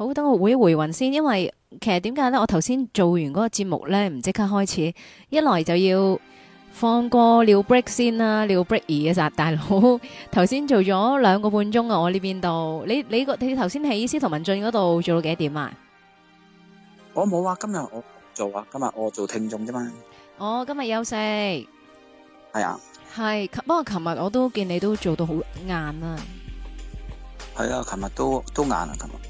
好，等我會回魂先，因為其實點解咧？我頭先做完嗰個節目咧，唔即刻開始，一來就要放個廖 break 先啦，廖 break 二啊，咋大佬，頭先做咗兩個半鐘啊，我呢邊度，你你你頭先喺司徒文進嗰度做到幾多點啊？我冇啊，今日我做啊，今日我做聽眾啫嘛。我、哦、今日休息。係啊。係，不過琴日我都見你都做到好晏啊。係啊，琴日都都晏啊，琴日。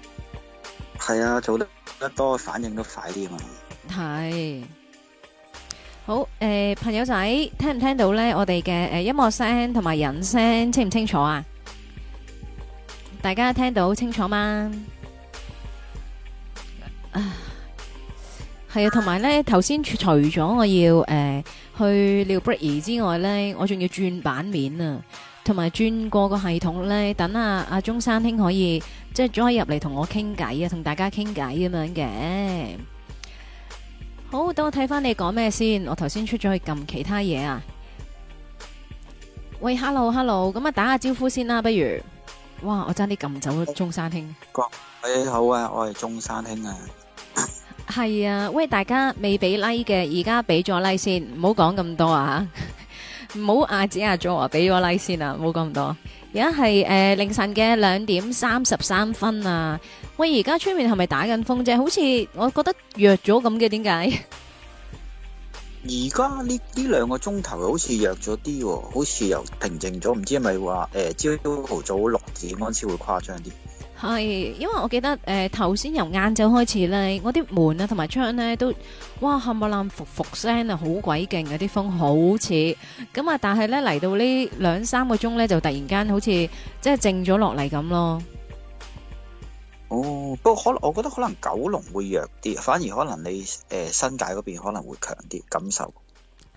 係啊，做得得多，反應都快啲嘛。係，好誒、呃，朋友仔，聽唔聽到咧？我哋嘅誒音樂聲同埋人聲清唔清楚啊？大家聽到清楚嗎？ 是啊，係啊，同埋咧，頭先除咗我要誒、呃、去尿 break 之外咧，我仲要轉版面啊。同埋轉過個系統咧，等啊阿中山兄可以即係再可以入嚟同我傾偈啊，同大家傾偈咁樣嘅。好，等我睇翻你講咩先，我頭先出咗去撳其他嘢啊。喂，hello hello，咁啊打下招呼先啦，不如？哇，我爭啲撳走中山兄。喂，你好啊，我係中山兄啊。係啊，喂，大家未俾 like 嘅，而家俾咗 like 先，唔好講咁多啊.唔好阿子阿祖啊，俾咗 like 先啦，唔好咁多。而家係誒凌晨嘅兩點三十三分啊，喂，而家出面係咪打緊風啫？好似我覺得弱咗咁嘅，點解？而家呢呢兩個鐘頭好似弱咗啲，好似又平靜咗，唔知係咪話誒朝頭早六點開始會誇張啲。係，因為我記得誒，頭、呃、先由晏晝開始咧，我啲門啊同埋窗咧都，哇，冚唪唥伏伏聲啊，好鬼勁啊！啲風好似咁啊，但係咧，嚟到呢兩三個鐘咧，就突然間好似即係靜咗落嚟咁咯。哦，不過可能我覺得可能九龍會弱啲，反而可能你誒、呃、新界嗰邊可能會強啲感受。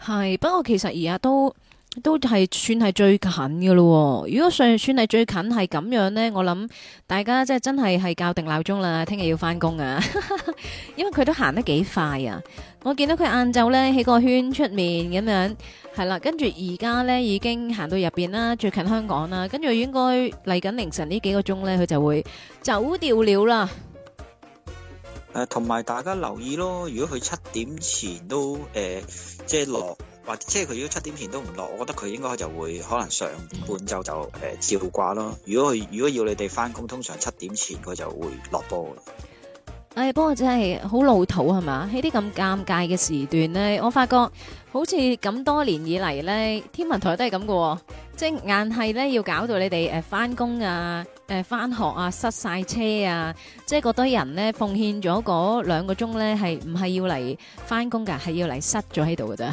係，不過其實而家都。都係算係最近嘅咯、哦，如果算算係最近係咁樣呢，我諗大家即係真係係較定鬧鐘啦，聽日要翻工啊！ 因為佢都行得幾快啊，我見到佢晏晝呢喺個圈出面咁樣，係啦，跟住而家呢已經行到入邊啦，最近香港啦，跟住應該嚟緊凌晨呢幾個鐘呢，佢就會走掉，掉了啦。誒、呃，同埋大家留意咯，如果佢七點前都誒、呃、即係落。或者即係佢如果七點前都唔落，我覺得佢應該就會可能上半晝就誒照、呃、掛咯。如果佢如果要你哋翻工，通常七點前佢就會落波。誒、哎，不過真係好老土係嘛？喺啲咁尷尬嘅時段咧，我發覺好似咁多年以嚟咧，天文台都係咁嘅，即、就、係、是、硬係咧要搞到你哋誒翻工啊、誒、呃、翻學啊塞晒車啊，即係嗰堆人咧奉獻咗嗰兩個鐘咧係唔係要嚟翻工㗎？係要嚟塞咗喺度㗎啫。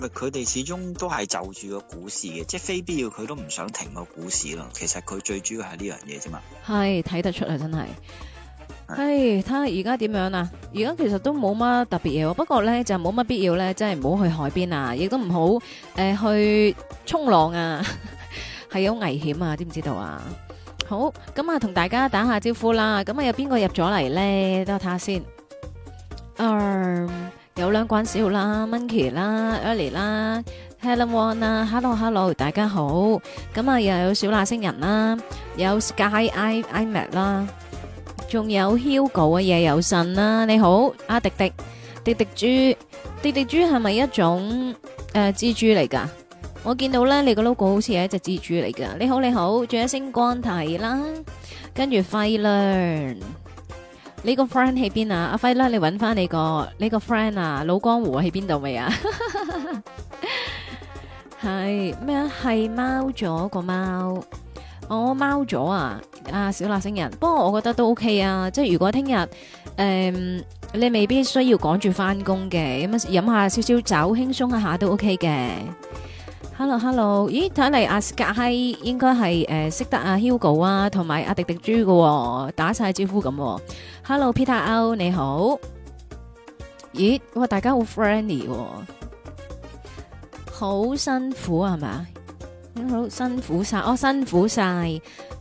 佢哋始終都係就住個股市嘅，即係非必要佢都唔想停個股市咯。其實佢最主要係呢樣嘢啫嘛。係睇得出嚟真係。係睇下而家點樣啊？而家其實都冇乜特別嘢，不過咧就冇乜必要咧，真係唔好去海邊啊，亦都唔好誒去衝浪啊，係 好危險啊，知唔知道啊？好，咁啊同大家打下招呼啦。咁啊有邊個入咗嚟咧？等我睇下先。二、um,。有兩關小啦 Monkey 啦，Ellie 啦，Hello One 啦，Hello Hello，大家好。咁啊，又有小辣星人啦，又有 Sky I, I Mac 啦，仲有 Hugo 嘅，夜遊神啦。你好，阿、啊、迪迪，迪迪豬，迪迪豬係咪一種誒、呃、蜘蛛嚟噶？我見到咧，你個 logo 好似係一隻蜘蛛嚟噶。你好你好，仲有星光睇啦，跟住費亮。你個 friend 喺邊啊？阿輝啦，你揾翻你個你個 friend 啊？老江湖喺邊度未啊？係 咩、哦、啊？係貓咗個貓，我貓咗啊！阿小辣星人，不過我覺得都 OK 啊。即係如果聽日，誒、嗯，你未必需要趕住翻工嘅，咁啊飲下少少酒，輕鬆一下都 OK 嘅。Hello，Hello，hello。咦，睇嚟阿格希應該係誒，識得阿 Hugo 啊，同埋阿迪迪豬嘅、哦、打晒招呼咁、哦。Hello，Peter，你好，咦，哇，大家好 friendly，好辛苦啊嘛，好辛苦晒、嗯，哦，辛苦晒，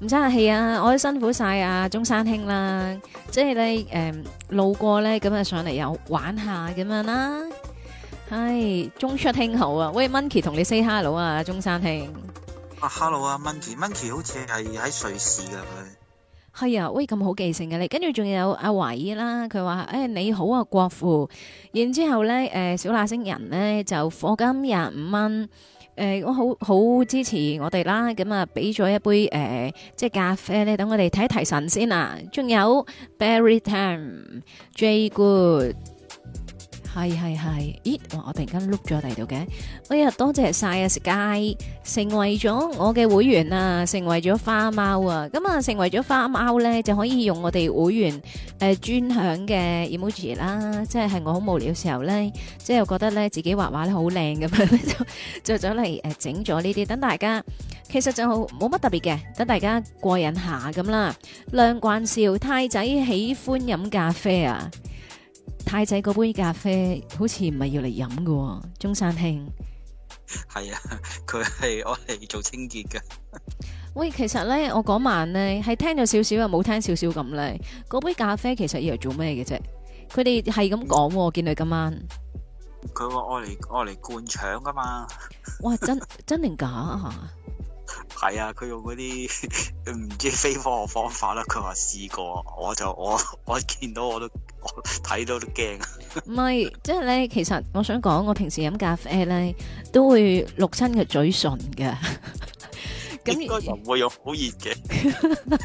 唔使客氣啊，我都辛苦晒啊中山兄啦，即係你，誒、呃、路過咧，今日上嚟又玩下咁樣啦。係中山兄好啊！喂，Monkey 同你 say hello 啊，中山兄。啊，hello 啊 Monkey，Monkey，Monkey 好似係喺瑞士噶佢。係啊，ya, 喂，咁好記性嘅你。跟住仲有阿偉啦，佢話誒你好啊，國父。然之後咧，誒、呃、小火星人咧就課金廿五蚊。誒、呃，我好好支持我哋啦。咁啊，俾咗一杯誒、呃、即係咖啡咧，等我哋睇一提神先啊。仲有 Berry Time J Good。係係係，咦？我我突然間碌咗嚟度嘅。哎呀，多謝晒啊！Sky 成為咗我嘅會員啊，成為咗花貓啊，咁啊，成為咗花貓咧就可以用我哋會員誒專享嘅 emoji 啦，即係係我好無聊嘅時候咧，即係覺得咧自己畫畫咧好靚咁樣咧，就就走嚟誒整咗呢啲，等大家其實就冇乜特別嘅，等大家過癮下咁啦。梁冠少太仔喜歡飲咖啡啊！太子嗰杯咖啡好似唔係要嚟飲嘅，中山兄？係啊，佢係我嚟做清潔嘅。喂，其實咧，我嗰晚咧係聽咗少少，又冇聽少少咁咧。嗰杯咖啡其實用來做咩嘅啫？佢哋係咁講，見佢今晚。佢話愛嚟愛嚟灌腸噶嘛？哇，真真定假啊？係啊，佢用嗰啲唔知非科學方法啦。佢話試過，我就我我見到我都。睇 到都驚，唔係，即係咧。其實我想講，我平時飲咖啡咧，都會焫親嘅嘴唇嘅。咁 那應該唔會用好熱嘅，熱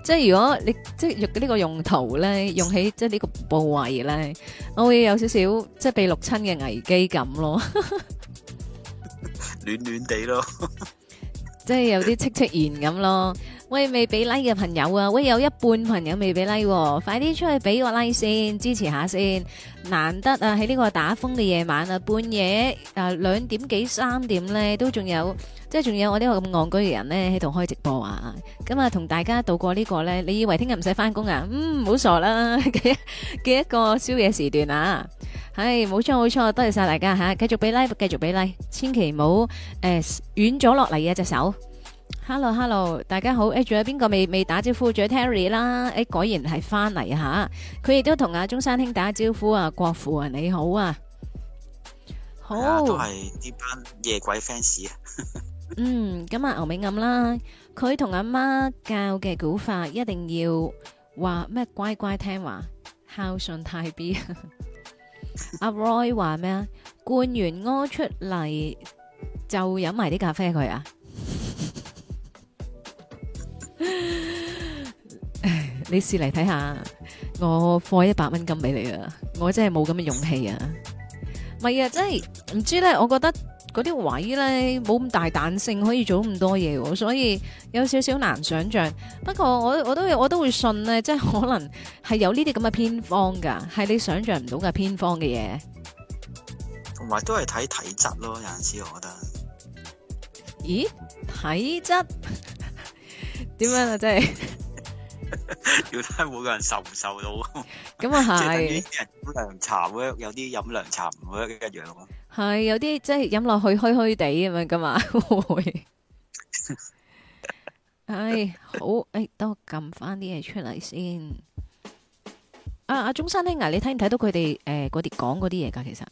即係如果你即係用呢個用途咧，用起即係呢個部位咧，我會有少少即係被焫親嘅危機感咯。 暖暖地咯， 即係有啲戚戚然咁咯。喂，未俾拉嘅朋友啊，喂，有一半朋友未俾拉，快啲出去俾個拉先，支持下先。難得啊，喺呢個打風嘅夜晚啊，半夜啊兩點幾三點咧，都仲有，即係仲有我呢個咁戇居嘅人咧喺度開直播啊。咁啊，同大家度過呢個咧，你以為聽日唔使翻工啊？嗯，唔好傻啦，嘅嘅一個宵夜時段啊。係，冇錯冇錯，多謝晒大家吓，繼續俾拉，繼續俾拉，千祈唔好誒遠咗落嚟啊，隻手。Hello，Hello，hello，大家好！誒、欸，仲有邊個未未打招呼？仲有 Terry 啦，誒、欸，果然係翻嚟吓，佢亦都同阿中山兄打招呼啊，國富啊，你好啊，好，都係呢班夜鬼 fans 啊。 嗯，今日牛美暗啦，佢同阿媽教嘅古法一定要話咩乖乖聽話，孝順泰 B。阿 Roy 話咩啊？灌完屙出嚟就飲埋啲咖啡佢啊。 唉，你試嚟睇下，我放一百蚊金俾你啊！我真係冇咁嘅勇氣啊！咪啊，真係唔知咧。我覺得嗰啲位咧冇咁大彈性，可以做咁多嘢，哦，所以有少少難想象。不過我都我都我都會信呢，即係可能係有呢啲咁嘅偏方噶，係你想象唔到嘅偏方嘅嘢。同埋都係睇體質咯，有陣時我覺得。咦？體質。點樣啊？真係要睇每個人受唔受到的。咁啊係，即係人飲涼茶，會有啲飲涼茶唔會一樣咯。係有啲即係飲落去虛虛地咁樣噶嘛會。唉，好，誒、哎，等我撳翻啲嘢出嚟先。阿、啊、阿中山兄、啊，你睇唔睇到佢哋誒嗰啲講嗰啲嘢噶？其實。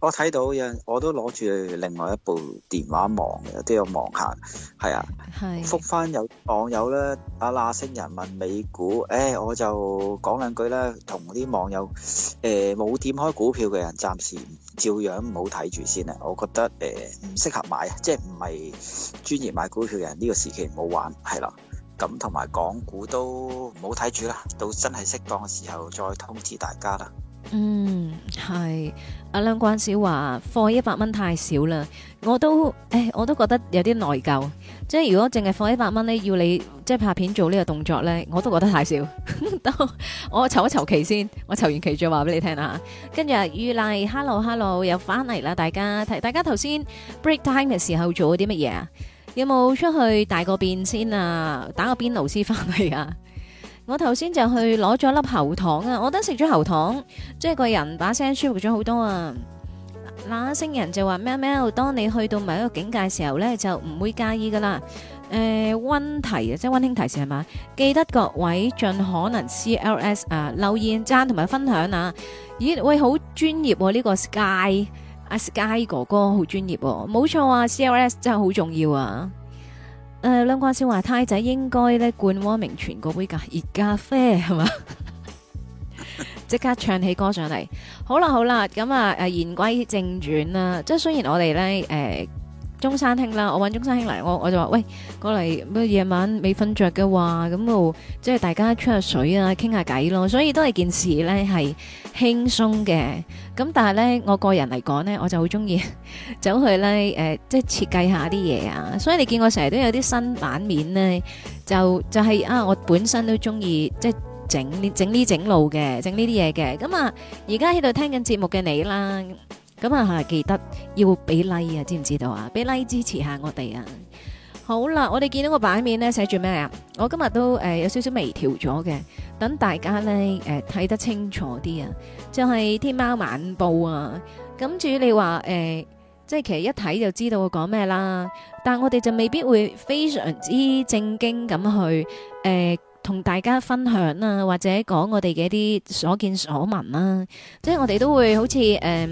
我睇到有，我都攞住另外一部電話望嘅，都有望下，係啊，復翻是有網友咧，阿拉星人問美股，誒、哎，我就講兩句啦，同啲網友，誒、呃，冇點開股票嘅人，暫時照樣唔好睇住先啦。我覺得誒，唔、呃、適合買，即係唔係專業買股票嘅人呢、這個時期唔好玩，係啦、啊。咁同埋港股都唔好睇住啦，到真係適當嘅時候再通知大家啦。嗯，係。阿梁關小華放一百蚊太少啦，我都誒我都覺得有啲內疚，即係如果淨係放一百蚊咧，要你即係拍片做呢個動作咧，我都覺得太少。 我籌一籌期先，我籌完期再話俾你聽啦。跟住預麗，hello hello 又翻嚟啦，大家睇大家頭先 break time 嘅時候做咗啲乜嘢啊？有冇出去大個便先啊？打個邊爐先翻去啊！我頭先就去攞咗粒喉糖啊！我得食咗喉糖，即係個人把聲舒服咗好多啊！那星人就話，喵喵， 當你去到某一個境界時候咧，就唔會介意噶啦。誒，温提啊，即係溫馨提示係嘛？記得各位盡可能 C L S 啊，留言、讚同埋分享啊！咦，喂，好專業喎！啊，呢、這個 Sky，阿、啊、Sky 哥哥好專業、啊，冇錯啊！C L S 真係好重要啊！誒，兩、呃、瓜先話，太仔應該咧，灌汪明荃嗰杯咖熱咖啡係嘛，即 刻唱起歌上嚟。好啦好啦，咁啊誒，言歸正傳啦、啊。即係雖然我哋咧誒中山兄啦，我揾中山兄嚟，我我就話喂，過嚟乜夜晚未瞓着嘅話，咁哦，即係大家吹下水啊，傾下偈咯。所以都係件事咧，係。輕鬆嘅，咁但係咧，我個人嚟講咧，我就好中意走去咧，誒，即係設計下啲嘢啊。所以你見我成日都有啲新版面咧，就就係啊，我本身都中意即係整整呢整路嘅，整呢啲嘢嘅。咁啊，而家喺度聽緊節目嘅你啦，咁啊，係記得要俾 like 啊，知唔知道啊？俾 like 支持下我哋啊！好啦，我哋見到個版面咧寫住咩啊？我今日都誒、呃、有少少微調咗嘅，等大家咧誒睇得清楚啲，就是、啊！就係《天喵晚報》啊，咁至於你話誒，即係其實一睇就知道我講咩啦。但係我哋就未必會非常之正經咁去誒同、呃、大家分享呀，啊，或者講我哋嘅一啲所見所聞啦，啊，即係我哋都會好似誒。呃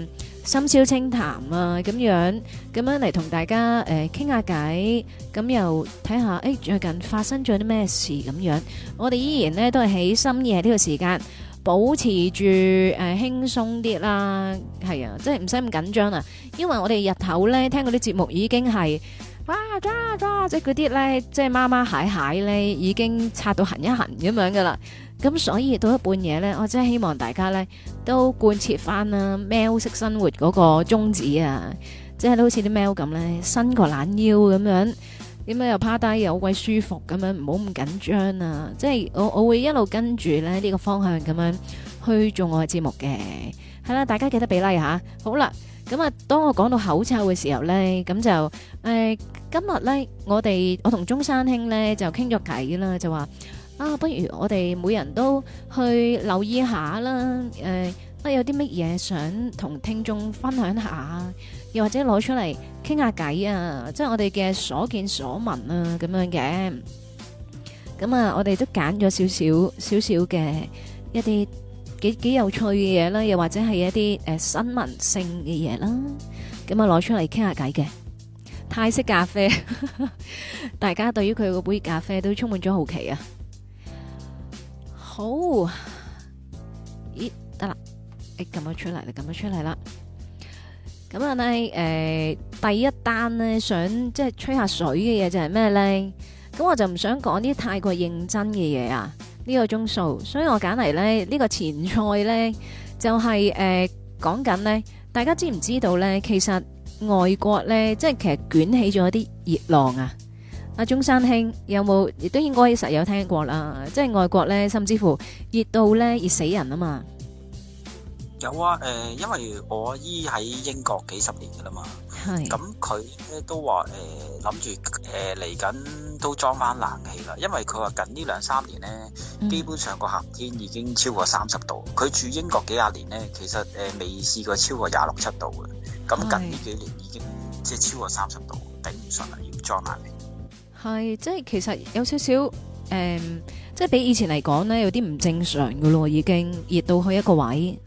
深宵清談啊，咁樣咁樣嚟同大家誒傾下偈，咁、呃、又睇下誒最近發生咗啲咩事咁樣。我哋依然咧都係喺深夜呢個時間，保持住誒輕鬆啲啦，係啊，即係唔使咁緊張啦，因為我哋日頭咧聽嗰啲節目已經係哇抓抓即係嗰啲咧，即係媽媽蟹蟹咧已經拆到痕一痕咁樣噶啦。咁所以到一半夜咧，我真係希望大家咧都貫徹翻啦，喵式生活嗰個宗旨啊，即係都好似啲喵咁咧，伸個懶腰咁樣，點解又趴低又好鬼舒服咁樣，唔好咁緊張啊！即係我我會一路跟住咧、呢、這個方向咁樣去做我嘅節目嘅，係啦，大家記得俾 like 吓。好啦，咁啊，當我講到口臭嘅時候咧，咁就誒、呃，今日咧我哋我同中山兄咧就傾咗偈啦，就話。就啊，不如我哋每人都去留意下啦。誒、呃，乜有啲乜嘢想同聽眾分享下，又或者攞出嚟傾下偈啊？即係我哋嘅所見所聞啊，咁樣嘅。咁啊，我哋都揀咗少少少少嘅一啲幾幾有趣嘅嘢啦，又或者係一啲誒、呃、新聞性嘅嘢啦。咁啊，攞出嚟傾下偈嘅泰式咖啡， 大家對於佢個杯咖啡都充滿咗好奇啊！好，咦得啦，誒撳咗出嚟，撳咗出嚟啦。咁啊呢，誒、呃、第一單呢，想即係吹下水嘅嘢就係咩呢？咁我就唔想講啲太過認真嘅嘢。啊，呢、這個鐘數，所以我揀嚟呢呢、這個前菜呢，就係誒講緊呢，大家知唔知道呢？其實外國呢，即係其實捲起咗啲熱浪啊。阿中山兄有冇亦都應該實有聽過啦，即係外國咧，甚至乎熱到咧熱死人啊嘛。有啊，誒，因為我姨喺英國幾十年噶啦嘛，咁佢咧都話誒諗住誒嚟緊都裝翻冷氣啦，因為佢話近呢兩三年咧，基本上個夏天已經超過三十度。佢住英國幾十年咧，其實誒未試過超過廿六七度嘅，咁近呢幾年已經即係超過三十度，頂唔順啦，要裝冷氣。係，即係其實有少少，誒、嗯，即係比以前嚟講咧，有啲唔正常噶咯，已經熱到去一個位。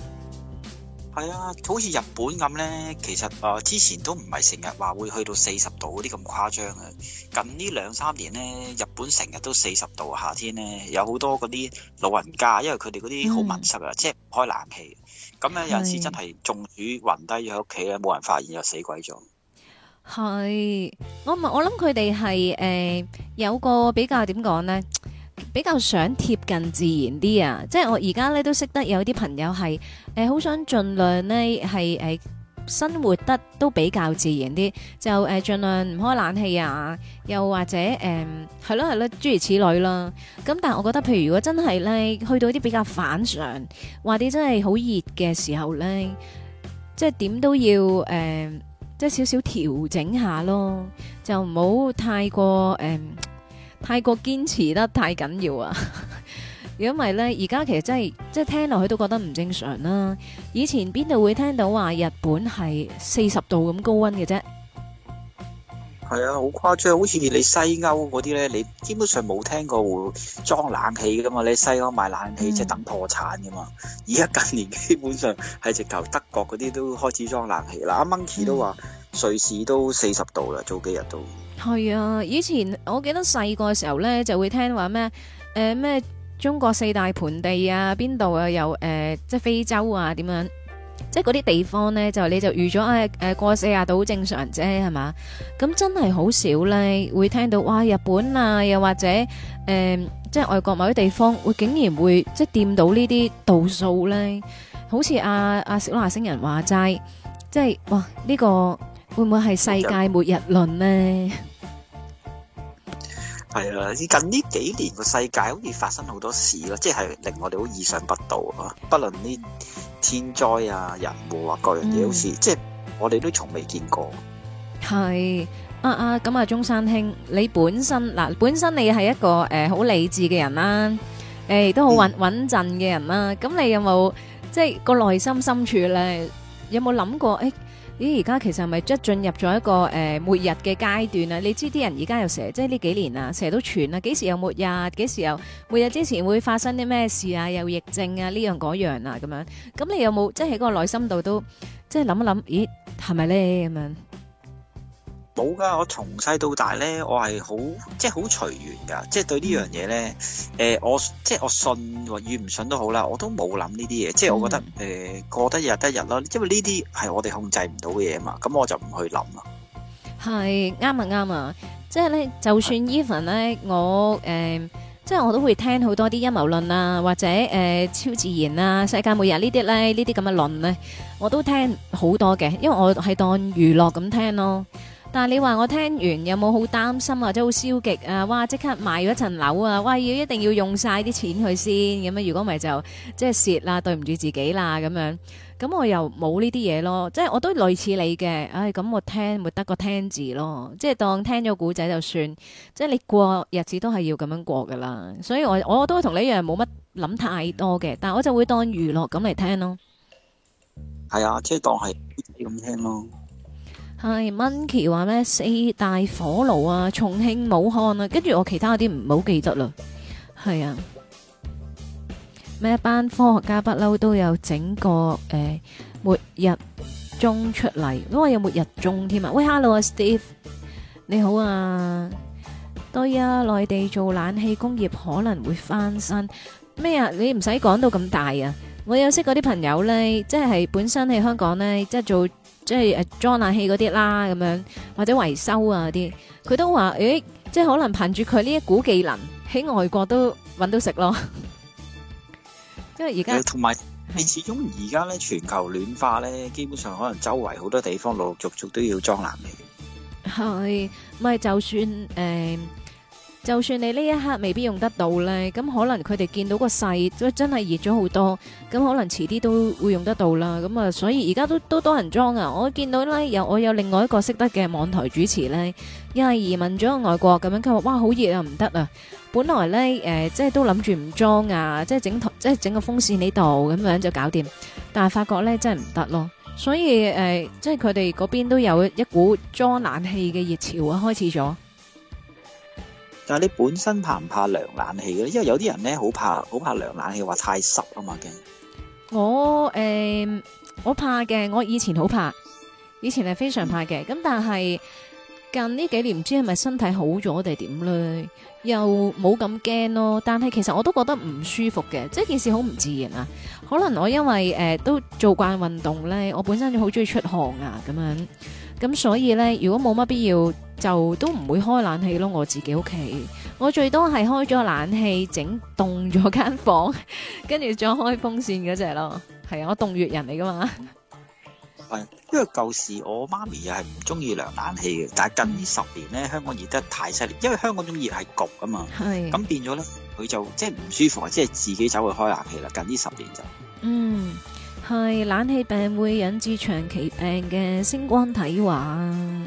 係啊，好似日本咁咧，其實誒、呃、之前都唔係成日話會去到四十度嗰啲咁誇張啊。近呢兩三年咧，日本成日都四十度夏天咧，有好多嗰啲老人家，因為佢哋嗰啲好密實啊，嗯、即係唔開冷氣，咁咧是有陣時真係中暑暈低咗喺屋企咧，冇人發現又死鬼咗。係，我唔，我諗佢哋係誒有個比較點講呢，比較想貼近自然啲啊！即係我而家咧都識得有啲朋友係誒，好、呃、想盡量呢係誒生活得都比較自然啲，就誒盡、呃、量唔開冷氣啊，又或者誒係咯係咯，諸、呃、如此類啦。咁但係我覺得，譬如如果真係咧去到啲比較反常，話啲真係好熱嘅時候咧，即係點都要誒。呃即係少少調整下咯，就唔好太過誒、呃、太過堅持得太緊要啊， 因為咧而家其實真、就、係、是、即係聽落去都覺得唔正常啦。以前邊度會聽到話日本係四十度咁高溫嘅啫。係啊，好誇張，好似你西歐嗰啲咧，你基本上冇聽過會裝冷氣噶嘛？你西歐賣冷氣即等破產噶嘛？嗯、而家近年基本上係直頭德國嗰啲都開始裝冷氣啦。阿 Monkey 都話、嗯、瑞士都四十度啦，早幾日都。係啊，以前我記得細個嘅時候咧，就會聽話咩？誒、呃、咩？中國四大盆地啊，邊度啊？有，誒、呃，即非洲啊？點樣？即係嗰啲地方咧，就你就預咗誒誒過四十度好正常啫，係嘛？咁真係好少咧，會聽到哇日本啊，又或者誒，即係外國某啲地方會竟然會即係掂到呢啲度數咧，好似阿阿小辣星人話齋，即係哇呢個會唔會係世界末日論咧？係啊，近呢幾年個世界好似發生好多事咯，即係令我哋好意想不到啊！不論呢天災啊、人禍啊各樣嘢，好似即係我哋都從未見過。係啊啊，咁啊，中山兄，你本身嗱，本身你係一個誒好理智嘅人啦，誒都好穩穩陣嘅人啦。咁你有冇即係個內心深處咧，有冇諗過誒？咦，而家其實係咪即係進入咗一個誒、呃、末日嘅階段啊？你知啲人而家又成日即係呢幾年啊，成日都傳啊，幾時又末日？幾時又末日之前會發生啲咩事啊？又疫症啊，呢樣嗰樣啊咁樣。咁你有冇即係喺嗰個內心度都即係諗一諗？咦，係咪咧咁樣？冇噶，我從細到大咧，我係好即係好隨緣噶，即係對呢樣嘢咧。誒、呃，我即係我信或信唔信都好啦，我都冇諗呢啲嘢。嗯、即係我覺得誒、呃，過得日得日咯。因為呢啲係我哋控制唔到嘅嘢嘛，咁我就唔去諗啦。係啱啊，啱啊，即係咧，就算 even 咧，我誒、呃，即係我都會聽好多啲陰謀論啊，或者誒、呃、超自然啊，世界末日呢啲咧，這這呢啲咁嘅論咧，我都聽好多嘅，因為我係當娛樂咁聽咯。但係你話我聽完有冇好擔心、啊、或者好消極啊？哇！即刻買咗層樓啊！哇！要一定要用晒啲錢去先咁啊？如果咪就即係蝕啦，對唔住自己啦咁樣。咁我又冇呢啲嘢咯，即係我都類似你嘅。唉、哎，咁我聽咪得個聽字咯，即係當聽咗古仔就算。即係你過日子都係要咁樣過噶啦。所以我我都同你一樣冇乜諗太多嘅，但係我就會當娛樂咁嚟聽咯。係啊，即係當係咁聽咯。係，Monkey 話咩四大火爐啊，重慶、武漢啊，跟住我其他嗰啲唔好記得啦。係啊，咩一班科學家不嬲都有整個誒末日鐘出嚟，我有末日鐘添啊。喂，Hello 啊，Steve，你好啊。對啊，內地做冷氣工業可能會翻身。咩啊？你唔使講到咁大啊！我有識嗰啲朋友咧，即係本身喺香港咧，即係做。即係裝冷氣嗰啲啦，咁樣或者維修啊啲，佢都話，誒，即係可能憑住佢呢一股技能，喺外國都搵到食咯。因 為而家同埋，係始終而家咧全球暖化咧，基本上可能周圍好多地方陸陸續續都要裝冷氣。係，咪就算誒。呃就算你呢一刻未必用得到呢，咁可能佢哋見到個勢真係熱咗好多，咁可能遲啲都會用得到啦。咁啊，所以而家都都多人裝啊！我見到呢，又我有另外一個識得嘅網台主持呢，因為移民咗去外國咁樣，佢話哇好熱啊，唔得啊！本來呢，誒、呃，即係都諗住唔裝啊，即係整台即係整個風扇呢度咁樣就搞掂，但係發覺呢，真係唔得咯。所以誒、呃，即係佢哋嗰邊都有一股裝冷氣嘅熱潮啊，開始咗。但係你本身怕唔怕涼冷氣嘅？因為有啲人咧好怕好怕涼冷氣，話太濕啊嘛驚。我誒、呃，我怕嘅，我以前好怕，以前係非常怕嘅。咁、嗯、但係近呢幾年唔知係咪身體好咗定係點咧，又冇咁驚咯。但係其實我都覺得唔舒服嘅，即係件事好唔自然啊。可能我因為誒、呃、都做慣運動咧，我本身就好中意出汗啊咁樣。咁所以咧，如果冇乜必要，就都唔會開冷氣咯。我自己屋企，我最多係開咗冷氣，整凍咗間房，跟 住再開風扇嗰隻咯。係啊，我凍月人嚟噶嘛。係，因為舊時我媽咪又係唔中意涼冷氣嘅，但係近呢十年咧，香港熱得太犀利，因為香港種熱係焗噶嘛。係是。咁變咗咧，佢就即係唔舒服即係、就是、自己走去開冷氣啦。近呢十年就。嗯。係冷氣病會引致長期病嘅星光體患，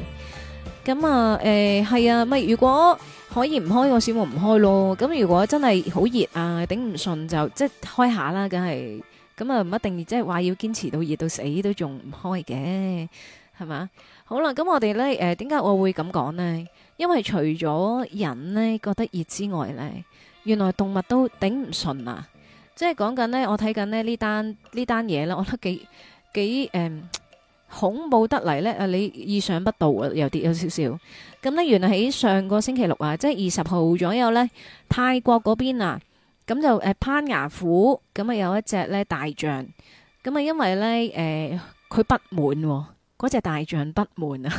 咁啊誒係、欸、啊咪如果可以唔開個小門，唔開咯，咁如果真係好熱啊頂唔順就即係開下啦，梗係咁啊，唔一定即係話要堅持到熱到死都仲唔開嘅係嘛？好啦，咁我哋咧誒點解我會咁講呢？因為除咗人呢覺得熱之外咧，原來動物都頂唔順啊！即係講緊呢，我睇緊咧呢單呢單嘢，我覺得幾幾誒、嗯、恐怖得嚟你意想不到啊，有啲有少少。咁呢，原來喺上個星期六啊，即係二十號左右呢，泰國嗰邊啊，咁就誒攀牙府，咁啊有一隻大象，咁啊因為呢，誒、嗯、佢不滿嗰隻大象不滿啊，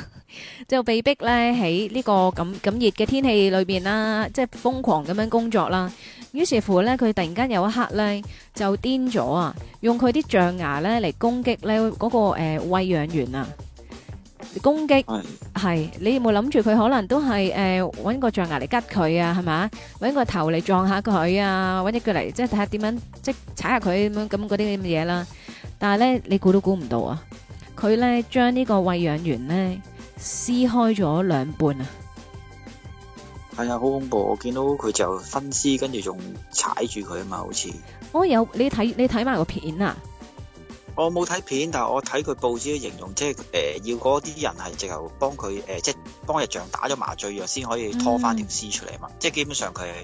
就被逼呢，喺呢個咁咁熱嘅天氣裏邊啦，即係瘋狂咁樣工作啦。於是乎咧，佢突然間有一刻咧就癲咗啊！用佢啲象牙咧嚟攻擊咧嗰個誒餵養員啊！攻擊係你有冇諗住佢可能都係誒揾搵個象牙嚟拮佢啊？係咪？搵個頭嚟撞下佢啊？搵隻腳嚟即係睇下點樣即係踩下佢咁樣咁嗰啲咁嘅嘢啦。但係咧，你估都估唔到啊！佢咧將呢個餵養員咧撕開咗兩半啊！係啊，好恐怖！我見到佢就分屍，跟住仲踩住佢啊嘛，好似。我、哦、有你睇你睇埋個片啊！我冇睇片，但係我睇佢報紙嘅形容，即係誒、呃、要嗰啲人係直頭幫佢誒、呃，即係幫日像打咗麻醉藥先可以拖翻條屍出嚟嘛，即係基本上佢係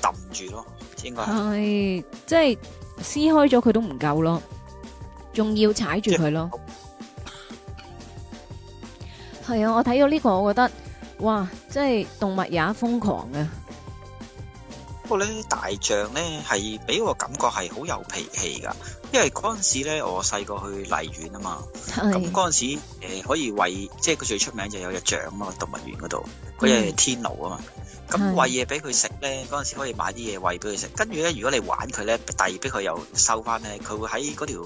抌住咯，應該係。係，即係撕開咗佢都唔夠咯，仲要踩住佢咯。係是啊，我睇到呢個，我覺得。哇！即係動物也瘋狂啊！不過咧，大象咧係俾我感覺係好有脾氣噶，因為嗰陣時咧我細個去荔園啊嘛，咁嗰陣時誒可以餵，即係佢最出名的就有隻象啊嘛，動物園嗰度，佢係天奴啊嘛，咁餵嘢俾佢食咧，嗰陣時可以買啲嘢餵俾佢食，跟住咧，如果你玩佢咧，第二逼佢又收翻咧，佢會喺嗰條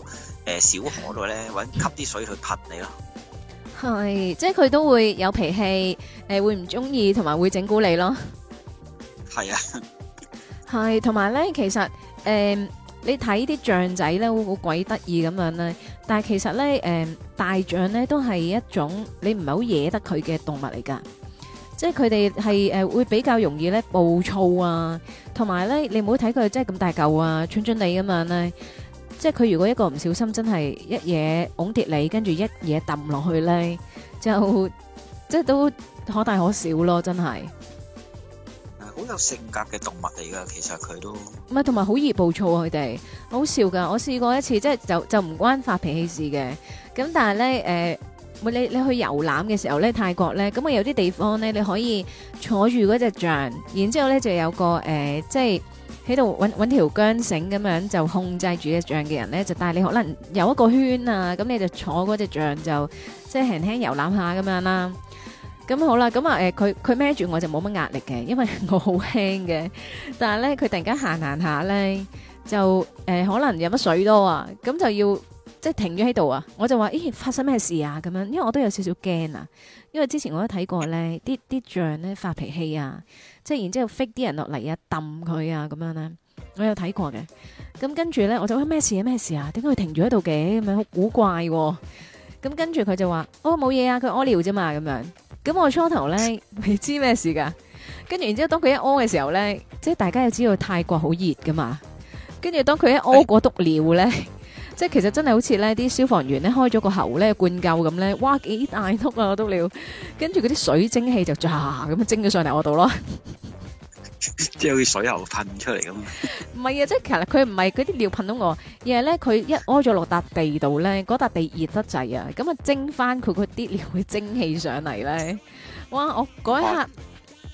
誒小河度咧搵吸啲水去噴你咯。係，即係佢都會有脾氣，誒、呃，會唔中意同埋會整蠱你咯。係啊 ，係，同埋咧，其實誒、呃，你睇啲象仔咧，會好鬼得意咁樣咧，但係其實咧，誒、呃，大象咧都係一種你唔係好惹得佢嘅動物嚟噶，即係佢哋係誒會比較容易咧暴躁啊，同埋咧，你唔好睇佢真係咁大嚿啊，蠢蠢地咁樣咧。即係佢如果一個唔小心，真係一嘢掹跌你，跟住一嘢抌落去呢，就即係都可大可小咯，真係。好有性格嘅動物嚟噶，其實佢都唔係同埋好易暴躁，啊，佢哋好笑噶。我試過一次，即係就就唔關發脾氣事嘅。咁但係呢，誒、呃，你你去遊覽嘅時候呢，泰國呢，咁啊有啲地方呢，你可以坐住嗰隻象，然之後呢就有個誒、呃，即係。喺度揾揾條韁繩咁樣就控制住隻象嘅人咧，就帶你可能遊一個圈啊，咁你就坐嗰隻象就即係輕輕遊覽下咁樣啦。咁好啦，咁啊誒，佢佢孭住我就冇乜壓力嘅，因為我好輕嘅。但係咧，佢突然間行行下咧，就誒可能飲乜水多啊，咁就要。即係停咗喺度啊！我就話：咦、欸，發生咩事啊？咁樣，因為我都有少少驚啊，因為之前我都睇過咧，啲啲象咧發脾氣啊，即係然之後飛啲人落嚟啊，抌佢啊，咁樣咧，我有睇過嘅。咁跟住咧，我就話咩事啊？咩事啊？點解佢停咗喺度嘅？咁樣好古怪、啊。咁跟住佢就話：哦，冇嘢啊，佢屙尿啫嘛、啊。咁樣。咁我初頭咧未知咩事噶。跟住然之後，當佢一屙嘅時候咧，即係大家又知道泰國好熱噶嘛。跟住當佢一屙過督尿咧。即係其實真係好似咧啲消防員咧開咗個喉咧灌救咁咧，哇幾大督啊我督尿，跟住嗰啲水蒸氣就喳咁蒸咗上嚟我度咯，即係好似水喉噴出嚟咁。唔係啊，即係其實佢唔係嗰啲尿噴到我，而係咧佢一屙咗落笪地度咧，嗰笪地熱得滯啊，咁啊蒸翻佢嗰啲尿嘅蒸氣上嚟咧，哇！我嗰一刻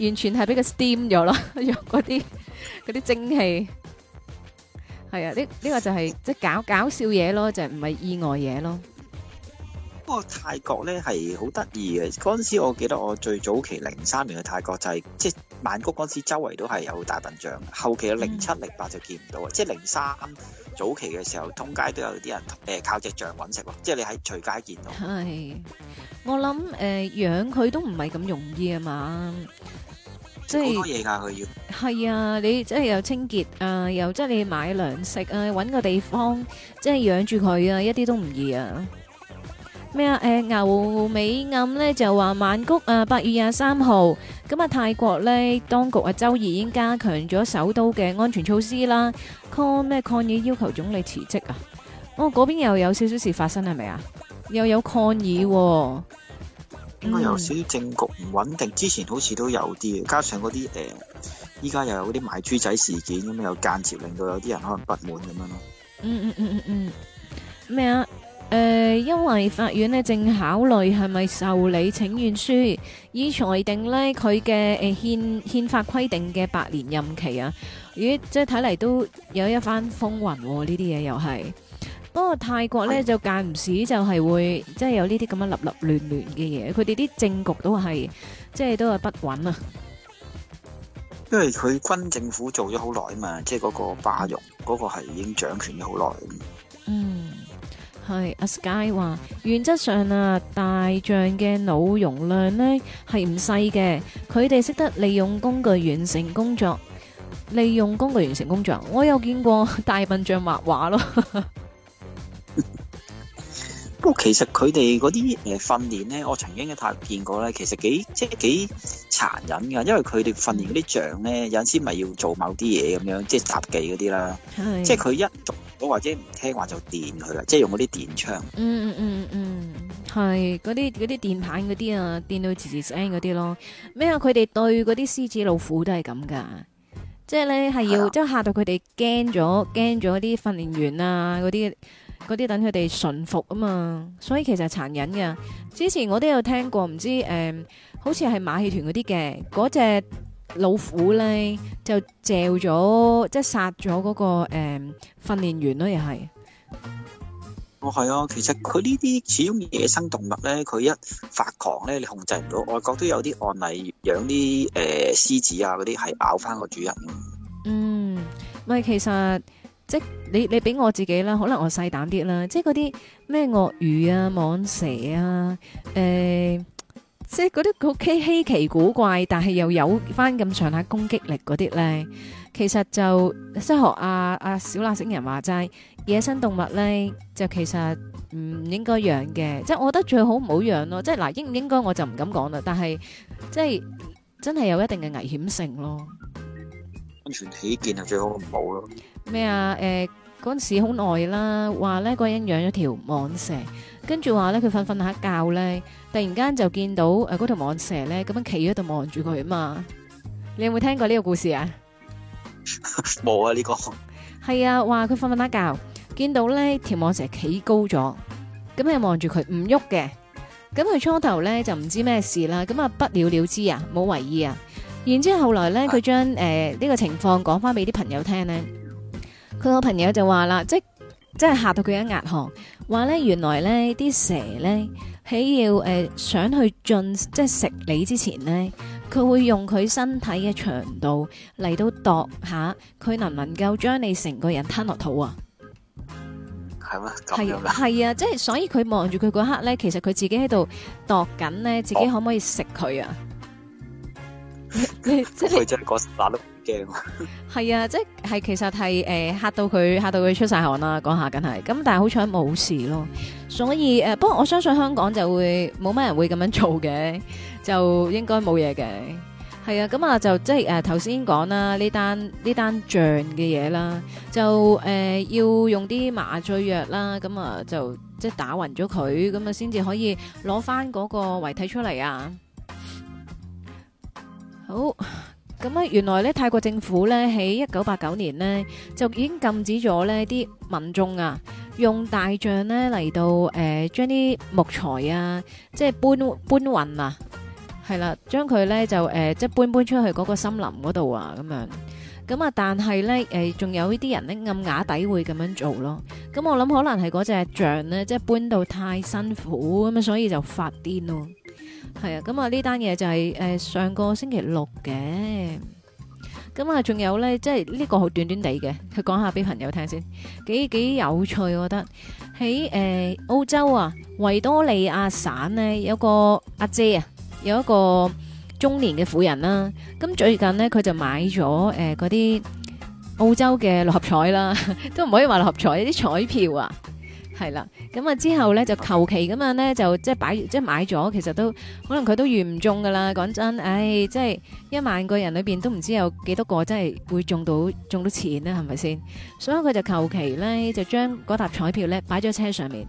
完全係俾佢 steam 咗咯，用嗰啲嗰啲蒸氣。係啊，呢呢個就係即係搞搞笑嘢咯，就唔係意外嘢咯。不過泰國咧係好得意嘅，嗰陣時我記得我最早期零三年去泰國就係即係曼谷嗰陣時周圍都係有大笨象，後期有零七零八就見唔到啊，即係零三早期嘅時候，通街都有啲人誒靠隻象搵食咯，即係你喺隨街見到。係，我諗誒養佢都唔係咁容易啊嘛。即係好多嘢㗎，佢、啊、要係啊！你即係又清潔啊，又即係你買糧食啊，揾個地方即係養住佢啊，一啲都唔易啊！咩啊？誒、欸、牛尾暗咧就話曼谷啊，八月廿三號咁啊，那泰國咧當局啊周二已經加強咗首都嘅安全措施啦。抗咩抗議要求總理辭職啊？哦，嗰邊又有少少事發生係咪啊？又有抗議喎、啊！應該有少少政局唔穩定，嗯、之前好似都有啲加上嗰啲誒，依、呃、家又有嗰啲賣豬仔事件，咁樣有間接令到有啲人可能不滿咁樣咯、嗯。嗯嗯嗯嗯嗯，咩、嗯、啊？誒、呃，因為法院呢正考慮係咪受理請願書，以裁定呢佢嘅誒憲憲法規定嘅八年任期啊，咦，即係睇嚟都有一番風雲呢啲嘢又係。不過泰國咧是就間唔時就係會即係、就是、有呢啲咁樣立立亂亂嘅嘢，佢哋啲政局都係即係都係不穩啊。因為佢軍政府做咗好耐啊嘛，即係嗰個巴容嗰個係已經掌權咗好耐。嗯，係阿 Sky 話，原則上啊，大象嘅腦容量呢係唔細嘅，佢哋識得利用工具完成工作，利用工具完成工作。我有見過大笨象畫畫咯。 不過其實佢哋嗰啲誒訓練咧，我曾經喺泰國見過咧，其實幾即係幾殘忍噶，因為佢哋訓練嗰啲象咧，有陣時咪要做某啲嘢咁樣，即係雜技嗰啲啦，是即係佢一讀到或者唔聽話就電佢啦，即係用嗰啲電槍、嗯。嗯嗯嗯嗯嗯，係嗰啲嗰啲電棒嗰啲啊，電到吱吱聲嗰啲咯。咩啊？佢哋對嗰啲獅子、老虎都係咁噶，即係咧係要的即係嚇到佢哋驚咗驚咗啲訓練員啊嗰啲。嗰啲等佢哋馴服啊嘛，所以其實係殘忍嘅。之前我都有聽過，唔知誒，好似係馬戲團嗰啲嘅，嗰隻老虎咧就嚼咗，即係殺咗嗰個誒訓練員咯，又係。哦，係啊，其實佢呢啲始終野生動物咧，佢一發狂咧，你控制唔到。外國都有啲案例，養啲誒獅子啊嗰啲，係咬返個主人。嗯，咪其實。你你俾我自己啦，可能我細膽啲啦，即係嗰啲咩鱷魚啊、蟒蛇啊，誒，即係嗰啲好稀奇古怪，但係又有翻咁上下攻擊力嗰啲咧，其實就即係學阿阿小辣椒人話齋，野生動物咧就其實唔應該養嘅，即係我覺得最好唔好養咯，即係嗱應唔應該我就唔敢講啦，但係即係真係有一定嘅危險性咯，安全起見啊，最好唔好咯。咩啊？誒、欸，嗰陣時好耐啦，話咧個人養咗條蟒蛇，跟住話咧佢瞓瞓下覺咧，突然間就見到誒嗰條蟒蛇咧咁樣企喺度望住佢啊嘛。你有冇聽過呢個故事啊？冇 啊，呢個係啊。話佢瞓瞓下覺，見到咧條蟒蛇企高咗，咁係望住佢唔喐嘅。咁佢初頭咧就唔知咩事啦，咁啊不了了之啊，冇為意啊。然之後後來咧佢將誒呢個情況講翻俾啲朋友聽咧。佢個朋友就話啦，即即係吓到佢一額汗，話咧，原來咧啲蛇咧，喺要誒、呃、想去進即係食你之前咧，佢會用佢身體嘅長度嚟到度度下，佢能唔能夠將你成個人吞落肚啊？係咩？係啊，係啊，即係所以佢望住佢嗰刻咧，其實佢自己喺度度緊咧，自己可唔可以食佢啊？即係佢真係打得好驚，係 啊，即係其實係誒吓到佢吓到佢出晒汗啦，講下梗係，咁但係好彩冇事咯，所以誒、呃、不過我相信香港就會冇乜人會咁樣做嘅，就應該冇嘢嘅，係啊，咁啊就即係誒頭先講啦呢單呢單象嘅嘢啦，就誒、呃、要用啲麻醉藥啦，咁啊就即係打暈咗佢，咁啊先至可以攞翻嗰個遺體出嚟啊。好咁啊！原來咧泰國政府咧喺一九八九年咧就已經禁止咗呢啲民眾啊用大象咧嚟到誒將啲木材啊即係搬搬運啊係啦，將佢咧就誒即係搬搬出去嗰個森林嗰度啊咁樣咁啊！但係咧誒仲有呢啲人咧暗啞底會咁樣做咯。咁我諗可能係嗰隻象咧即係搬到太辛苦咁啊，所以就發癲咯。係啊，咁啊呢單嘢就係、是、誒、呃、上個星期六嘅，咁啊仲有咧，即係呢個好短短地嘅，佢講下俾朋友聽先，幾幾有趣我覺得。喺誒、呃、澳洲啊維多利亞省呢，有個阿姐啊，有一個中年嘅婦人啦，啊、咁、嗯、最近呢，佢就買咗誒嗰啲澳洲嘅六合彩啦，都唔可以話六合彩，啲彩票啊。係啦，咁啊之後咧就求其咁樣咧就即係擺即係買咗，其實都可能佢都預唔中噶啦。講真，唉、哎，即係一萬個人裏邊都唔知有幾多個真係會中到中到錢啦，係咪先？所以佢就求其咧就將嗰沓彩票咧擺咗車上面。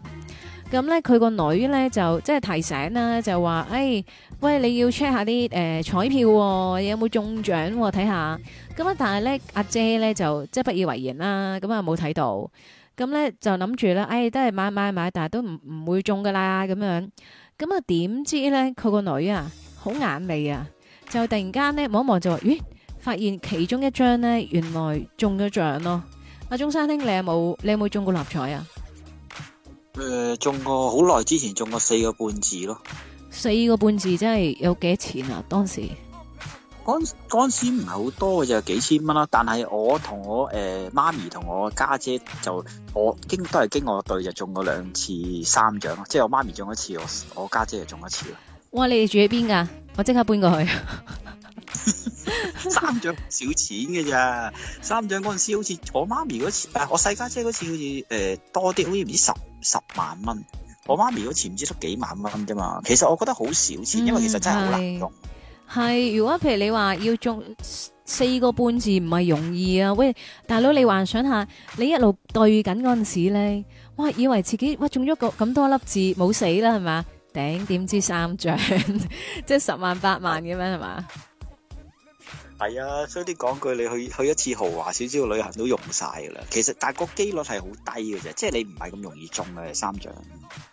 咁咧佢個女咧就即係提醒啦，就話：，唉、哎，喂，你要 check 下啲誒、呃、彩票、哦、有冇中獎、哦，睇下。咁啊，但係咧阿姐咧就即係不以為然啦，咁啊冇睇到。咁咧就諗住啦，唉、哎，都係買買買，買，但係都唔唔會中噶啦咁樣。咁啊點知咧佢個女啊好眼利啊，就突然間咧望一望就話，咦、哎，發現其中一張咧原來中咗獎咯。阿中山兄，你有冇你有冇中過六合彩啊？誒、呃，中過，好耐之前中過四個半字咯。四個半字真係有幾錢啊？當時。嗰嗰陣時唔係好多嘅、呃，就幾千蚊啦。但係我同我誒媽咪同我家姐就我都係經我隊就中過兩次三獎，即係我媽咪中一次，我我家姐，姐就中一次咯。哇！你哋住喺邊噶？我即刻搬過去。 三獎唔少錢嘅咋？三獎嗰陣時好似我媽咪嗰次，我細家姐嗰次好似誒、呃、多啲，好似唔知十十萬蚊。我媽咪嗰次唔知出幾萬蚊啫嘛。其實我覺得好少錢，因為其實真係好難用。嗯。係，如果譬如你話要中四個半字唔係容易啊！喂，大佬你幻想下，你一路對緊嗰陣時咧，哇以為自己哇中咗個咁多粒字，冇死啦係嘛？頂點知三獎， 即係十萬八萬咁樣係嘛？係啊，所以啲講句，你去去一次豪華少少嘅旅行都用晒噶啦。其實大係但係個機率係好低嘅啫，即係你唔係咁容易中啊三獎。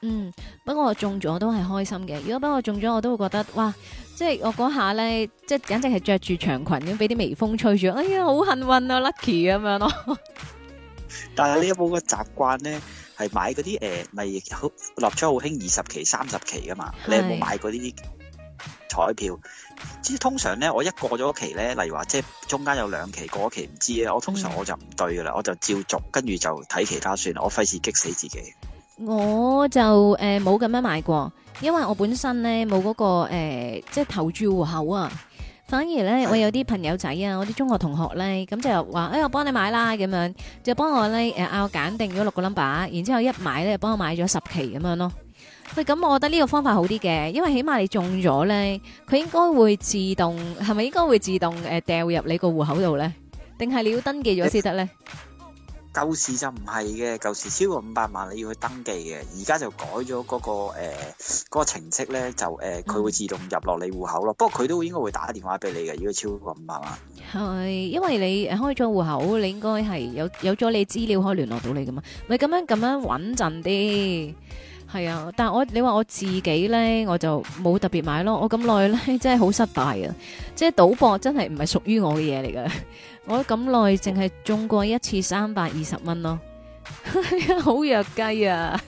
嗯，不過我中咗都係開心嘅。如果不過我中咗，我都會覺得哇！即係我嗰下咧，即係簡直係着住長裙已經，俾啲微風吹住，哎呀，好幸運啊，lucky 咁樣咯。啊、 但係你有冇個習慣咧？係買嗰啲誒，咪、呃、好立咗好興二十期、三十期噶嘛？是你有冇買過呢啲彩票？即係通常咧，我一過咗期咧，例如話即係中間有兩期過咗期唔知咧，我通常我就唔對噶啦，嗯、我就照做，跟住就睇其他算，我費事激死自己。我就誒冇咁樣買過。因為我本身咧冇嗰個誒、呃，即係投注戶口啊，反而咧是的 我有啲朋友仔啊，我啲中學同學咧，咁就話誒、哎，我幫你買啦，咁樣就幫我咧誒、嗌、呃、我揀定咗六個 number，然之後一買咧，幫我買咗十期咁樣咯。喂、哎、咁、嗯、我覺得呢個方法好啲嘅，因為起碼你中咗咧，佢應該會自動係咪應該會自動誒掉、呃、入你個戶口度咧？定係你要登記咗先得咧？舊時就唔係嘅，舊時超過五百萬你要去登記嘅，而家就改咗嗰、嗰個誒、呃嗰個、程式咧，就誒佢、呃、會自動入落你戶口咯。嗯、不過佢都應該會打電話俾你嘅，如果超過五百萬。係，因為你開咗戶口，你應該係有有咗你資料可以聯絡到你㗎嘛，咪咁樣咁樣穩陣啲。係啊，但係我你話我自己呢，我就冇特別買咯。我咁耐呢，真係好失敗啊！即係賭博真係唔係屬於我嘅嘢嚟噶。我咁耐淨係中過一次三百二十蚊咯， 好弱雞啊！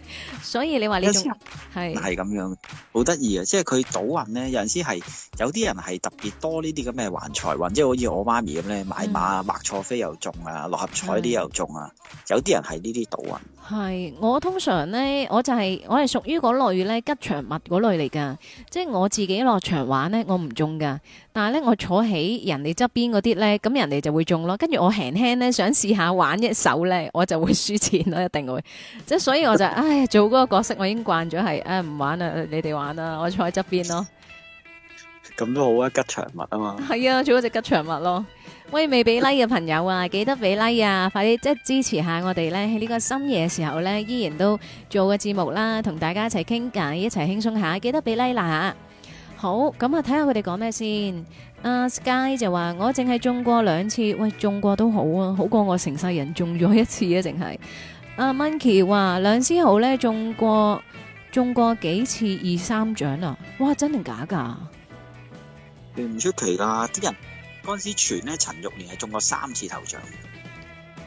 所以你話呢種係係咁樣，好得意啊！即係佢賭運咧，有陣時係有啲人係特別多呢啲咁嘅橫財運，即係好似我媽咪咁咧，買馬、嗯、買錯飛又中啊，六合彩啲又中啊。是有啲人係呢啲賭運。係我通常咧，我就係、是、我係屬於嗰類咧吉祥物嗰類嚟噶，即係我自己落場玩咧，我唔中噶。但係咧，我坐喺人哋側邊嗰啲咧，咁人哋就會中咯。跟住我輕輕咧想試下玩一手咧，我就會輸錢咯，一定會。即係所以我就唉做。 嗰個角色我已經慣咗係，誒、啊、唔玩啦，你哋玩啦，我坐喺側邊咯。咁都好啊，吉祥物啊嘛。係啊，做嗰隻吉祥物咯。喂，未俾 like 嘅朋友啊， 記得俾 like 啊！快啲即係支持下我哋咧，喺、這、呢個深夜嘅時候咧，依然都做個節目啦，同大家一齊傾偈，一齊輕鬆下，記得俾 like 啦吓。好，咁啊睇下佢哋講咩先。阿、uh, Sky 就話 我淨係中過兩次，喂，中過都好啊，好過我成世人中咗一次啊，淨係。阿 Minky 話梁思浩咧中過中過幾次二三獎啊！哇，真定假噶？你唔出奇啦，啲人嗰陣時傳咧陳玉蓮係中過三次頭獎，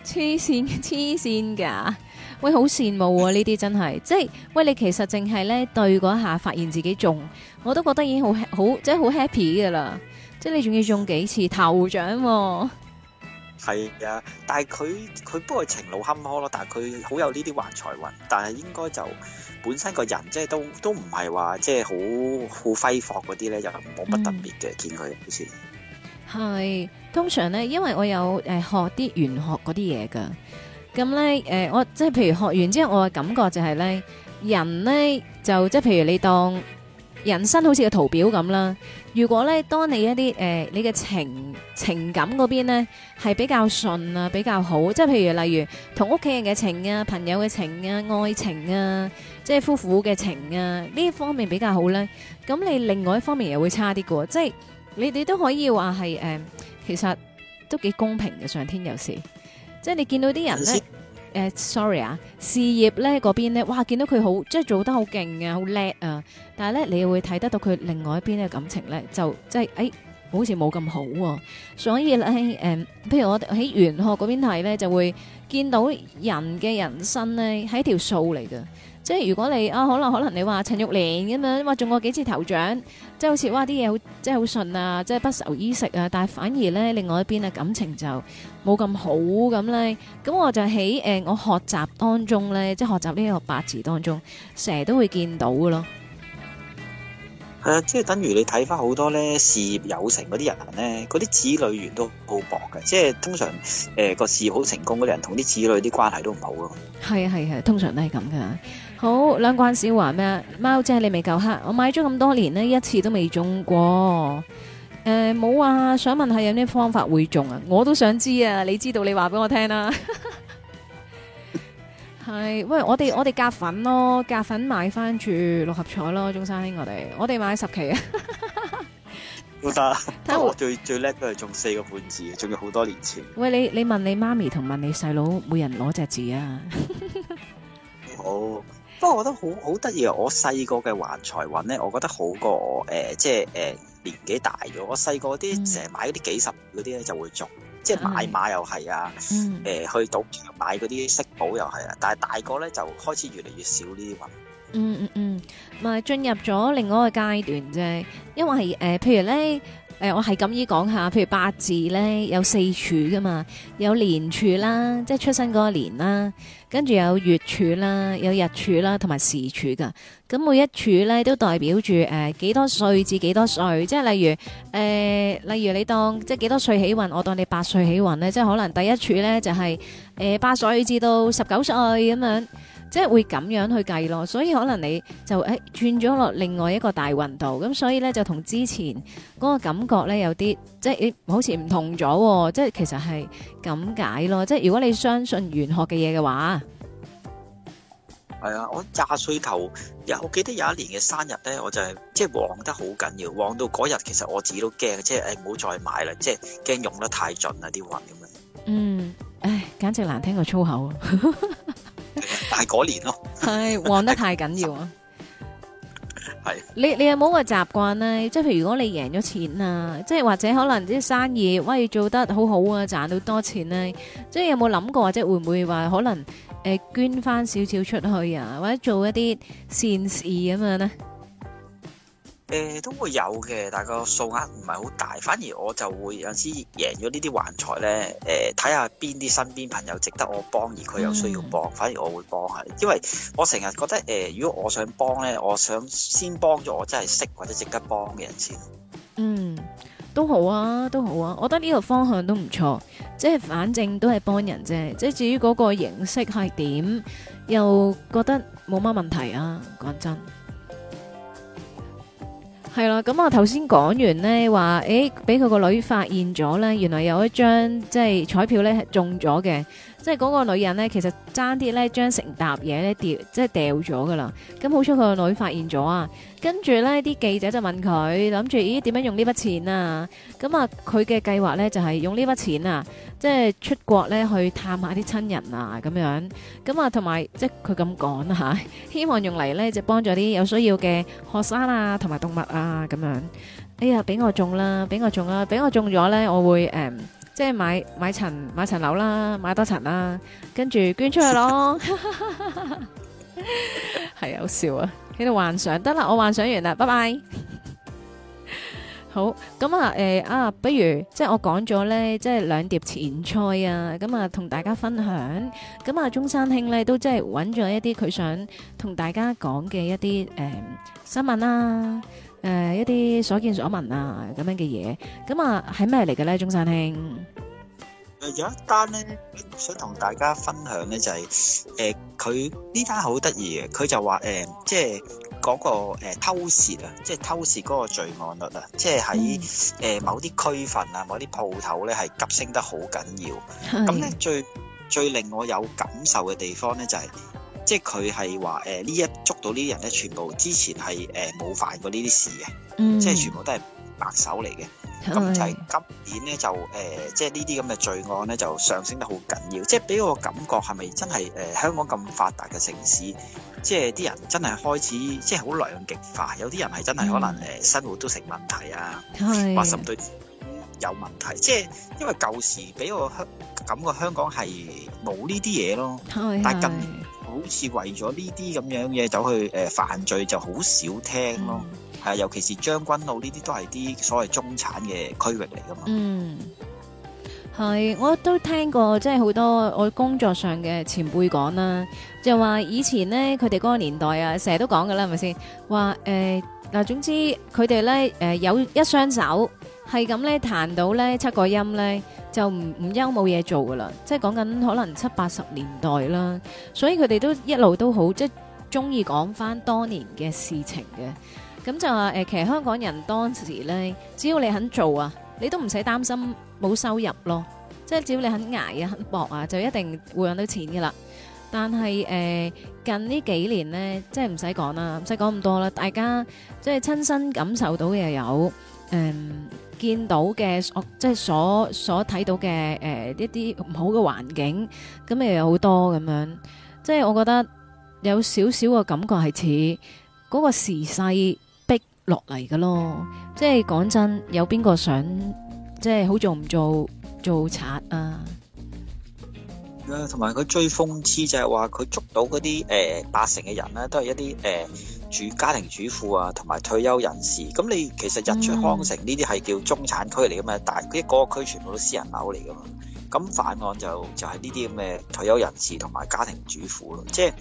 黐線黐線噶！喂，好羨慕啊！呢啲 真係，即係喂，你其實淨係咧對嗰下發現自己中，我都覺得已經好好，即係好 happy 噶啦！即係你仲要中幾次頭獎啊？係啊，但係佢佢不過情路坎坷咯，但係佢好有呢啲橫財運，但係應該就本身個人即係都都唔係話即係好好揮霍嗰啲咧，又冇乜特別嘅見佢好似係通常咧，因為我有誒、呃、學啲玄學嗰啲嘢㗎，咁咧誒我即係譬如學完之後，我嘅感覺就係咧人咧就即係譬如你當。人生好似個圖表咁啦，如果咧當你一啲誒、呃、你嘅情情感嗰邊咧係比較順啊，比較好，即係譬如例如同屋企人嘅情啊、朋友嘅情啊、愛情啊，即係夫婦嘅情啊呢一方面比較好咧，咁你另外一方面又會差啲嘅，即係你哋都可以話係誒其實都幾公平嘅上天有事，即係你見到啲人咧。試試。uh, sorry 啊，事業咧嗰邊咧，哇，見到佢好，即係做得好勁啊，好叻啊！但係咧，你會睇得到佢另外一邊嘅感情咧，就即係誒、哎，好似冇咁好喎、啊。所以咧，誒、嗯，譬如我喺玄學嗰邊睇咧，就會見到人嘅人生咧係一條數嚟嘅。即係如果你啊，可能可能你話陳玉蓮咁樣，話中過幾次頭獎，即係好似哇，啲嘢好即係好順啊，即係不愁衣食啊，但係反而咧另外一邊嘅感情就冇咁好咁咧，咁我就喺誒、呃、我學習當中咧，即係學習呢個八字當中，成日都會見到噶咯。係啊，即係等於你睇翻好多咧事業有成嗰啲人咧，嗰啲子女緣都好薄嘅，即係通常誒個、呃、事業好成功嗰啲人，同啲子女啲關係都唔好咯。係啊係啊，通常都係咁噶。好兩關小王咩？貓姐你未夠黑，我買咗咁多年呢一次都未中過。誒，冇啊！想問下有咩方法會中啊？我都想知啊！你知道你話俾我聽啊。係 喂，我哋我哋夾粉咯，夾粉買翻住六合彩咯，中山兄我哋，我哋買十期啊。得 打， 我最 最叻都係中四個半字，仲要好多年前。喂，你你問你媽咪同問你細佬，每人攞隻字啊。好。 Oh. 不過，我覺得好好得意啊！我細個嘅橫財運咧，我覺得好過我、呃、即係誒、呃、年紀大咗。我細個啲成日買嗰啲幾十嗰啲咧就會中，即係買馬又係啊、嗯呃，去賭場買嗰啲骰寶又係啊。但係大個咧就開始越嚟越少呢啲運。嗯嗯嗯，咪、嗯嗯、進入咗另外一個階段啫，因為誒、呃、譬如咧。誒、呃，我係咁意講下，譬如八字呢，有四柱噶嘛，有年柱啦，即係出生嗰年啦，跟住有月柱啦，有日柱啦，同埋時柱噶。咁每一柱呢，都代表住誒、呃、幾多歲至幾多歲，即係例如誒、呃，例如你當即係幾多歲起運，我當你八歲起運呢，即係可能第一柱呢，就係誒八歲至到十九歲咁樣。即係會咁樣去計咯，所以可能你就誒、哎、轉咗落另外一個大運度，咁所以咧就同之前嗰個感覺咧有啲即係好似唔同咗，即係、哎哦、其實係咁解咯。即係如果你相信玄學嘅嘢嘅話，係啊，我廿歲頭有我記得有一年嘅生日咧，我就係、是、即係旺得好緊要，旺到嗰日其實我自己都驚，即係誒唔好再買啦，即係驚用得太盡啊啲運咁樣。嗯，唉、哎，簡直難聽過粗口、啊 大過果年咯 是，係旺得太緊要啊！係是是你你有冇個習慣咧？即係譬如如果你贏咗錢，啊啊、錢啊，即係或者可能啲生意喂做得好好啊，賺到多錢咧，即係有冇諗過或者會唔會話可能誒捐翻少少出去啊，或者做一啲善事咁樣呢？誒，都會有嘅，但個數額唔係好大。反而我就會有時贏咗呢啲橫財呢，誒，睇下邊啲身邊朋友值得我幫，而佢又需要幫，嗯、反而我會幫下。因為我成日覺得，誒，如果我想幫呢，我想先幫咗我真係識或者值得幫嘅人先。嗯，都好啊，都好啊。我覺得呢個方向都唔錯，即係反正都係幫人啫。即係至於嗰個形式係點，又覺得冇乜問題啊。講真。係啦，咁我頭先講完呢話誒，俾佢個女發現咗呢，原來有一張即係彩票呢係中咗嘅。即係嗰個女人咧，其實爭啲咧將成沓嘢咧掉，即係掉咗噶啦。咁好彩佢個女發現咗啊！跟住咧啲記者就問佢，諗住咦點樣用呢筆錢啊？咁、嗯、啊，佢嘅計劃咧就係、是、用呢筆錢啊，即係出國咧去探下啲親人啊，咁樣。咁、嗯、啊，同埋即係佢咁講吓，希望用嚟咧就幫助啲有需要嘅學生啊，同埋動物啊，咁樣。哎呀，俾我中啦，俾我中啦，俾我中咗咧，我會誒。嗯即係買買層買層樓啦，買多層啦，跟住捐出去咯，係好笑啊！喺度幻想得啦，我幻想完啦，拜拜。好，咁啊，誒啊，不如即係我講咗咧，即係兩碟前菜啊，咁啊同大家分享，咁啊中山兄咧都即係揾咗一啲佢想同大家講嘅一啲誒新聞啦。誒、呃，一啲所見所聞啊，咁樣嘅嘢，咁啊，係咩嚟嘅咧？中山兄，誒，有一單咧，想同大家分享咧，就是，呃，這一很有趣的就係，誒，佢呢單好得意嘅，佢就話，誒，即係嗰、那個誒、呃、偷竊啊，即係偷竊嗰個罪案率啊，嗯、即係喺誒某啲區份啊，某啲鋪頭咧係急升得好緊要，咁咧是的 最最令我有感受嘅地方咧就係、是。即係佢係話誒呢一捉到這些呢啲人咧，全部之前係誒冇犯過呢啲事嘅，嗯、即係全部都係白手嚟嘅。咁是就係今年咧就誒、呃，即係呢啲咁嘅罪案咧就上升得好緊要。即係俾我感覺係咪真係誒、呃、香港咁發達嘅城市，即係啲人真係開始即係好兩極化，有啲人係真係可能誒、嗯呃、生活都成問題啊，是或甚至有問題。即係因為舊時俾我香感覺香港係冇呢啲嘢咯，是是但係近年。是是好似為咗呢啲咁樣嘢走去誒犯罪，就好少聽咯，係啊，尤其是將軍澳呢啲都係啲所謂中產嘅區域嚟噶嘛。嗯，係，我都聽過，即係好多我工作上嘅前輩講啦，就話以前咧佢哋嗰個年代啊，成日都講噶啦，係咪先？話誒嗱，總之佢哋咧誒有一雙手。係咁咧，彈到咧七個音咧，就唔唔憂冇嘢做㗎喇，即係講緊可能七八十年代啦，所以佢哋都一路都好，即係鍾意講返當年嘅事情嘅。咁就話誒，其實香港人當時咧，只要你肯做啊，你都唔使擔心冇收入咯，即係只要你肯捱啊，肯搏啊，就一定會搵到錢㗎喇。但係誒，近呢幾年咧，即係唔使講啦，唔使講咁多啦，大家即係親身感受到嘅有誒。見到嘅，我即係所所睇到嘅，誒一啲唔好嘅環境，咁又有好多咁樣，即係我覺得有少少嘅感覺係似嗰個時勢逼落嚟嘅咯。即係講真，有邊個想即係好做唔做做賊啊？同埋佢最諷刺就係話佢捉到嗰啲誒八成嘅人咧、啊，都係一啲誒主家庭主婦啊，同埋退休人士。咁你其實日出康城呢啲係叫中產區嚟嘅嘛，但係佢一個區全部都是私人樓嚟㗎嘛。咁犯案就就係呢啲咁嘅退休人士同埋家庭主婦咯。即係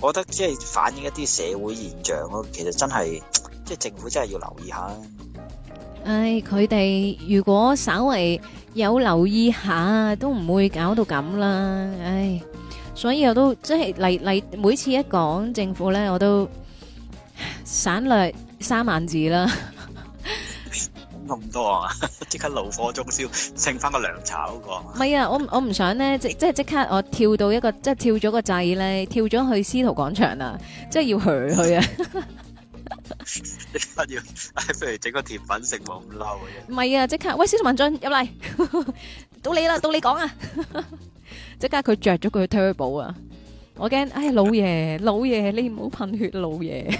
我覺得即係反映一啲社會現象咯、啊。其實真係即係政府真係要留意下。唉、哎，佢哋如果稍微，有留意下都唔會搞到咁啦，唉！所以我都即係嚟嚟每次一講政府咧，我都省略三萬字啦。咁多啊！即刻怒火中燒，盛翻個涼茶好過。唔係啊！我我唔想咧，即即即刻我跳到一個，即係跳咗個掣咧，跳咗去司徒廣場啦！即係要佢去啊！不要，不如整個甜品食冇咁嬲嘅。唔係啊，即刻，喂，司徒文進入嚟，到你啦，到你講啊！即刻佢着咗佢 turbo 啊，我驚哎老爺老爺，你唔好噴血老爺。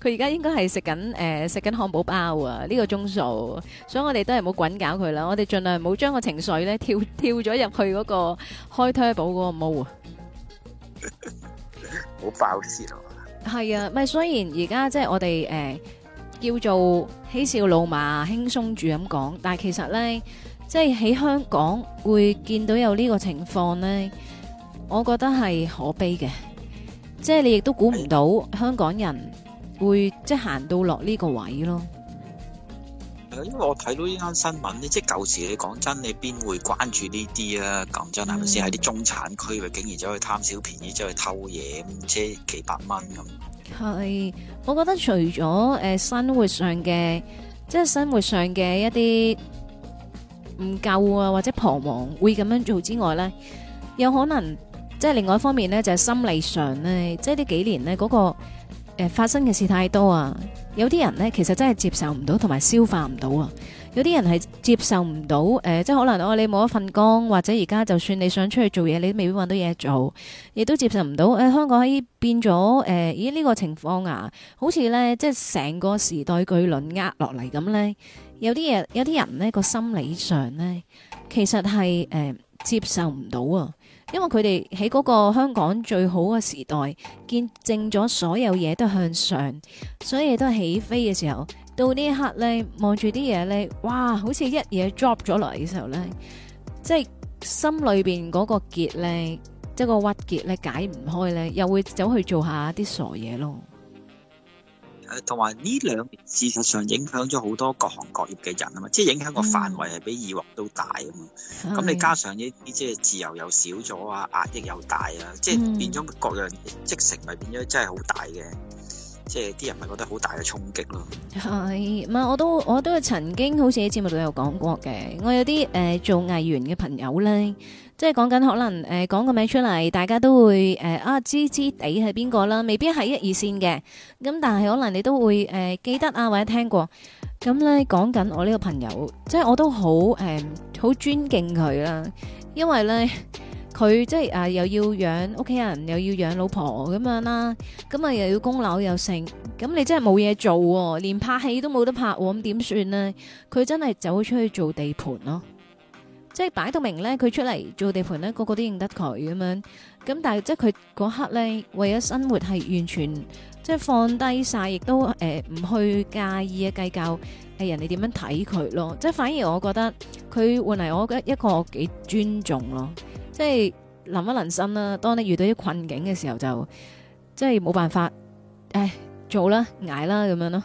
佢而家應該係食緊誒，食緊漢堡包啊，呢個鐘數，所以我哋都係唔好滾搞佢啦，我哋盡量唔好將個情緒咧跳跳咗入去嗰個開 turbo 嗰個帽啊，唔好爆線啊！係啊，咪雖然而家即係我哋誒、呃、叫做嬉笑怒罵，輕鬆住咁講，但係其實咧，即係喺香港會見到有呢個情況咧，我覺得係可悲嘅，即係你亦都估唔到香港人會即係行到落呢個位咯。因為我睇到呢間新聞咧，即係舊時你講真，你邊會關注呢啲啊？講真係咪先，喺啲中產區域，竟然走去貪小便宜，走去偷嘢，唔知幾百蚊咁。係，我覺得除咗誒、呃、生活上嘅，即係生活上嘅一啲唔夠啊，或者彷徨，會咁樣做之外咧，有可能即係另外一方面咧，就係、是、心理上咧，即係呢幾年咧嗰、那個誒、呃、發生嘅事太多啊。有啲人呢，其實真係接受唔到同埋消化唔到啊！有啲人係接受唔到，誒、呃，即係可能我、哦、你冇一份工，或者而家就算你想出去做嘢，你都未必揾到嘢做，亦都接受唔到。誒、呃，香港喺變咗，誒、呃，咦呢、呢個情況啊，好似呢，即係成個時代巨輪壓落嚟咁呢。有啲嘢，有啲人呢，個心理上呢，其實係誒、呃、接受唔到啊。因為佢哋喺嗰個香港最好嘅時代，見證咗所有嘢都向上，所有嘢都起飛嘅時候，到呢一刻咧，望住啲嘢咧，哇，好似一嘢 drop 咗落嚟嘅時候咧，即係心裏邊嗰個結咧，即係個鬱結咧解唔開咧，又會走去做下啲傻嘢咯。誒同埋呢兩年事實上影響咗好多各行各業嘅人啊嘛，即係影響個範圍係比以往都大啊嘛。咁、嗯、你加上呢啲即係自由又少咗啊，壓力又大啊，嗯、即係變咗各樣積成咪變咗真係好大嘅，嗯、即係啲人咪覺得好大嘅衝擊咯。係，唔係我都我都曾經好似喺節目度有講過嘅，我有啲誒、呃、做藝員嘅朋友咧。即係講緊可能，誒、呃，講個名出嚟，大家都會，誒、呃，啊，知知地係邊個啦，未必係一二線嘅，咁但係可能你都會，誒、呃，記得啊，或者聽過，咁咧講緊我呢個朋友，即係我都好，誒、呃，好尊敬佢啦，因為咧，佢即係啊、呃，又要養屋企人，又要養老婆咁樣啦，咁啊又要供樓又剩，咁你真係冇嘢做、哦，連拍戲都冇得拍、哦，咁點算呢？佢真係走出去做地盤咯。即係擺到明咧，佢出嚟做地盤咧，個個都認得佢咁樣。咁但係即係佢嗰刻咧，為咗生活係完全即係放低晒，亦都誒唔、呃、去介意啊計較誒人哋點樣睇佢咯。即係反而我覺得佢換嚟我嘅一個幾尊重咯。即係諗一諗心啦，當你遇到啲困境嘅時候就，就即係冇辦法，誒做啦，捱啦咁樣咯。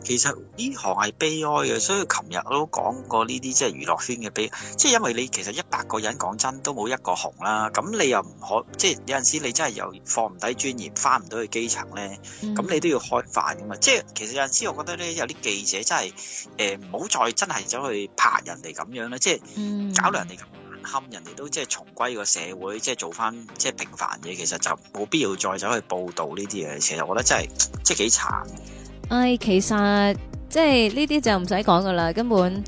其實呢行係悲哀嘅，所以琴日我都講過呢啲、就是，即係娛樂圈嘅悲哀。即係因為你其實一百個人講真都冇一個紅啦，咁你又唔可，即係有陣時你真係又放唔低專業，翻唔到去基層咧，咁、嗯、你都要開飯噶嘛。即係其實有陣時我覺得咧，有啲記者真係，誒唔好再真係走去拍人哋咁樣咧，即係搞到人哋咁難堪，人哋都即係重歸個社會，即係做翻即係平凡嘢，其實就冇必要再走去報道呢啲嘢。其實我覺得真係，即係幾慘。唉、哎，其實即係呢啲就唔使講㗎喇，根本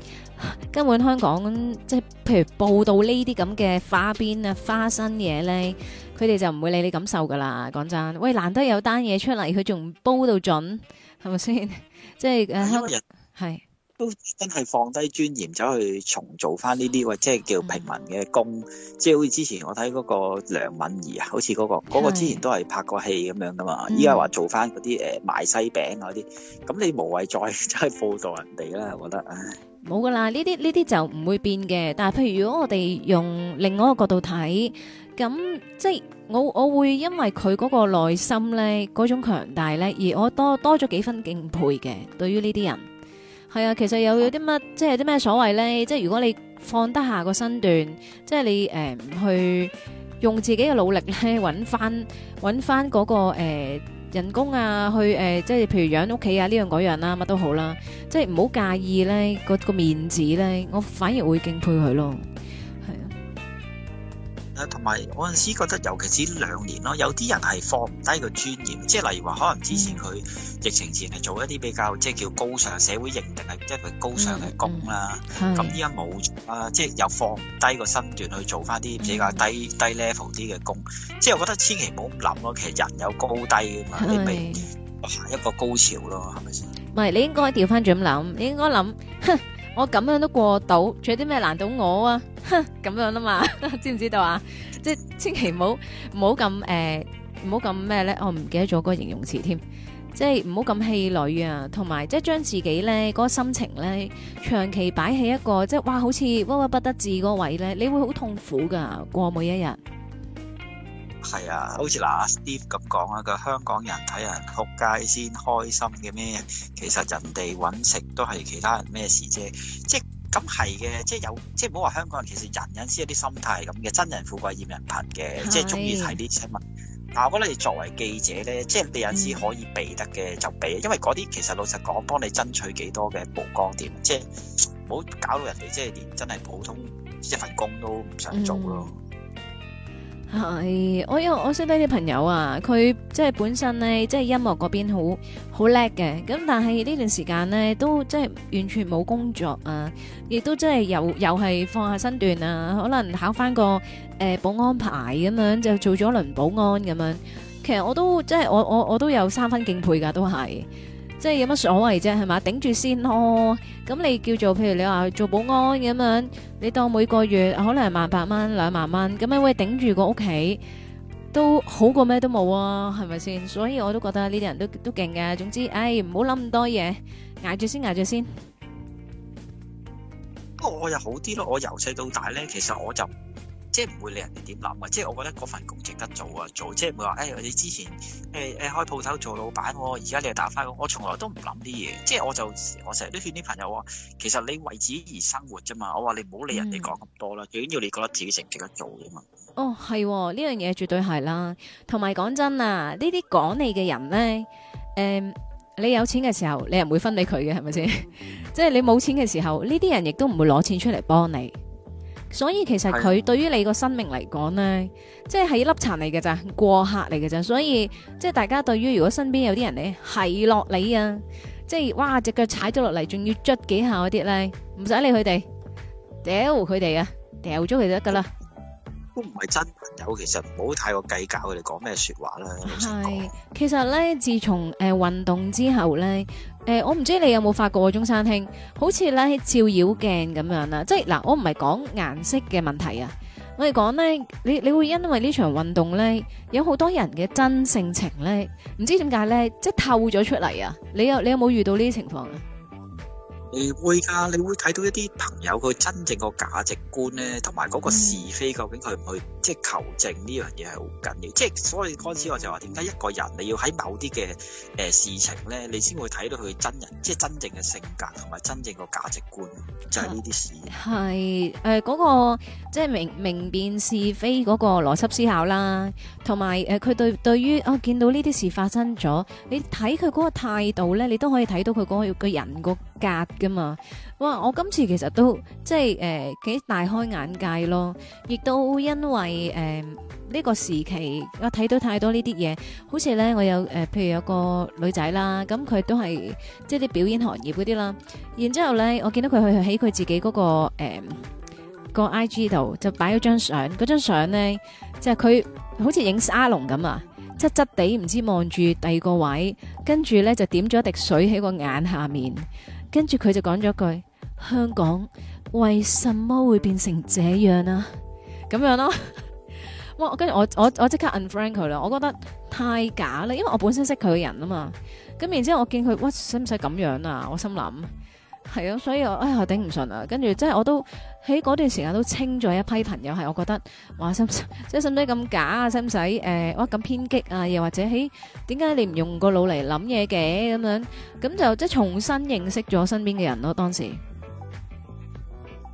根本香港即係譬如報道呢啲咁嘅花邊啊、花生嘢咧，佢哋就唔會理你感受㗎喇。講真，喂，難得有單嘢出嚟，佢仲唔煲到準，係咪先？即係啊，係。都真係放低尊嚴，走去重做翻呢啲喂，即係叫平民嘅工，即係好似之前我睇嗰個梁敏儀啊，好似嗰個，嗰個之前都係拍過戲咁樣噶嘛，依家話做翻嗰啲誒賣西餅嗰啲，咁你無謂再真係報導人哋啦，我覺得。冇噶啦，呢啲呢啲就唔會變嘅。但係譬如如果我哋用另外一個角度睇，咁即係我我會因為佢嗰個內心咧嗰種強大咧，而我多多咗幾分敬佩嘅。對於呢啲人。係啊，其實又有啲乜，即係有啲咩所謂咧？即係如果你放得下個身段，即係你誒、呃、去用自己嘅努力咧，揾翻揾翻嗰個、呃、人工啊，去誒、呃、即係譬如養屋企啊，呢樣嗰樣啦，乜都好啦，即係唔好介意咧個面子咧，我反而會敬佩佢咯。同埋我陣時覺得，尤其是呢兩年咯，有啲人係放唔低個尊嚴，即係例如話，可能之前佢疫情前係做一啲比較即係叫高尚社會認定是，係即係高尚嘅工啦。咁依家冇啊，即係又放低個身段去做翻啲比較低、嗯、低、低 level 啲嘅工。即係我覺得千祈唔好諗咯，其實人有高低㗎嘛，是你咪哇一個高潮咯，係咪先？唔係，你應該調翻轉咁諗，你應該諗。 我咁樣都過到，仲有啲咩難到我啊？咁樣吖嘛，呵呵知唔知道啊？即係千祈唔好唔好咁誒，唔好咁咩咧？我唔記得咗個形容詞添，即係唔好咁氣餒啊！同埋即係將自己咧嗰個心情咧，長期擺喺一個即係哇，好似屈屈不得志嗰位咧，你會好痛苦噶過每一日。係啊，好似嗱阿 Steve 咁講啊，香港人睇人仆街先開心嘅咩？其實人哋搵食都係其他人咩事啫，即係咁係嘅，即係有，即唔好話香港人，其實人人先有啲心態係咁嘅，真人富貴厭人貧嘅，是即係中意睇啲新聞。但我覺得你作為記者咧，即係你有陣時可以避得嘅就避，嗯、因為嗰啲其實老實講幫你爭取幾多嘅曝光點，即係唔好搞到人哋即係連真係普通一份工都唔想做咯。嗯係，我有我識得啲朋友啊，佢即係本身咧，即係音樂嗰邊好好叻嘅，咁但係呢段時間咧，都即係完全冇工作啊，亦都即係又又係放下身段啊，可能考翻個誒、呃、保安牌咁樣就做咗輪保安咁樣，其實我都即係我我我都有三分敬佩噶，都係。即係有乜所謂啫，係嘛？頂住先咯。咁你叫做，譬如你話做保安咁樣，你當每個月可能係萬八蚊、兩萬蚊，咁樣喂頂住個屋企，都好過咩都冇啊？係咪先？所以我都覺得呢啲人都都勁嘅。總之，唉、哎，唔好諗咁多嘢，捱住先，捱住先。不過我又好啲咯，我由細到大咧，其實我就。即係唔會理人哋點諗啊。即係我覺得嗰份工值得做啊，做即係唔會話，誒、欸，你之前誒誒、欸、開鋪頭做老闆，而家你又打翻工，我從來都唔諗啲嘢，即係我就我成日都勸啲朋友話，其實你為自己而生活啫嘛，我話你唔好理人哋講咁多啦，最緊要，嗯、要你覺得自己值唔值得做啫嘛。哦，係喎，呢樣嘢絕對係啦，同埋講真啊，呢啲講你嘅人咧，誒、嗯，你有錢嘅時候，你又唔會分 畀佢嘅，係咪先？即係你冇錢嘅時候，呢啲人亦都唔會攞錢出嚟幫你。所以其實佢對於你個生命嚟講咧，是的即係粒塵嚟嘅咋，過客嚟嘅咋，所以即係大家對於如果身邊有啲人咧係落你啊，即係哇隻腳踩咗落嚟，仲要捽幾下嗰啲咧，唔使理佢哋，他掉佢哋啊，掉咗佢就得㗎喇，都唔係真朋友，其實唔好太過計較佢哋講咩説話啦。係，其實咧，自從誒、呃、運動之後咧。誒、呃，我唔知你有冇發過，中山兄，好似咧照妖鏡咁樣啦，即係嗱，我唔係講顏色嘅問題啊，我哋講咧，你你會因為呢場運動咧，有好多人嘅真性情咧，唔知點解咧，即係透咗出嚟啊，你有你有冇遇到呢啲情況啊？你會㗎，你會睇到一啲朋友佢真正個價值觀咧，同埋嗰個是非究竟佢唔去，即係求證呢樣嘢係好緊要。即係所以嗰陣時我就話點解一個人你要喺某啲嘅誒事情咧，你先會睇到佢真人，即係真正嘅性格同埋真正個價值觀，就係呢啲事。係誒嗰個即係明明辨是非嗰個邏輯思考啦，同埋誒佢對對於我見到呢啲事發生咗，你睇佢嗰個態度咧，你都可以睇到佢嗰個個人個格。噶嘛，哇！我今次其實都即係誒幾大開眼界咯，亦都因為誒呢、呃這個時期我睇到太多呢啲嘢，好似咧我有誒、呃，譬如有個女仔啦，咁佢都係即係啲表演行業嗰啲啦。然之後咧，我見到佢去喺佢自己嗰、那個誒、呃、個 IG 度就擺咗張相，嗰張相咧就係、是、佢好似影沙龍咁啊，側側地唔知望住第二個位，跟住咧就點咗一滴水喺個眼下面。跟住佢就講咗句：香港為什麼會變成這樣啊？咁樣咯，哇，我跟住我我我即刻 unfriend 佢啦！我覺得太假啦，因為我本身識佢嘅人啊嘛。咁然之後我見佢，哇，使唔使咁樣啊？我心諗係啊，所以我哎呀頂唔順啊！跟住即係我都。喺嗰段時間都清咗一批朋友，係我覺得，話甚，即係使唔使咁假啊？使唔使誒，哇咁偏激啊？又或者，嘿、欸，點解你唔用個腦嚟諗嘢嘅？咁樣，咁就即係重新認識咗身邊嘅人咯。當時。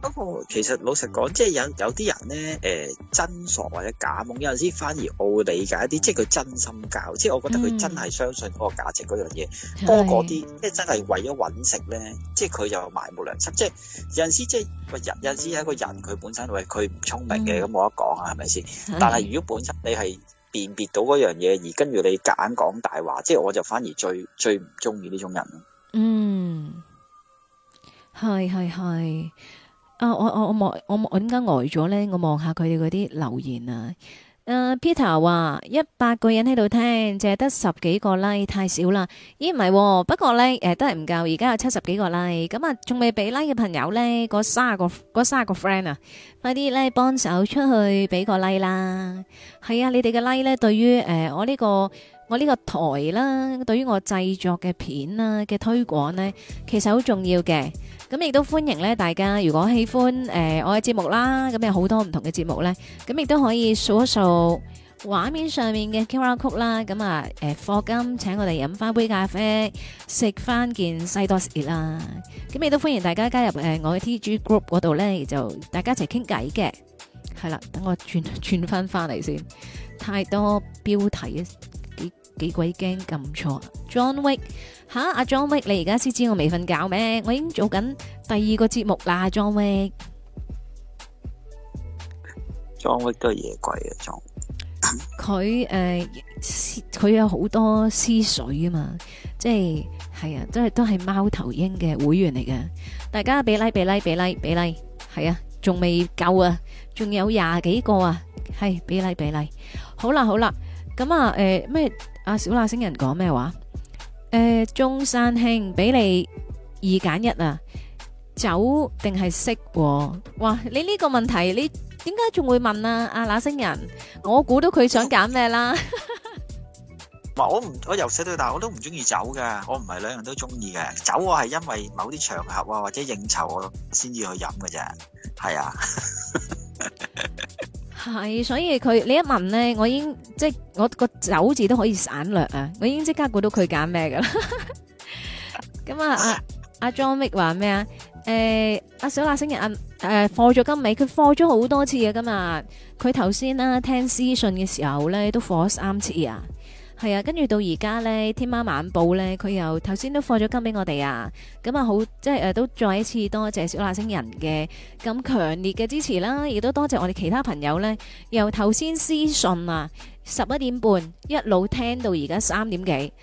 不過、哦、其實老實講，即係有有啲人咧，誒、呃，真傻或者假懵，有陣時反而我會理解一啲，嗯、即係佢真心教，即係我覺得佢真係相信嗰個價值嗰樣嘢，多、嗯、過啲的，即係真係為咗搵食咧，即係佢就埋沒良心，即係有陣時即係喂人，有陣時係一個人，佢本身喂佢唔聰明嘅，咁冇得講啊，係咪先？是是的但係如果本身你係辨別到嗰樣嘢，而跟住你夾硬講大話，即係我就反而最最唔中意呢種人咯。嗯，係係係。啊！我我我我我點解呆咗咧？我望下佢哋嗰啲留言啊！誒、uh，Peter 話一百個人喺度聽，淨係得十幾個 like 太少啦。咦？唔係、哦，不過咧誒、呃、都係唔夠。而家有七十幾個 like，咁啊，仲未俾 like 嘅朋友咧，嗰卅個嗰卅個 friend 啊，快啲咧幫手出去俾個 like 啦！係啊，你哋嘅 like 咧，對於誒、呃、我呢、呢個我呢個台啦，對於我製作嘅片啦、啊，嘅推廣咧，其實好重要嘅。咁亦都歡迎咧，大家如果喜歡誒我嘅節目啦，咁有好多唔同嘅節目咧，咁亦都可以掃一掃畫面上面嘅 QR Code 啦。咁啊，誒，課金請我哋飲翻杯咖啡，食翻件西多士啦。咁亦都歡迎大家加入誒我嘅 TG Group 嗰度咧，就大家一齊傾偈嘅。係啦，等我轉轉翻翻嚟先，太多標題。幾鬼驚咁錯 John Wick 吓，阿、啊、John Wick，你而家先知我未瞓覺咩？我已經做緊第二個節目啦，John Wick。John Wick 都係夜鬼啊，John Wick。佢佢、呃、有好多私水啊嘛，即係，係呀、啊，都係都係貓頭鷹嘅會員嚟嘅。大家俾 like 俾 like 俾 like 俾 like，係啊，仲未夠呀、啊，仲有廿幾個啊，係俾 like 俾 like。好啦、啊、好啦、啊，咁啊咩？呃阿小那星人講咩話？誒，中山兄俾你二揀一啊，酒定係色？哇！你呢個問題你點解仲會問啊？阿那星人，我估到佢想揀咩啦？唔，我唔我由細到大我都唔中意酒㗎，我唔係兩樣都中意嘅，酒我係因為某啲場合啊或者應酬我先至去飲㗎啫，係啊。係，所以佢你一問咧，我已經即係我個走字都可以省略啊！我已經即刻估到佢揀咩嘅啦。咁啊，阿、啊、阿 John Mick 話咩啊？誒、呃，阿小娜星人，誒，課咗金尾，佢課咗好多次啊！今日佢頭先啦，聽私訊嘅時候咧，都課咗三次啊。係啊，跟住到而家呢，天喵晚報呢，佢又頭先都放咗金俾我哋啊，咁啊好，即係誒都再一次多謝小辣星人嘅咁強烈嘅支持啦，亦都多謝我哋其他朋友呢，由頭先私信啊，十一點半一路聽到而家三點幾，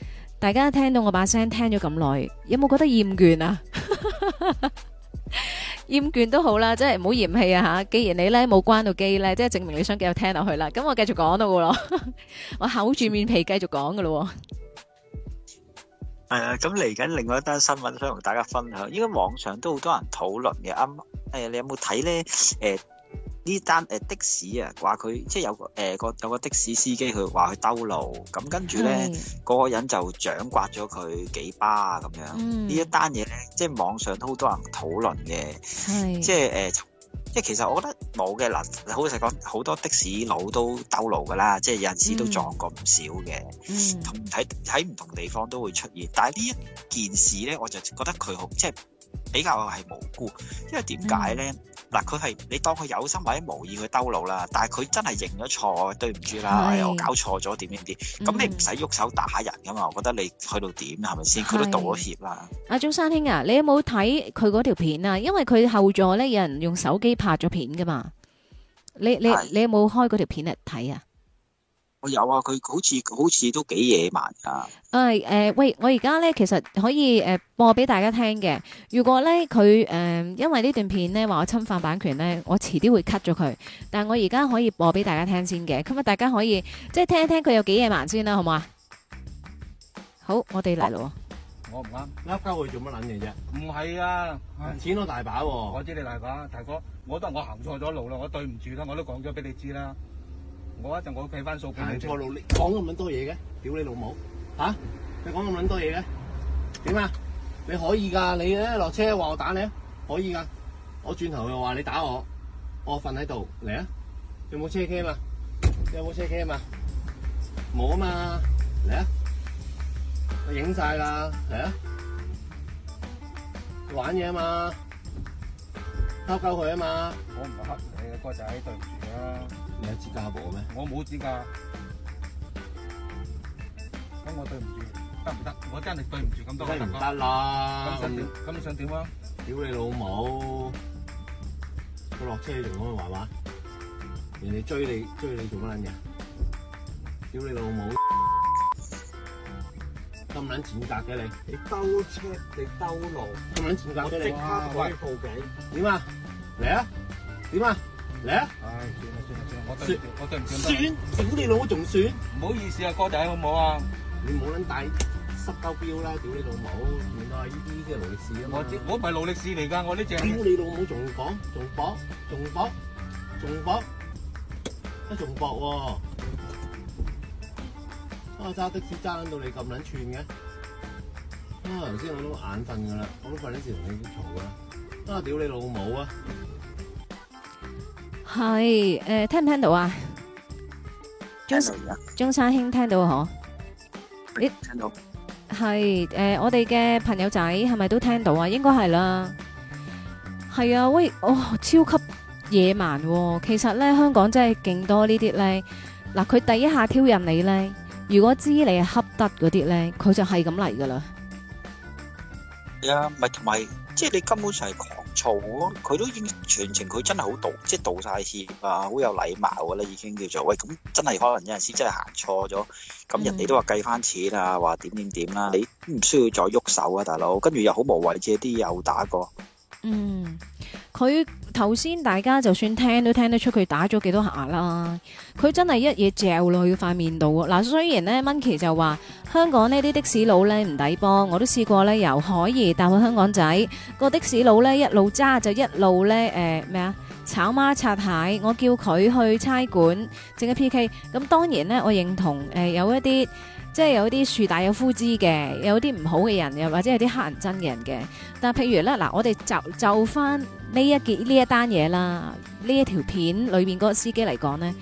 大家聽到我把聲聽咗咁耐，有冇覺得厭倦啊？ 厭倦都好啦，即係唔好嫌棄啊吓！既然你咧冇關到機咧，即係證明你想繼續聽落去啦。咁我繼續講到噶咯，我厚住面皮繼續講噶咯。係啊，咁嚟緊另外一單新聞想同大家分享，應該網上都好多人討論嘅。啱，哎呀，你有冇睇咧？誒。呢單誒、呃、的士啊，話佢即係有個誒、呃、個有個的士司機，佢話佢兜路，咁跟住咧，嗰是個人就掌摑咗佢幾巴啊咁樣。呢、嗯、一單嘢咧，即係網上都好多人討論嘅，是即係誒，即、呃、係其實我覺得冇嘅嗱，好實講，好多的士佬都兜路噶啦，即係有陣時都撞過唔少嘅，同睇喺唔同地方都會出現。但係呢一件事咧，我就覺得佢好即係。比較係無辜，因為點解咧？嗱、嗯，佢係你當佢有心或者無意去兜路他的啦，但係佢真係認咗錯，對唔住啦，我搞錯咗點點點？咁、嗯、你唔使喐手打人噶嘛？我覺得你去到點係咪先？佢都道咗歉啦。阿中山兄啊，你有冇睇佢嗰條片啊？因為佢後座咧有人用手機拍咗片噶嘛？你你是你有冇開嗰條片嚟睇啊？我有啊，佢好似好似都幾野蠻噶、啊。誒誒、uh, 呃，喂，我而家咧其實可以誒、呃、播俾大家聽嘅。如果咧佢誒因為呢段片咧話我侵犯版權咧，我遲啲會 cut 咗佢。但係我而家可以播俾大家聽先嘅。咁大家可以即係聽一聽佢有幾野蠻先啦，好唔好啊？好，我哋嚟咯。我唔啱，笠家佢做乜撚嘢啫？唔係啊，錢都大把、啊。我知你大把，大哥，我都係我行錯咗路啦，我對唔住啦，我都講咗俾你知啦。我一陣我計翻數，唔錯努力，講咁捻多嘢嘅？屌你老母，吓？你講咁捻多嘢嘅，點啊？你可以噶，你落車話我打你啊？可以噶，我轉頭又話你打我，我瞓喺度嚟啊？有冇車 cam 啊嘛？有冇車 cam 啊嘛？冇啊嘛，嚟啊！我影晒啦，嚟啊！玩嘢啊嘛，黑鳩佢啊嘛，我唔係黑你啊，哥仔對唔住啊。你有資格冇咩？我冇資格，咁我對唔住，得唔得？我真係對唔住咁多。梗係唔得啦！咁你咁你想點啊？屌你老母！我落車做乜話話？人哋追你追你做乜嘢？屌你老母！咁撚賤格嘅你，你兜車你兜路，咁撚賤格嘅你，我即刻可以報警。點啊？嚟啊！點啊？嚟啊！唉，算啦算啦算，我對唔對唔住？算，屌你老母仲算？唔好意思啊，哥仔好唔好啊？你冇撚帶濕鳩標啦！屌你老母，原來呢啲先係勞力士啊嘛！我我唔係勞力士嚟噶，我呢隻屌你老母仲搏仲搏仲搏仲搏，都仲搏喎！啊揸的士揸到你咁撚串嘅，啊頭先我都眼瞓噶啦，我都費事同你嘈㗎啦！啊屌你老母啊！係誒聽唔聽到啊？聽到而家，中山兄聽到嗬？咦，聽到？係誒，我哋嘅朋友仔係咪都聽到啊？應該係啦。係啊，喂，哦，超級野蠻。其實咧，香港真係勁多呢啲咧。嗱，佢第一下挑釁你咧，如果知你係恰得嗰啲咧，佢就係咁嚟噶啦。係啊，咪同埋，即係你根本上係狂。嘈，佢都已經全程佢真係好道，即係道晒歉啊，好有禮貌噶啦，已經叫做喂，咁真係可能有陣時真係行錯咗。咁人哋都話計翻錢啊，話點點點啦，你唔需要再喐手啊，大佬，跟住又好無謂，借啲又打過。嗯，佢頭先大家就算聽都聽得出佢打咗幾多下啦。佢真係一嘢嚼落去塊面度。嗱，雖然咧 Monkey 就話 香港呢啲的士佬咧唔抵幫，我都試過咧由海怡搭到香港仔個的士佬咧一路揸就一路咧誒咩啊炒蝦拆蟹，我叫佢去差館正一 PK。咁當然咧，我認同誒、呃、有一啲。即係有啲樹大有枯枝嘅，有啲唔好嘅人，又或者有啲黑人憎嘅人嘅。但係譬如咧，嗱，我哋就就翻呢一,一件呢一單嘢啦，呢一條片裏面嗰個司機嚟講咧，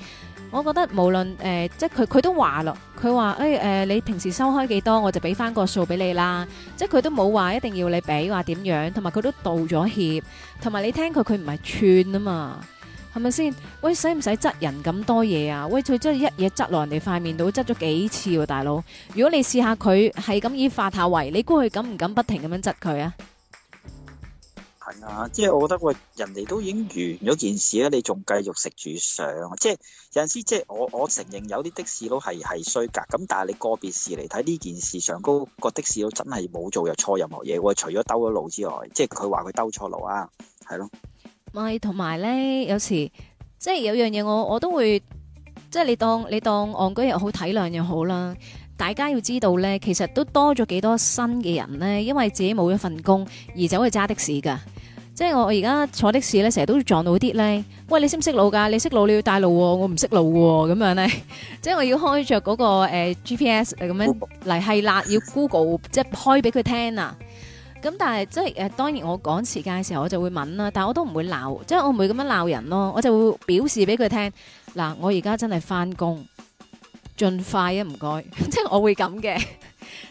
我覺得無論誒、呃，即係佢佢都話咯，佢話誒誒，你平時收開幾多，我就俾翻個數俾你啦。即係佢都冇話一定要你俾話點樣，同埋佢都道咗歉，同埋你聽佢佢唔係串啊嘛。係咪先？喂，使唔使執人咁多嘢啊？喂，佢真係一嘢執落人哋塊面度，執咗幾次喎、啊，大佬！如果你試下佢係咁以化下圍，你估佢敢唔敢不停咁樣執佢啊？係啊，即係我覺得喂，人哋都已經完咗件事啦，你仲繼續食住上，即係有陣時即，即係我我承認有啲的士佬係係衰格，咁但係你個別事嚟睇呢件事上，上高個的士佬真係冇做又錯任何嘢喎，除咗兜咗路之外，即係佢話佢兜錯路啊，係咯。咪同埋咧，有時即係有樣嘢，我我都會即係你當你當戇居又好體諒又好啦。大家要知道咧，其實都多咗幾多新嘅人咧，因為自己冇一份工而走去揸的士噶。即係我我而家坐的士咧，成日都會撞到啲咧。喂，你識唔識路噶？你識路你要帶路，啊，我唔識路咁、啊、樣咧。即係我要開着嗰、那個誒、呃、GPS 誒咁樣嚟係啦，要 Google 即係開俾佢聽啊！咁但係即係誒，當然我趕時間嘅時候，我就會問啦。但係我都唔會鬧，即係我唔會咁樣鬧人咯。我就會表示俾佢聽嗱，我而家真係翻工，盡快啊，唔該。即 係我會咁嘅，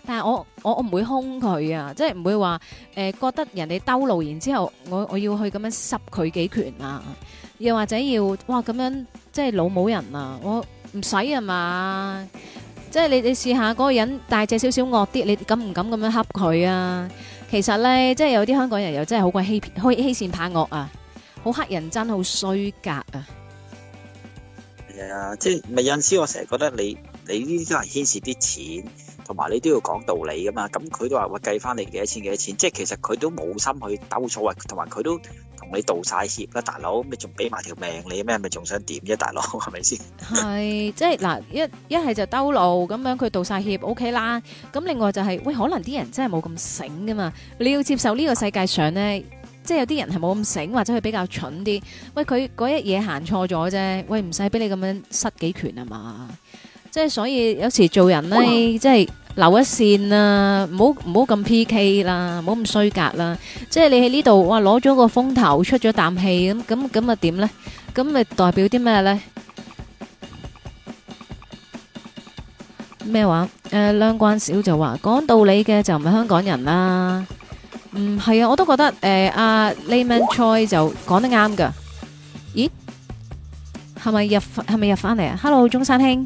但係我我我唔會兇佢啊，即係唔會話誒、呃，覺得人哋兜路，然之後我我要去咁樣濕佢幾拳啊，又或者要哇咁樣即係老母人啊，我唔使啊嘛。即係你你試下嗰個人大隻少少惡啲，你敢唔敢咁樣恰佢啊？其實咧，即係有啲香港人又真係好鬼欺騙，欺欺善怕惡啊，好乞人憎，好衰格啊！係啊，即係咪有陣時我成日覺得你你呢啲都係牽涉啲錢。同埋你都要講道理噶嘛，咁佢都話喂計翻你幾多錢幾多錢，即係其實佢都冇心去兜數，喂，同埋佢都同你道曬歉啦，大佬，咪仲俾埋條命你咩？咪仲想點啫，大佬，係咪先？係，即係嗱，一一係就兜路咁樣，佢道曬歉 OK 啦。咁另外就係喂，可能啲人真係冇咁醒噶嘛，你要接受呢個世界上呢，即係有啲人係冇咁醒，或者佢比較蠢啲。喂，佢嗰一嘢行錯咗啫，喂，唔使俾你咁樣失幾拳啊嘛。即係所以有時做人咧，即係留一線啦，唔好唔好咁 PK 啦，唔好咁衰格啦。即係你喺呢度，哇，攞咗個風頭，出咗啖氣咁，咁咁咁啊點咧？咁咪代表啲咩咧？咩話？誒，亮關少就話講道理嘅就唔係香港人啦。嗯，係啊，我都覺得誒，阿 Layman Choi 就講得啱噶。咦？係咪入係咪入翻嚟啊？Hello，中山兄。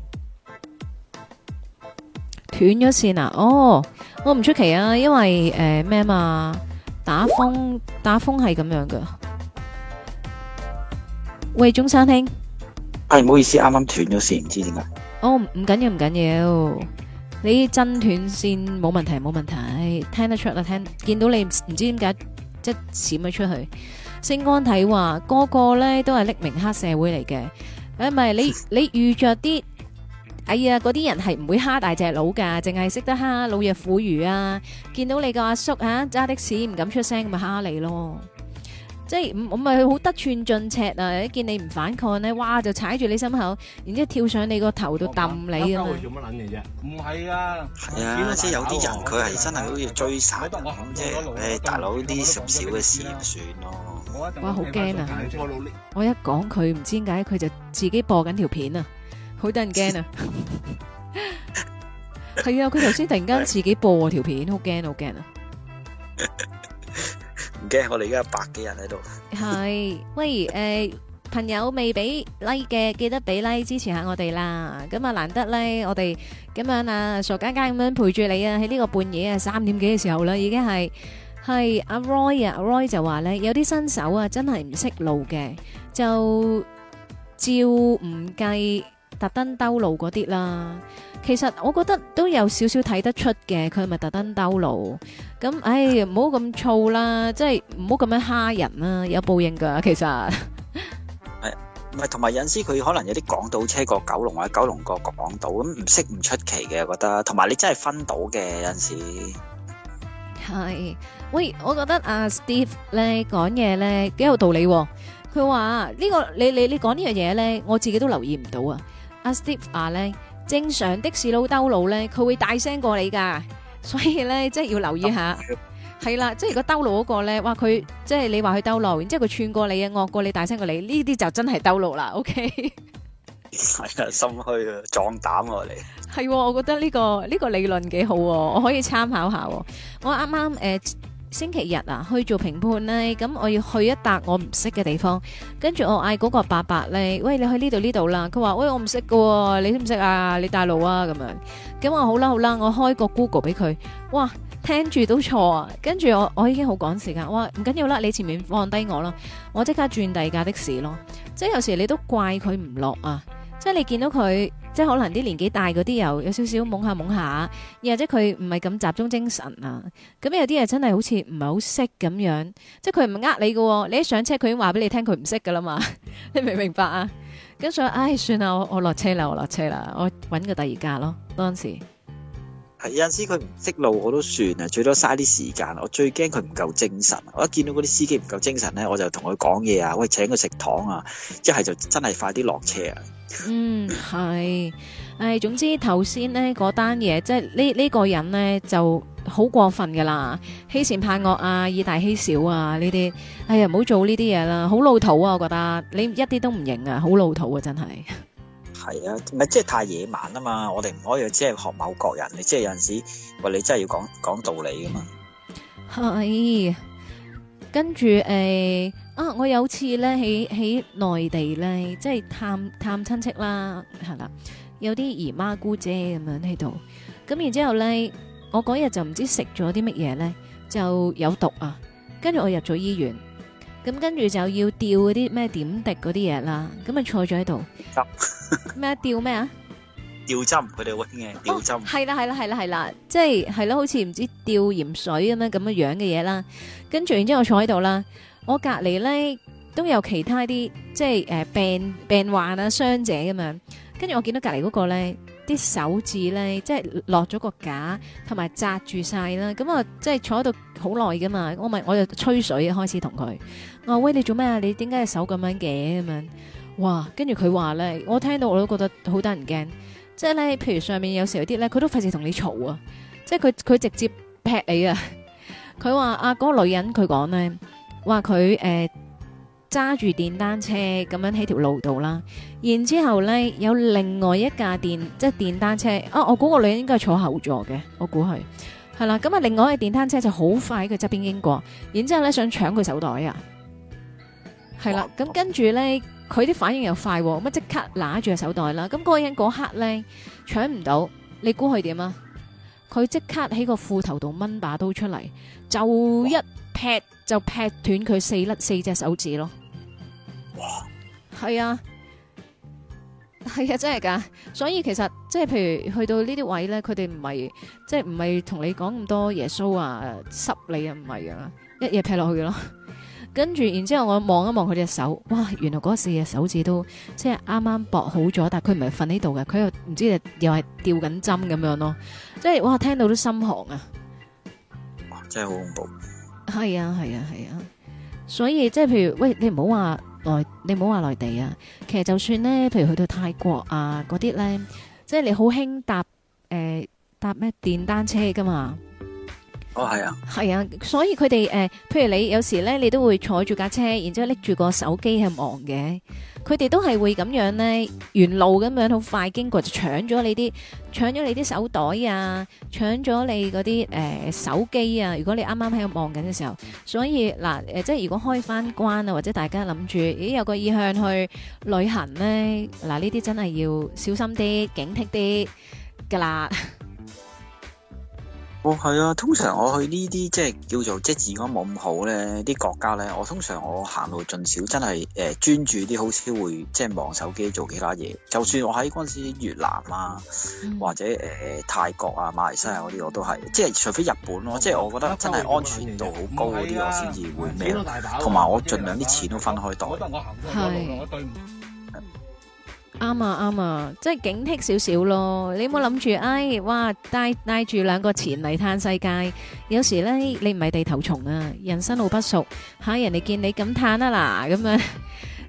斷咗線啊！哦，我唔出奇啊，因為誒咩嘛，打風打風係咁樣噶。喂，中山兄，係唔好意思，啱啱斷咗線，唔知點解。哦，唔緊要唔緊要，你真斷線冇問題冇問題，聽得出啦，聽見到你唔知點解即閃咗出去。星光體話個個咧都係匿名黑社會嚟嘅，誒唔係你你遇著啲。係啊，嗰啲人係唔會蝦大隻佬噶，淨係識得蝦老弱婦孺啊！見到你個阿叔吓揸的士，唔敢出聲咁咪蝦你咯，即係唔唔係好得寸進尺啊！一見你唔反抗咧，哇就踩住你心口，然之後跳上你個頭度抌你咯。打鳩佢做乜捻嘢啫？唔係啊，係啊，即係有啲人佢係真係好似追殺啊！即係誒大佬啲十少嘅事算咯。哇，好驚啊！我一講佢唔知點解佢就自己播緊條片啊！好得人驚啊！係啊，佢頭先突然間自己播條片，好驚，好驚啊！唔驚，我哋而家有百幾人喺度。係喂，誒，朋友未俾 like 嘅，記得俾 like 支持下我哋啦。咁啊，難得咧，我哋咁樣啊傻家家咁樣陪住你啊，喺呢個半夜啊三點幾嘅時候啦，已經係係阿 Roy 啊，Roy 就話咧有啲新手啊，真係唔識路嘅，就照唔計。特登兜路嗰啲啦，其實我覺得都有少少睇得出嘅，佢咪特登兜路咁。唉，唔好咁燥啦，即係唔好咁樣蝦人啦，有報應噶。其實係唔係同埋有陣時，佢可能有啲港島車過九龍或者九龍過過港島，咁唔識唔出奇嘅。覺得同埋你真係分到嘅有陣時係喂，我覺得阿 Steve 咧講嘢咧幾有道理，佢話呢個你你你講呢樣嘢咧，我自己都留意唔到啊。阿 Steve 話咧，正常的士佬兜路咧，佢會大聲過你㗎，所以咧即係要留意下，係啦， 即係如果兜路嗰個咧，哇，佢即係你話佢兜路，然之後佢串過你啊，惡過你，大聲過你，呢啲就真係兜路啦，OK 係啊，心虛啊，壯膽我嚟。係，我覺得呢、呢個呢、呢個理論幾好，我可以參考下。我啱啱誒。呃星期日啊，去做評判呢。咁我要去一笪我唔識嘅地方，跟住我嗌嗰個伯伯呢：喂「喂，你去呢度呢度啦，佢話喂，我唔識嘅，你識唔識啊？你帶、啊、路啊？咁樣，咁我好啦好啦，我開個 Google 俾佢，哇，聽住都錯啊，跟住我我已經好趕時間，哇，唔緊要啦，你前面放低我啦，我即刻轉第二架的士咯，即係有時你都怪佢唔落啊，即係你見到佢。即係可能啲年紀大嗰啲又有少少懵下懵下，又或者佢唔係咁集中精神啊，咁有啲嘢真係好似唔係好識咁樣，即係佢唔呃你嘅，你一上車佢已經話俾你聽佢唔識噶啦嘛，你明唔明白啊？跟住，唉，算啦，我我落車啦，我落車啦，我搵個第二架咯，當時。係有陣時佢唔識路我都算啊，最多嘥啲時間。我最驚佢唔夠精神。我一見到嗰啲司機唔夠精神咧，我就同佢講嘢啊，喂，請佢食糖啊，一係就真係快啲落車啊。嗯，係，唉、哎，總之頭先咧嗰單嘢，即係呢呢個人咧就好過分噶啦，欺善怕惡啊，以大欺小啊，呢啲，哎呀，唔好做呢啲嘢啦，好老土啊，我覺得你一啲都唔型啊，好老土啊，真係。係啊，唔係即係太野蠻啊嘛。我哋唔可以即係學某國人，你即係有陣時的，喂，你真係要講講道理噶嘛。係，跟住誒、欸、啊，我有次咧喺喺內地咧，即係探探親戚啦，係啦，有啲姨媽姑姐咁樣喺度。咁然之後咧，我嗰日就唔知食咗啲乜嘢咧，就有毒啊。跟住我入咗醫院，咁跟住就要吊嗰啲咩點滴嗰啲嘢啦。咁啊，坐咗喺度。咩吊咩、哦、啊？吊針佢哋會嘅？吊針係啦係啦係啦係啦，即係係咯，好似唔知吊鹽水咁樣咁樣樣嘅嘢啦。跟住然之後坐喺度啦，我隔籬咧都有其他啲即係誒、呃、病病患啊傷者咁樣。跟住我見到隔籬嗰個咧，啲手指咧即係落咗個架，同埋紮住晒啦。咁啊，即係坐喺度好耐噶嘛。我咪我就吹水開始同佢，我話喂你做咩啊？你點解隻手咁樣嘅咁樣？哇！跟住佢話咧，我聽到我都覺得好得人驚。即係咧，譬如上面有時有啲咧，佢都費事同你嘈啊！即係佢佢直接劈你啊！佢話啊，嗰個女人佢講咧，話佢誒揸住電單車咁樣喺條路度啦。然之後咧，有另外一架電即係電單車啊！我估個女人應該坐後座嘅，我估係係啦。咁啊，另外一架電單車就好快喺佢側邊經過，然之後咧想搶佢手袋啊！係啦，咁哇、嗯、跟住咧。佢啲反應又快，咁即刻拿住手袋啦！咁嗰人嗰刻咧搶唔到，你估佢點啊？佢即刻喺個褲頭度掹把刀出嚟，就一劈就劈斷佢四粒四隻手指咯！哇！係啊，係啊，真係噶！所以其實即係譬如去到呢啲位咧，佢哋唔係即係唔係同你講咁多耶穌啊濕你啊唔係啊，一嘢劈落去咯～跟住，然之後我望一望佢隻手，哇！原來嗰四隻手指都即係啱啱駁好咗，但係佢唔係瞓呢度嘅，佢又唔知又係吊緊針咁樣咯，即係哇！聽到都心寒啊！真係好恐怖。係啊，係啊，係啊，所以即係譬如喂，你唔好話內，你唔好話內地啊，其實就算咧，譬如去到泰國啊嗰啲咧，即係你好興搭、呃、搭咩電單車噶嘛。哦，係啊，係啊，所以佢哋誒，譬如你有時咧，你都會坐住架車，然之後拎住個手機喺度望嘅，佢哋都係會咁樣咧，沿路咁樣好快經過就搶咗你啲，搶咗你啲手袋啊，搶咗你嗰啲誒手機啊，如果你啱啱喺度望緊嘅時候，所以嗱誒、呃，即係如果開翻關啊，或者大家諗住咦有個意向去旅行咧，嗱呢啲真係要小心啲，警惕啲噶啦。哦，係啊，通常我去呢啲即係叫做即治安冇咁好咧，啲國家咧，我通常我行路盡少，真係誒、呃、專注啲，好少會即係望手機做其他嘢。就算我喺嗰陣時越南啊，嗯、或者、呃、泰國啊、馬來西亞嗰啲，我都係即係除非日本咯、啊，嗯、即係我覺得真係安全度好高嗰啲，啊啊、我先至會咩咯。同埋我盡量啲錢都分開袋。係啱啊啱啊，即係、嗯嗯嗯、警惕少少咯。你冇諗住，哎，哇，帶帶住兩個錢嚟嘆世界。有時咧，你唔係地頭蟲啊，人生路不熟吓，人哋見你咁歎啊嗱，咁樣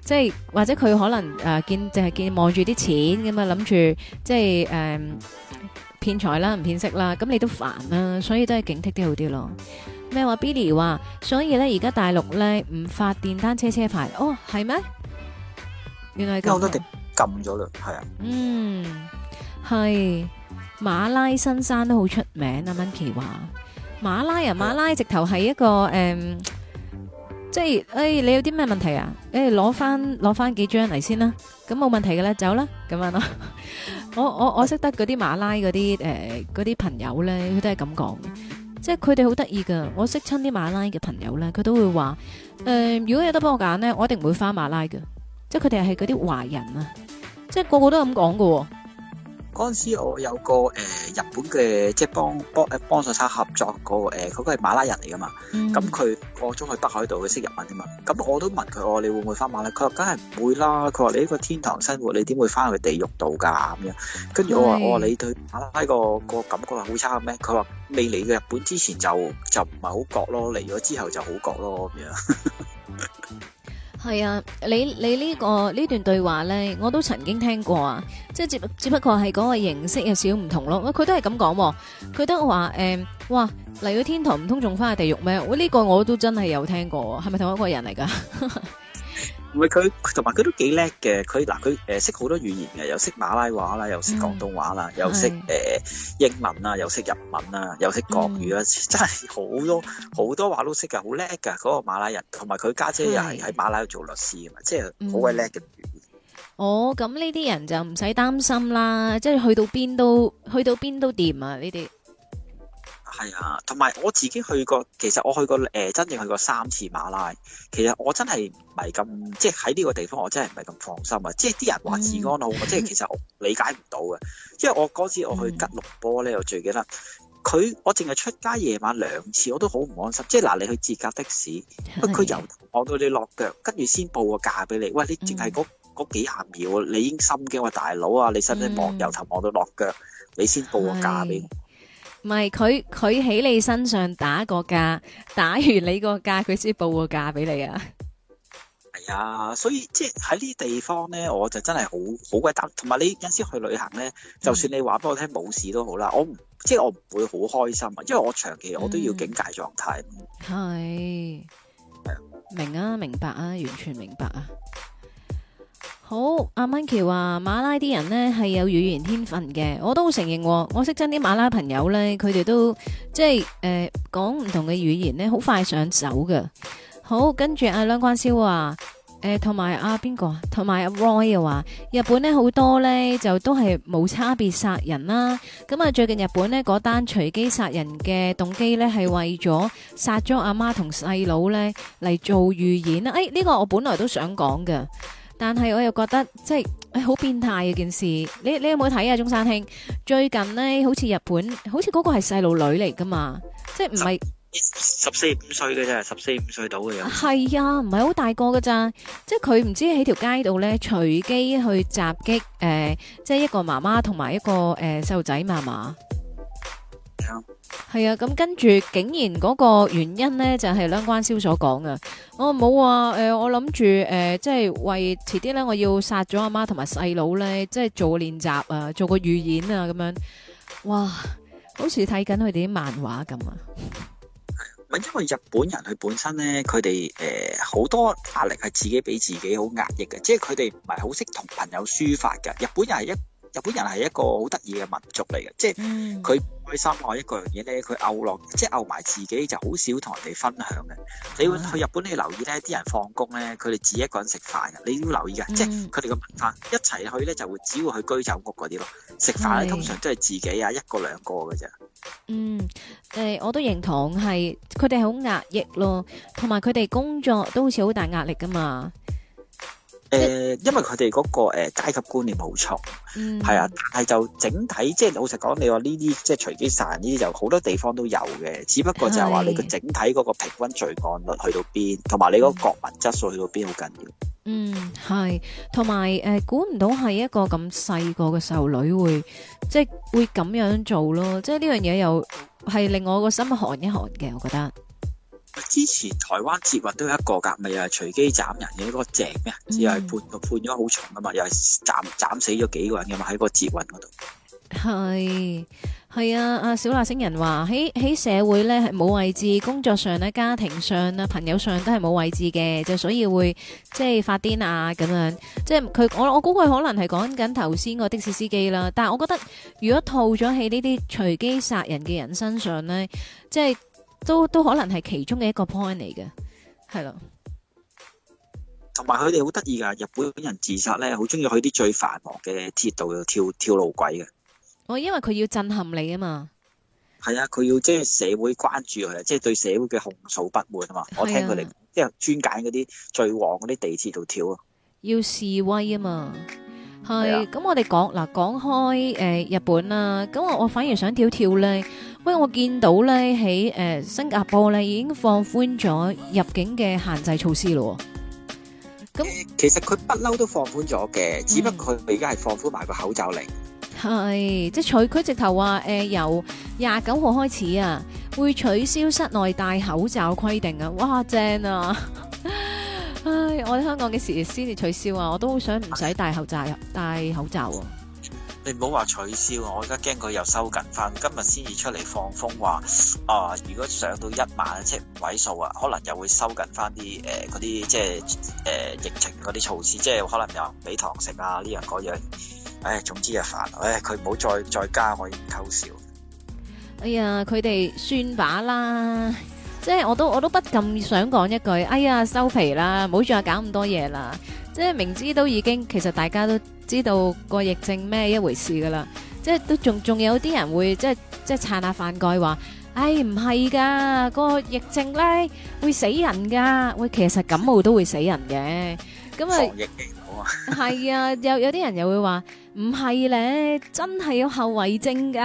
即係或者佢可能誒、呃、見淨係見望住啲錢咁啊諗住即係誒騙財啦唔騙色啦，咁你都煩啊，所以都係警惕啲好啲咯。咩話 Billy 話，所以咧而家大陸咧唔發電單車車牌，哦係咩？原來咁。撳咗嘞，係啊，嗯，係馬拉新山都好出名啊。Minky 話馬拉人、啊、馬拉直頭係一個、嗯嗯、即係誒、哎、你有啲咩問題啊？誒攞翻攞翻幾張嚟先啦，咁冇問題嘅呢，走啦！咁樣囉，我我我識得嗰啲馬拉嗰啲嗰啲朋友咧，佢都係咁講嘅，即係佢哋好得意噶。我識親啲馬拉嘅朋友咧，佢都會話、呃、如果有得幫我揀咧，我一定唔會翻馬拉嘅，即係佢哋係嗰啲華人啊！即係個個都咁講噶，嗰陣時我有個誒、呃、日本嘅即係幫幫誒幫差合作過誒，嗰個係馬拉人嚟噶嘛，咁佢過咗去北海道，佢識日文噶嘛，咁我都問佢，我你會唔會翻馬拉？佢話梗係唔會啦，佢話你呢個天堂生活，你點會翻去地獄度噶咁樣？跟住我話對我話你對馬拉個個感覺係好差咩？佢話未嚟過日本之前就就唔係好覺咯，嚟咗之後就好覺咯咁樣。 係啊，你你呢、這個呢段對話咧，我都曾經聽過啊，即係只不只不過係嗰個形式有少少唔同咯。我佢都係咁講，佢都話誒，哇嚟咗天堂唔通仲翻去地獄咩？我、這、呢個我都真係有聽過，係咪同一個人嚟噶？ 唔係佢，同埋佢都幾叻嘅。佢嗱佢誒識好多語言嘅，又識馬拉話啦，又識廣東話啦，嗯、又識誒的、呃、英文啦，又識日文啦，又識國語啦、嗯、真係好多好多話都識嘅，好叻㗎。嗰、嗰個馬拉人同埋佢家姐又係喺馬拉度做律師的、嗯哦、啊，嘛，即係好鬼叻。嘅語言哦，咁呢啲人就唔使擔心啦，即係去到邊都去到邊都掂啊，呢啲。係啊，同埋我自己去過，其實我去過誒、呃，真正去過三次馬拉，其實我真係唔係咁，嗯、即係喺呢個地方我真係唔係咁放心啊！即係啲人話治安好，我、嗯、即係其實我理解唔到嘅，因為我嗰次我去吉隆坡咧，我最記得佢、嗯，我淨係出街夜晚兩次，我都好唔安心。即係嗱，你去接駕的士，佢由頭望到你落腳，跟住先報個價俾你。喂，你淨係嗰嗰幾廿秒，你已經心驚啊！喂大佬啊，你使唔使望？由頭望到落腳，你先報個價俾我。嗯唔係佢佢喺你身上打個價，打完你個價佢先報個價俾你啊！係啊，所以即係喺呢啲地方咧，我就真係好好鬼擔心，同埋你有陣時去旅行咧，是就算你話俾我聽冇事都好啦，我即係、就是、我唔會好開心啊，因為我長期我都要警戒狀態。係、嗯、是明啊，明白啊，完全明白啊。好，阿蚊橋話，馬拉啲人呢係有語言天分嘅，我都好承認、哦，我認識真啲馬拉朋友呢，佢哋都即係誒講唔同嘅語言呢，好快上手嘅。好，跟住阿梁冠超話，誒同埋阿邊個，同埋阿 Roy 嘅話，日本呢好多呢就都係冇差別殺人啦。咁啊，最近日本呢嗰單隨機殺人嘅動機呢，係為咗殺咗阿媽同細佬呢嚟做預言啊！誒、哎、呢、這個我本來都想講嘅。但係我又覺得即係誒好變態嘅、啊、件事。你你有冇睇啊？中山兄，最近呢，好似日本，好似嗰個係細路女嚟噶嘛？即係唔係十四五歲嘅啫，十四五歲到嘅樣。係啊，唔係好大個嘅咋？即係佢唔知喺條街度呢，隨機去襲擊誒，即係一個媽媽同埋一個誒細路仔媽媽。呃係啊，咁跟住竟然嗰個原因呢，就係、是、梁關蕭所講、哦、啊。我冇啊，誒，我諗住，誒、呃，即係為遲啲呢，我要殺咗阿媽同埋細佬呢，即係做練習啊，做個預演啊，咁樣。哇，好似睇緊佢哋啲漫畫咁啊。因為日本人佢本身呢，佢哋誒好多壓力係自己俾自己好壓抑嘅，即係佢哋唔係好識同朋友抒發嘅。日本人係一。日本人係一個好得意嘅民族嚟嘅，即係佢內心內、嗯、一個樣嘢咧，佢漚落即係漚埋自己，就好少同人哋分享嘅。啊、你要去日本，你要留意咧，啲人放工咧，佢哋自己一個人食飯嘅。你要留意嘅，嗯、即係佢哋嘅文化，一齊去咧就會只會去居酒屋嗰啲咯，食飯咧通常都係自己啊一個兩個嘅啫。嗯，誒、呃，我都認同係佢哋好壓抑咯，同埋佢哋工作都好似好大壓力噶嘛。誒、呃，因為佢哋嗰個誒階級觀念好重，係、嗯、啊，但係就整體，即、就、係、是、老實講，你話呢啲即係隨機殺人呢啲，就好多地方都有嘅，只不過就係話你個整體嗰個平均罪案率去到邊，同埋你嗰國民質素去到邊，好緊要。嗯，係，同埋誒，估、呃、唔到係一個咁細個嘅細路女會，即係會咁樣做咯，即係呢樣嘢又係令我個心寒一寒嘅，我覺得。之前台灣捷運都有一個㗎，咪又係隨機斬人嘅一個正咩、嗯？又係判判咗好重噶嘛，又係斬斬死咗幾個人嘅嘛，喺個捷運嗰度。係係啊，阿小辣星人話喺喺社會咧係冇位置，工作上咧、家庭上咧、朋友上都係冇位置嘅，就所以會即係發癲啊咁樣。即係佢我我估佢可能係講緊頭先個的士司機啦，但係我覺得如果套咗喺呢啲隨機殺人嘅人身上咧，即係。都都可能係其中嘅一個 point 嚟嘅，係咯。同埋佢哋好得意㗎，日本人自殺咧，好中意去啲最繁忙嘅鐵道度跳跳路軌嘅。哦，因為佢要震撼你啊嘛。係啊，佢要即係社會關注佢，即係對社會嘅控訴不滿啊嘛。我聽佢哋即係專揀嗰啲最旺嗰啲地鐵度跳啊。要示威啊嘛，係。咁我哋講嗱，講開誒日本啦，咁我我反而想跳跳咧。不過，我見到咧喺誒新加坡咧已經放寬咗入境嘅限制措施咯。咁其實佢不嬲都放寬咗嘅，嗯、只不過佢而家係放寬埋個口罩嚟。係，即係佢直頭話誒由廿九號開始啊，會取消室內戴口罩規定啊！哇，正啊！ 唉，我哋香港嘅時先至取消啊，我都好想唔使戴口罩，唉戴口罩喎。你唔好話取消，我而家驚佢又收緊翻。今日先至出嚟放風話，啊、呃！如果上到一萬，即係五位數啊，可能又會收緊翻啲誒嗰啲即係誒、呃、疫情嗰啲措施，即係可能又唔俾堂食啊呢樣嗰樣。唉，總之又煩。唉，佢唔好再再加我扣少。哎呀，佢哋算把啦，即係我都我都不禁想講一句，哎呀，收皮啦，唔好再搞咁多嘢啦。即係明知都已經，其實大家都。知道個疫症咩一回事噶啦，即係都仲仲有啲人會即係即係撐下飯蓋話，唉唔係噶，個疫症咧會死人噶，喂其實感冒都會死人嘅，咁啊，防疫期到啊，係啊，有有啲人又會話唔係咧，真係有後遺症噶，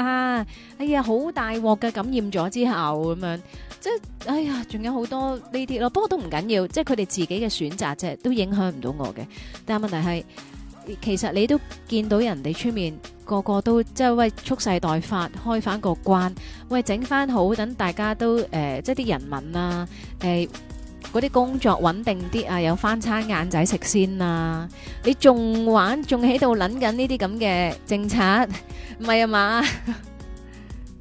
哎呀好大鑊嘅感染咗之後咁樣，即係哎呀仲有好多呢啲咯，不過都唔緊要，即係佢哋自己嘅選擇啫，都影響唔到我嘅，但問題係。其實你都見到人哋出面個個都即係喂蓄勢待發，開翻個關，喂整翻好，等大家都誒、呃、即係啲人民啊誒嗰啲工作穩定啲啊，有翻餐眼仔食先啊！你仲玩仲喺度諗緊呢啲咁嘅政策，唔係啊嘛？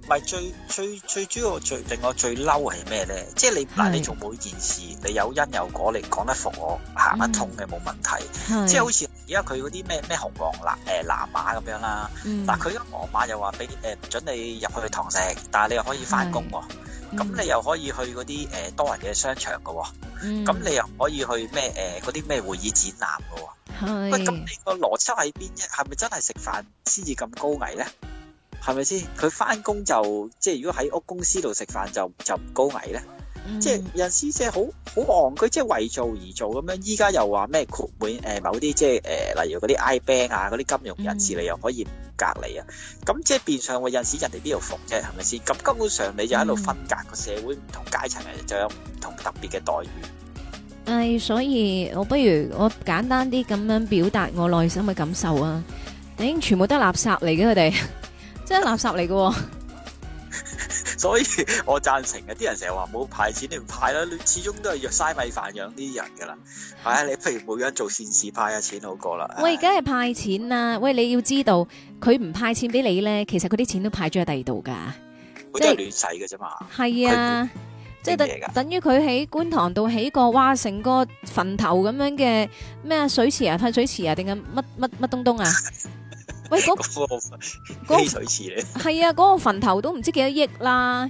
唔係最最最主要，最令我最嬲係咩咧？即係你嗱，是你做每件事，你有因有果，你講得服我，行得通嘅冇問題。是即係好似而家佢嗰啲咩咩紅黃藍誒藍碼咁樣啦。嗱、嗯，佢啲黃碼又話俾誒唔准你入去去堂食，但係你又可以返工喎。咁是你又可以去嗰啲誒多人嘅商場嘅喎、哦。咁、嗯、你又可以去咩誒嗰啲咩會議展覽嘅喎、哦。是喂，咁你個邏輯喺邊啫？係咪真係食飯先至咁高危咧？係咪先？佢翻工就即係，如果喺屋公司度食飯就就唔高危咧、嗯。即係有時即係好好戇居，即係為做而做咁樣。依家又話咩？括誒、呃，某啲即係誒，例如嗰啲 I bank 啊，嗰啲金融人士你又可以唔隔離啊。咁、嗯、即係變相我有陣時人哋邊度服啫？係咪先？咁根本上你就喺度分隔個、嗯、社會唔同階層，就有唔同特別嘅待遇。誒，所以我不如我簡單啲咁樣表達我內心嘅感受啊！頂全部都係垃圾嚟嘅佢哋。真係垃圾嚟嘅，所以我贊成嘅。啲人成日話冇派錢，你唔派啦，你始終都係要嘥米飯養啲人噶啦。係啊，你不人、哎、你如每樣做善事派下錢好過啦。哎、喂，而家係派錢啊，喂，你要知道，佢唔派錢俾你咧，其實佢啲錢都派咗喺第二度噶，佢都係亂使嘅啫嘛。係、就是、啊，即係不等等於佢喺觀塘度起個哇成個墳頭咁樣嘅咩水池啊、噴水池啊定係乜乜乜東東啊？ 喂，嗰個嗰水池係啊，嗰、嗰個墳頭都唔知幾多億啦。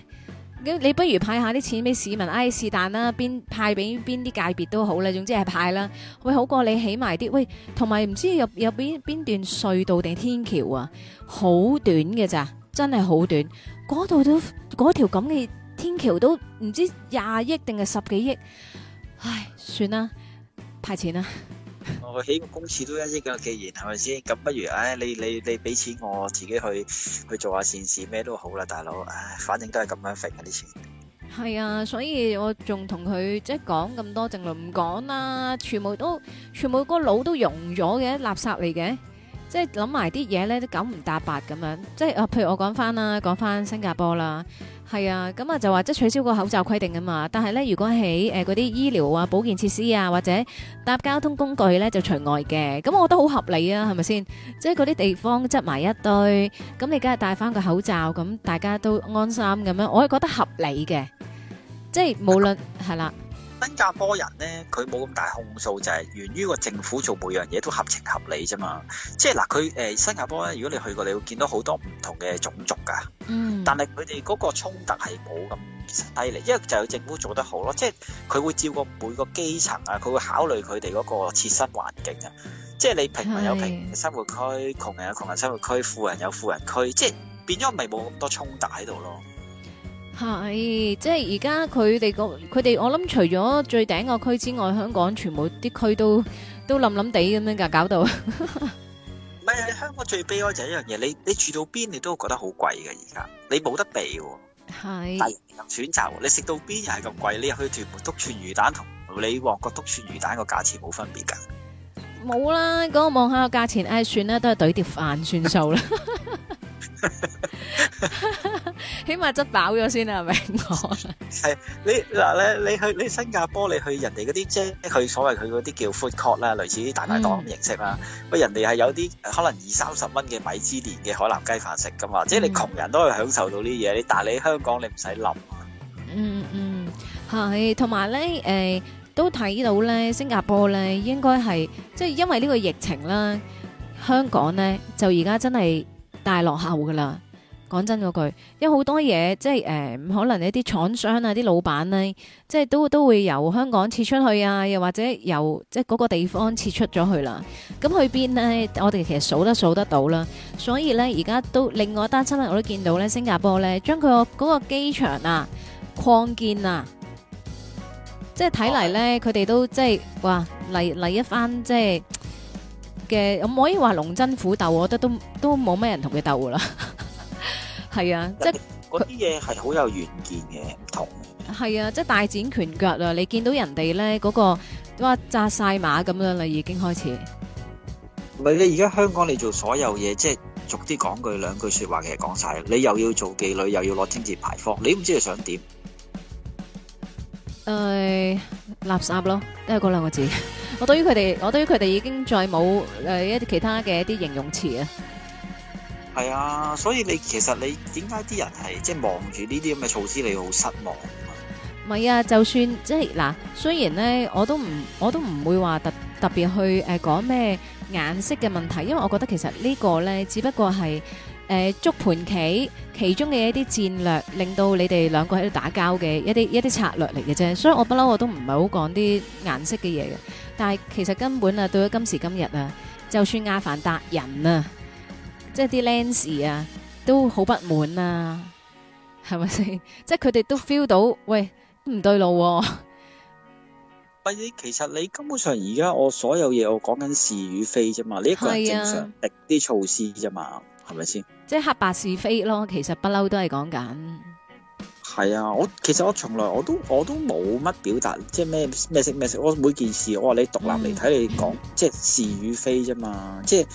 咁你不如派下啲錢俾市民，唉、哎，是但啦，邊派俾邊啲界別都好啦，總之係派啦，喂，好過你起埋啲喂。同埋唔知有有邊邊段隧道定天橋啊，好短嘅咋，真係好短。嗰度都嗰條咁嘅天橋都唔知廿億定係十幾億。唉，算啦，派錢啦。我起個公廁都一億噶，既然係咪先？咁不如，唉、哎，你你你俾錢我自己去去做下善事，咩都好啦，大佬。唉，反正都係咁樣肥權啲錢。係啊，所以我仲同佢即係講咁多，淨係唔講啦，全部都全部個腦都溶咗嘅，垃圾嚟嘅。即係諗埋啲嘢，咧都九唔搭八咁樣，即係啊，譬如我講翻啦，講翻新加坡啦，係啊，咁啊就話即係取消個口罩規定啊嘛，但係咧如果喺誒嗰啲醫療啊、保健設施啊或者搭交通工具咧就除外嘅，咁我覺得好合理啊，係咪先？即係嗰啲地方執埋一堆，咁你梗係戴翻個口罩，咁大家都安心咁樣，我係覺得合理嘅，即係無論，係啦。嗯新加坡人呢，佢冇咁大控訴，就係、是、源於個政府做每樣嘢都合情合理啫嘛。即係嗱，佢、呃、新加坡咧，如果你去過，你會見到好多唔同嘅種族噶。嗯。但係佢哋嗰個衝突係冇咁犀利，因為就有政府做得好咯。即係佢會照顧每個基層啊，佢會考慮佢哋嗰個切身環境啊。即係你平民有平民嘅生活區，是窮人有窮人生活區，富人有富人區。即係變咗咪冇咁多衝突喺度咯。係，即係而家佢哋個佢哋，我諗除咗最頂個區之外，香港全部啲區都都冧冧地咁樣噶，搞到。唔係，香港最悲哀就係一樣嘢，你你住到邊你都會覺得好貴嘅，而家你冇得避喎，啊。係是。第二個選擇，你食到邊又係咁貴，你去屯門篤串魚蛋同你旺角篤串魚蛋個價錢冇分別㗎。冇啦，嗰個望下個價錢，唉，哎，算啦，都係懟碟飯算數啦。 起碼執飽咗先啊，係咪我？係你嗱，你你，你去你新加坡，你去人哋嗰啲啫，佢所謂佢嗰啲叫 food court 啦，類似大排檔形式啦。不、嗯、人哋係有啲可能二三十蚊嘅米芝蓮嘅海南雞飯食噶嘛，嗯、即係你窮人都可以享受到呢啲嘢。但係你喺香港你唔使諗，嗯嗯，係、嗯，同埋咧，誒、呃，都睇到咧，新加坡咧應該係即係因為呢個疫情啦，香港咧就而家真係。大落後噶啦！講真嗰句，因為好多嘢即係誒、呃，可能一啲廠商啊、啲老闆呢，即係都都會由香港撤出去啊，又或者由即係嗰個地方撤出咗去啦。咁去邊呢？我哋其實數都數得到啦。所以呢，而家都另外一單親咧，我都見到呢，新加坡呢，將佢個嗰個機場啊，擴建啊，即係睇嚟呢，佢哋、oh、yeah。都即係哇嚟嚟一番即係。嘅，咁可以話龍爭虎鬥，我覺得都都冇咩人鬥同佢鬥噶啦。係啊，即係嗰啲嘢係好有遠見嘅。唔同。係啊，即係大展拳腳啊！你見到人哋咧嗰個，哇紮晒馬咁樣啦，已經開始。唔係你而家香港，你做所有嘢，即係逐啲講句兩句說話嘅講晒。你又要做妓女，又要攞貞節牌坊，你都唔知佢想點？誒、呃。垃圾咯，都係嗰兩個字。 我對於佢哋，我對於佢哋已經再冇誒一啲其他嘅一啲形容詞啊。係啊，所以你其實你點解啲人係即係望住呢啲咁嘅措施，你好失望啊？唔係啊，就算即係嗱，雖然咧，我都唔我都唔會話特特別去誒講咩顏色嘅問題，因為我覺得其實這個呢個咧只不過係。誒捉盤棋其中嘅一啲戰略，令到你哋兩個喺度打交嘅一啲一啲策略嚟嘅啫。所以我不嬲我都唔係好講啲顏色嘅嘢嘅。但係其實根本啊，到咗今時今日啊，就算阿凡達人啊，即係啲藍絲啊，都好不滿啊，係咪先？即係佢哋都 feel 到，喂，唔對路。或者其實你根本上而家我所有嘢我講緊是與非啫嘛，你一個人正常啲措施啫嘛，係咪先？即係黑白是非咯，其實不嬲都係講緊。係啊，我其實我從來我都我都冇乜表達，即係咩咩食咩食。我每件事我話你獨立嚟睇，嗯、你講即係是與非啫嘛。即係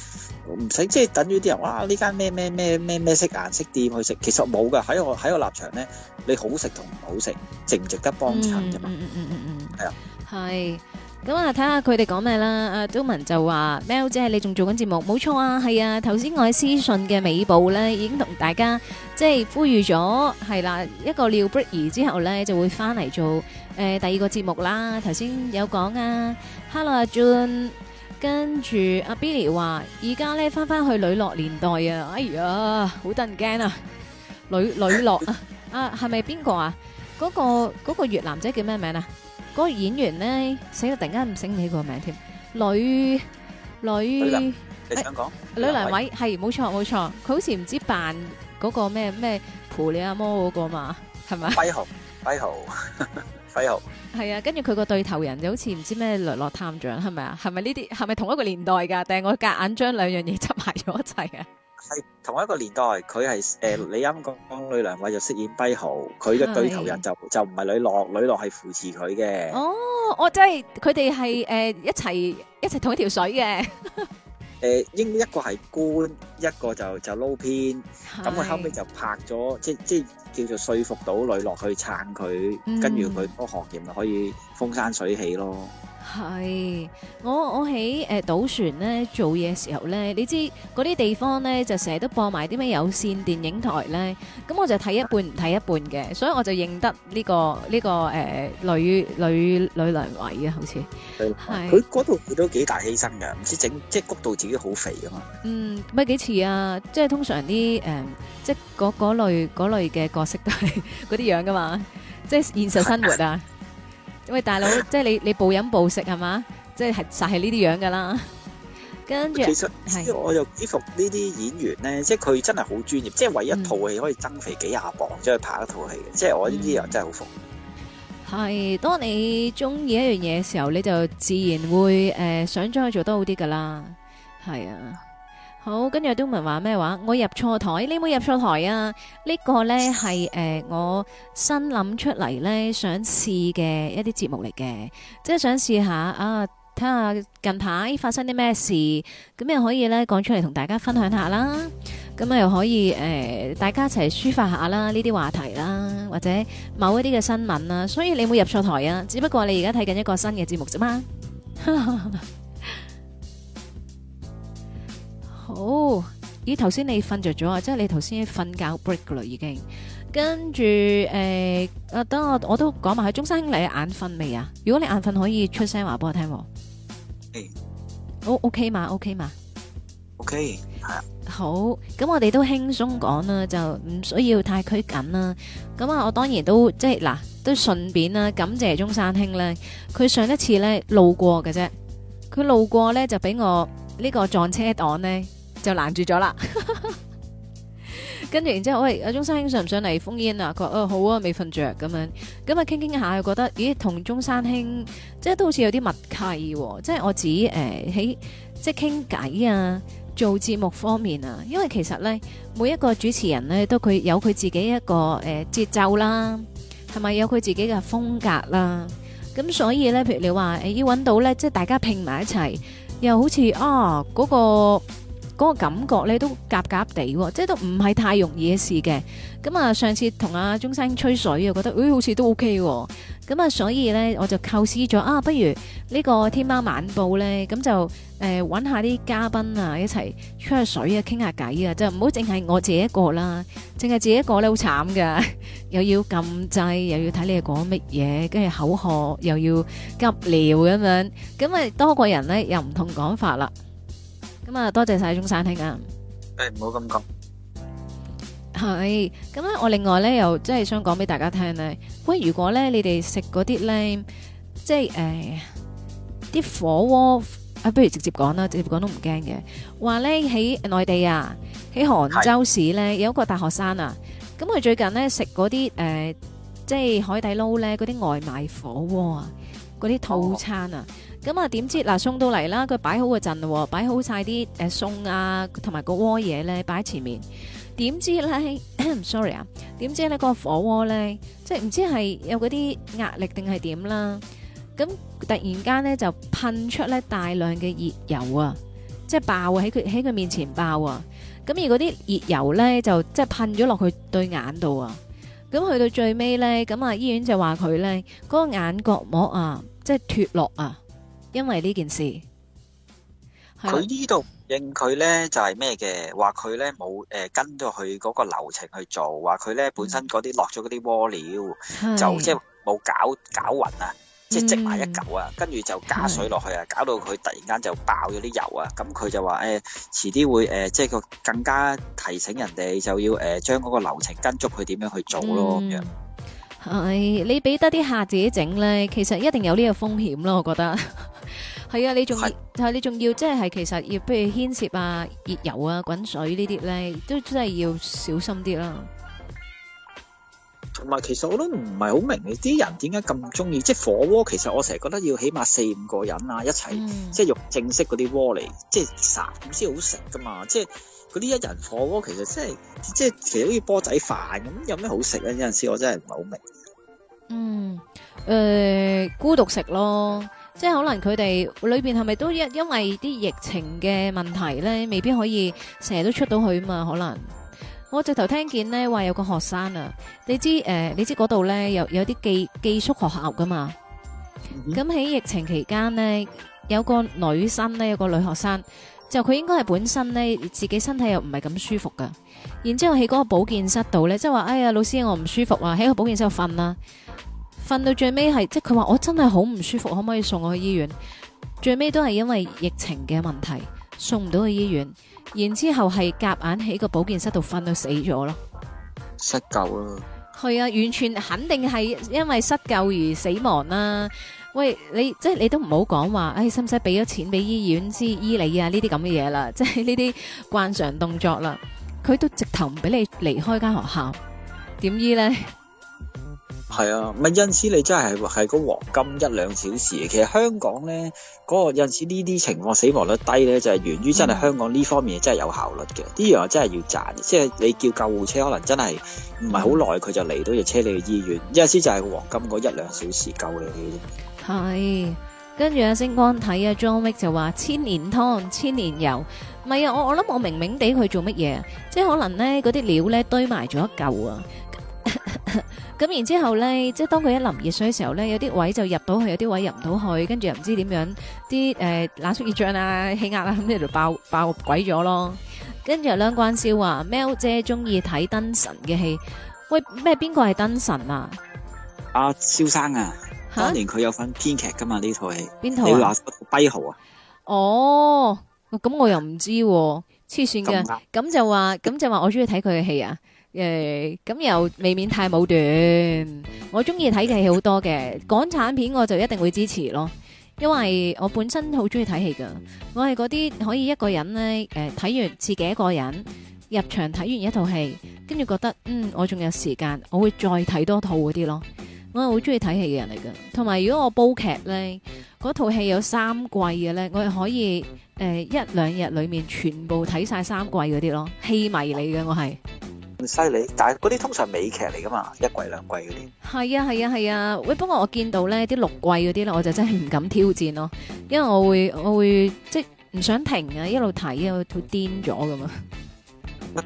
唔使即係等於啲人話，呢間咩咩咩咩咩色顏色店去食，其實冇噶。喺我喺個立場咧，你好食同唔好食，值唔值得幫襯啫嘛。嗯嗯嗯嗯嗯，係、嗯、啊，係。咁啊，睇下佢哋講咩啦！阿周文就話，Mel 姐係你仲做緊節目，冇錯啊，係啊。頭先我喺私信嘅尾部咧，已經同大家即係呼籲咗，係啦一個廖 Bray 之後咧就會翻嚟做誒第二個節目啦。頭先有講啊，Hello 阿 John，跟住阿 Billy 話，而家咧翻翻去女樂年代啊，哎呀，好得人驚啊，女女樂啊，啊係咪邊個啊？嗰個嗰個越南仔叫咩名啊？嗰個演員咧，死啦！突然間唔醒起個名添，女女你想、哎、呂良偉？係冇錯冇錯，佢錯、嗯、好似唔知扮嗰個咩咩狐狸阿摩嗰個嘛，係咪？跛豪，跛豪，跛豪，係啊！跟住佢個對頭人就好似唔知咩雷洛探長，係咪啊？係咪呢啲係咪同一個年代㗎？定係我夾硬將兩樣嘢執埋咗一齊啊！係同一個年代，佢係誒李音講呂良偉就飾演跛豪，佢嘅對頭人就是的就唔係呂樂，呂樂係扶持佢嘅、哦。哦，我、哦、即係佢哋係誒一齊一齊同一條水嘅。誒 、呃，應一個係官，一個就就撈偏，咁佢的後尾就拍咗，即即叫做說服到呂樂去撐佢，跟住佢嗰行業咪可以風生水起咯。係，我我喺誒，賭、呃、船咧做嘢時候咧，你知嗰啲地方咧就成日都播埋啲咩有線電影台咧，咁我就睇一半唔睇一半嘅，所以我就認得呢、這個呢、這個誒、呃、女女女梁偉啊，好似係。佢嗰度佢都幾大犧牲噶，唔知整即係谷到自己好肥噶嘛、嗯？嗯，咪幾似啊？即係通常啲誒，即係嗰嗰類嗰類嘅角色都係嗰啲樣噶嘛？即係現實生活啊！ 喂，大佬， 即係你你暴飲暴食係嘛，即係係實係呢啲樣噶啦，跟住其實係，是我又幾服呢啲演員咧，嗯、即係佢真係好專業，即係為一套戲可以增肥幾廿磅，嗯、即係拍一套戲嘅，即係我呢啲又真係好服。係，當你中意一樣嘢嘅時候，你就自然會誒、呃、想將佢做得好啲噶啦，係啊。好，跟住都唔係話咩話，我入錯台，你冇入錯台啊！呢、呢個呢係誒、呃、我新諗出嚟呢想試嘅一啲節目嚟嘅，即係想試下啊，睇下近排發生啲咩事，咁又可以呢講出嚟同大家分享下啦，咁啊又可以誒、呃、大家一齊抒發下啦，呢啲話題啦，或者某一啲嘅新聞啦，所以你冇入錯台啊，只不過你而家睇緊一個新嘅節目啫嘛。 哦咦，頭先你瞓着咗啊？即係你頭先瞓覺 break 噶啦，已經跟住誒，啊等我我都講埋，阿中山兄你眼瞓未啊？如果你眼瞓可以出聲話俾我聽喎。誒，O O K 嘛？O K 嘛？O K 係啊。好，咁我哋都輕鬆講啦，就唔需要太拘謹啦。咁啊，我當然都即係嗱，都順便啦，感謝中山兄咧。佢上一次咧路過嘅啫，佢路過咧就俾我呢個撞車黨咧。就攔住咗啦，跟住然之後，喂阿中山兄上唔上嚟封煙啊？佢話哦好啊，未瞓着咁樣咁啊，傾傾下又覺得咦，同中山兄即係都好似有啲默契，哦，即係我自己，誒、呃、喺即係傾偈啊，做節目方面啊，因為其實咧每一個主持人咧都佢有佢自己一個誒、呃、節奏啦，係咪有佢自己嘅風格啦？咁所以咧，譬如你話、呃、要搵到咧，即係大家拼埋一齊，又好似啊嗰、嗰個。嗰個感覺咧都夾夾地喎，即係都唔係太容易嘅事嘅。咁啊，上次同阿、啊、中山吹水啊，我覺得誒、哎、好似都 OK 喎、哦。咁啊，所以咧我就構思咗啊，不如呢個天喵晚報咧，咁就誒揾、呃、下啲嘉賓啊，一齊吹下水啊，傾下偈啊，即唔好淨係我自己一個啦，淨係自己一個咧好慘噶，又要撳掣，又要睇你講乜嘢，跟住口渴又要急尿咁樣，咁啊多個人咧又唔同講法啦。咁啊，多謝晒中山兄啊！誒，唔好咁講。係，咁咧我另外咧又即係想講俾大家聽咧，喂，如果咧你哋食嗰啲咧，即係誒，啲、呃、火鍋啊，不如直接講啦，直接講都唔驚嘅。話咧喺內地啊，喺杭州市咧是有一個大學生啊，咁佢最近咧食嗰啲誒，即係海底撈咧嗰啲外賣火鍋啊，嗰啲套餐啊。咁啊！點、嗯、知嗱送到嚟啦，佢擺好個陣喎，擺好曬啲誒餸啊，同埋個鍋嘢咧擺喺前面。點知咧？sorry 啊！點知咧？個火鍋咧，即唔知係有嗰啲壓力定係點啦？咁突然間咧就噴出咧大量嘅熱油啊！即係爆喺佢喺佢面前爆啊！咁而嗰啲熱油咧就即噴咗落佢對眼度啊！咁去到最尾咧，咁啊醫院就話佢咧嗰個眼角膜啊，即係脱落啊！因為呢件事，佢呢度認佢呢就係咩嘅，話佢呢冇誒跟咗佢嗰個流程去做，話佢呢本身嗰啲落咗嗰啲鍋料，就即係冇攪攪勻啊，即係積埋一嚿啊，跟住就加水落去啊，搞到佢突然間就爆咗啲油啊，咁佢就話誒，遲啲會誒即係佢更加提醒人哋就要誒將嗰個流程跟足佢點樣去做咯。係你俾得啲客自己整呢，其實一定有呢個風險咯，我覺得。係啊，你仲係你仲要，即係其實要，比如牽涉啊、熱油啊、滾水呢啲咧，都真係要小心啲啦。同埋，其實我都唔係好明你啲人點解咁中意，即係火鍋。其實我成日覺得要起碼四五個人啊，一齊即係用正式嗰啲鍋嚟，即係煮，先好食噶嘛。即係嗰啲一人火鍋，其實真係即係其實好似煲仔飯咁，有咩好食啊？有陣時我真係唔係好明。嗯，誒，孤獨食咯。即係可能佢哋裡邊係咪都因因為啲疫情嘅問題咧，未必可以成日都出到去啊嘛？可能我直頭聽見咧話有個學生啊，你知誒、呃，你知嗰度咧有有啲寄寄宿學校噶嘛？咁喺疫情期間咧，有個女生咧，有個女學生，就佢應該係本身咧自己身體又唔係咁舒服噶，然之後喺嗰個保健室度咧，即係話哎呀老師我唔舒服啊，喺個保健室度瞓啦。瞓到最尾係，即係佢話我真係好唔舒服，可唔可以送我去醫院？最尾都係因為疫情嘅問題，送唔到去醫院，然之後係夾硬喺個保健室度瞓到死咗咯，失救啊！係啊，完全肯定係因為失救而死亡啦、啊。喂，你即係、就是、你都唔好講話，誒、哎，使唔使俾咗錢俾醫院先醫你啊？呢啲咁嘅嘢啦，即係呢啲慣常動作啦，佢都直頭唔俾你離開間學校，點醫呢？係啊，咪因此你真係係嗰黃金一兩小時。其實香港咧，嗰、那個因此呢啲情況死亡率低咧，就係、是、源於真係香港呢方面真係有效率嘅。呢樣、嗯、真係要賺，即係你叫救護車可能真係唔係好耐佢就嚟到只車你去醫院。因此就係黃金嗰一兩小時救你嘅。係，跟住阿星光睇阿、啊、John Wick 就話千年湯千年油，唔係啊！我我諗我明明地佢做乜嘢？即係可能咧，嗰啲料咧堆埋咗一嚿啊！咁 然之後咧，即係當佢一淋熱水嘅時候咧，有啲位就入到去，有啲位入唔到去，跟住又唔知點樣，啲誒冷縮熱脹啊，氣壓啊，咁喺度爆爆了鬼咗咯。跟住兩關燒話 ，Mel 姐中意睇燈神嘅戲。喂，咩邊個係燈神啊？阿蕭、啊、生啊，啊當年佢有份編劇噶嘛呢套戲？邊套啊？你會話跛豪啊？哦，咁、哦哦嗯嗯、我又唔知、啊，黐線嘅咁就話，咁 就話，我中意睇佢嘅戲啊。咁、yeah, 又未免太武斷。我中意睇嘅戲好多嘅港產片，我就一定會支持咯。因為我本身好中意睇戲噶，我係嗰啲可以一個人呢，呃、睇完自己一個人入場睇完一套戲，跟住覺得嗯我仲有時間，我會再睇多套嗰啲咯。我係好中意睇戲嘅人嚟噶。同埋如果我煲劇呢，嗰套戲有三季嘅呢，我係可以、呃、一兩日裏面全部睇晒三季嗰啲咯。戲迷嚟嘅我係。犀利，但係嗰啲通常美劇嚟噶嘛，一季兩季嗰啲。係啊係啊係啊，喂！不過我見到咧啲六季嗰啲咧，我就真係唔敢挑戰咯，因為我會我會即係唔想停啊，一路睇啊，會癲咗噶嘛。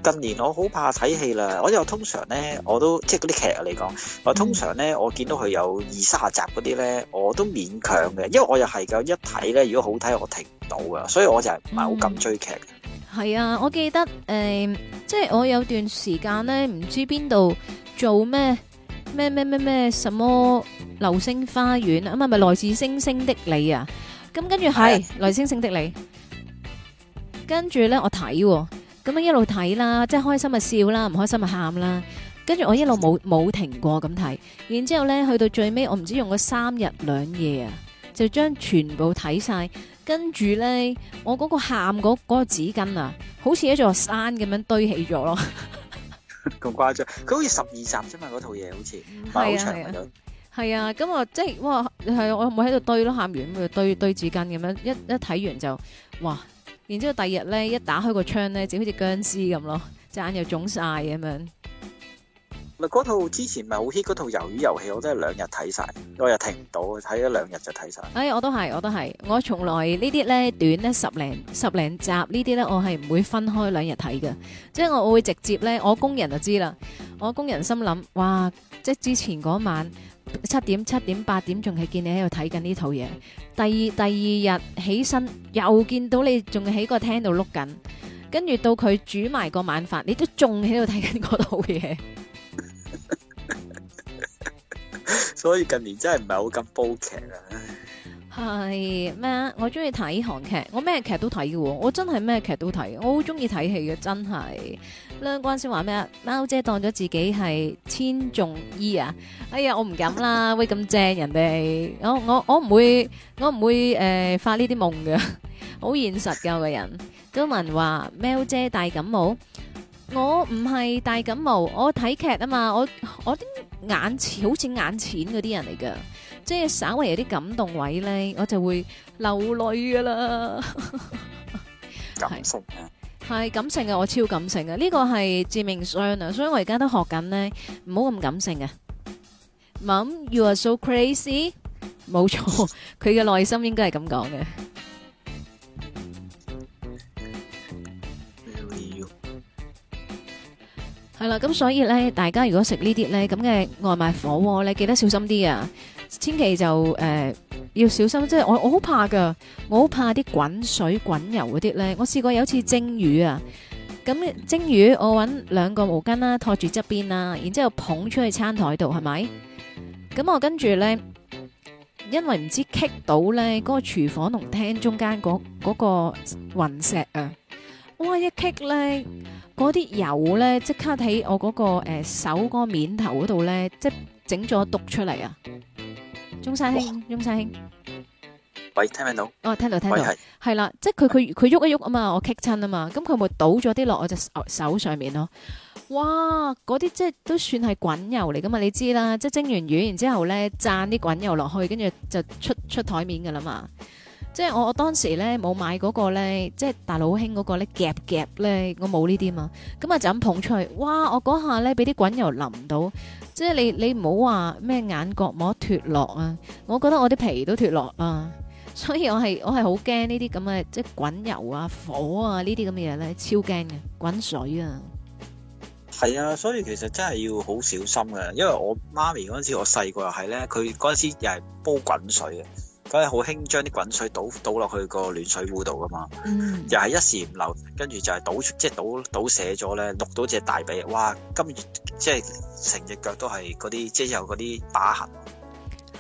近年我好怕睇戲啦，我又通常咧我都即係嗰啲劇嚟講，我通常咧、嗯、我見到佢有二三十集嗰啲咧，我都勉強嘅，因為我又係噶一睇咧，如果好睇我停唔到噶，所以我就係唔係好敢追劇。嗯係啊，我記得誒、呃，即係我有段時間咧，唔知邊度做咩咩咩咩咩什麼流星花園啊係咪來自星星的你啊，咁跟住係、哎啊、來自星星的你，跟住咧我睇、啊，咁樣一路睇啦，即係開心咪笑啦，唔開心咪喊啦，跟住我一路冇冇停過咁睇，然之後咧去到最尾，我唔知用咗三日兩夜啊，就將全部睇晒。跟住咧，我嗰個喊嗰嗰個紙巾啊，好似一座山咁樣堆起咗咯 。咁誇張，佢好似十二集咋嘛？嗰套嘢好似，唔係、嗯、的啊，咁的啊，啊啊嗯、即係哇，係我冇喺度堆咯，喊完咪堆堆紙巾咁樣，一一睇完就哇，然之後第二日咧一打開個窗咧，就好似殭屍咁咯，隻眼又腫晒咁樣。嗰套之前咪好 hit 嗰套魷魚遊戲，我都係兩日睇晒，我又停唔到，睇咗兩日就睇晒。哎，我都係，我都係，我從來呢啲咧短咧十零十零集呢啲咧，我係唔會分開兩日睇嘅，即係我我會直接咧，我工人就知啦。我工人心諗，哇！即係之前嗰晚七點、七點、八點，仲係見你喺度睇緊呢套嘢。第二第二日起身，又見到你仲喺個廳度碌緊，跟住到佢煮埋個晚飯，你都仲喺度睇緊嗰套嘢。 所以近年真係唔係好咁煲劇啊！係咩？我中意睇韓劇，我咩劇都睇嘅。我真係咩劇都睇，我好中意睇戲嘅，真係。兩關先話咩？貓姐當咗自己係千頌伊啊！哎呀，我唔敢啦。 喂，咁正人哋，我我我唔會，我唔會誒、呃、發呢啲夢嘅，好 現實噶我個人。 都文話貓姐戴感冒。我唔係大感冒，我睇劇啊嘛，我我啲眼好似眼淺嗰啲人嚟噶，即係稍微有啲感動位咧，我就會流淚噶啦。係感係感性嘅，我超感性嘅，呢、呢個係致命傷啊！所以我而家都學緊咧，唔好咁感性啊。Mom, you are so crazy，冇錯，佢嘅內心應該係咁講嘅。係啦，咁所以咧，大家如果食呢啲咧咁嘅外賣火鍋咧，記得小心啲啊！千祈就誒要小心，即係我我好怕噶，我好怕啲滾水滾油嗰啲咧。我試過有一次蒸魚啊，咁蒸魚我搵兩個毛巾啦，托住側邊啦，然之後捧出去餐台度係咪？咁我跟住咧，因為唔知棘到咧嗰個廚房同廳中間嗰嗰個雲石啊，哇一棘咧～嗰啲油咧、嗰個呃，即刻喺我嗰個誒手嗰個面頭嗰度咧，即係整咗毒出嚟啊！中山兄，哇中山兄，喂，聽唔、哦、聽到？我聽到聽到，係啦，即係佢佢佢喐一喐啊嘛，我 kick 親啊嘛，咁佢咪倒咗啲落我隻手上面咯。哇，嗰啲即係都算係滾油嚟噶嘛？你知啦，即係蒸完魚然之後咧，蘸啲滾油落去，跟住就出出台面噶啦嘛。即係我我當時咧冇買嗰個咧，即係大佬兄嗰個咧夾夾咧，我冇呢啲嘛，咁啊就咁捧出去，哇！我嗰下咧俾啲滾油淋到，即係你你唔好話咩眼角膜脫落啊，我覺得我啲皮都脫落啊，所以我係我係好驚呢啲咁嘅即係滾油啊火啊呢啲咁嘅嘢咧，超驚嘅滾水啊，係啊，所以其實真係要好小心啊！因為我媽咪嗰陣時我細個又係咧，佢嗰陣時又係煲滾水嘅。.佢係好輕將啲滾水倒倒落去個暖水壺度噶嘛，又係一時唔留，跟住就係倒即係倒倒瀉咗咧，淥到隻大髀，哇！今日即係成隻腳都係嗰啲，即係有嗰啲疤痕。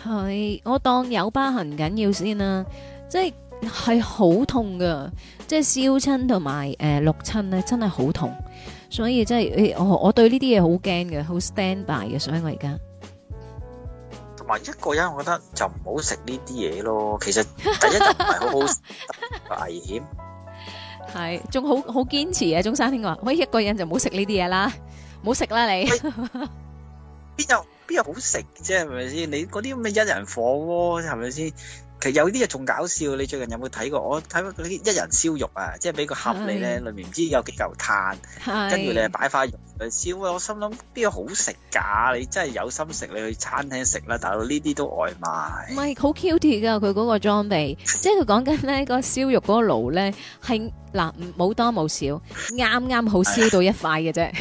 係我當有疤痕緊要先啦，即係係好痛噶，即係燒親同埋誒淥親咧，真係好痛，所以即係我我對呢啲嘢好驚嘅，好 stand by 嘅，所以我而家。話一個人我覺得就唔好食呢啲嘢咯，其實第一就唔係好 危險好危險，係仲好好堅持啊，中山兄話，可以一個人就唔好食呢啲嘢啦，唔好食啦你，邊有邊有好食啫，係咪先？你嗰啲咩一人火鍋係咪先？是其實有啲嘢仲搞笑，你最近有冇睇過？我睇過嗰啲一人燒肉啊，即係俾個盒你咧，裏面唔知是有幾嚿炭，跟住你係擺塊肉去燒。是我心諗邊個有好食㗎？你真係有心食，你去餐廳食啦。但係呢啲都外賣。唔係好 Q T 噶，佢嗰個裝備， 即係佢講緊咧個燒肉嗰個爐咧係嗱，冇多冇少，啱啱好燒到一塊嘅啫。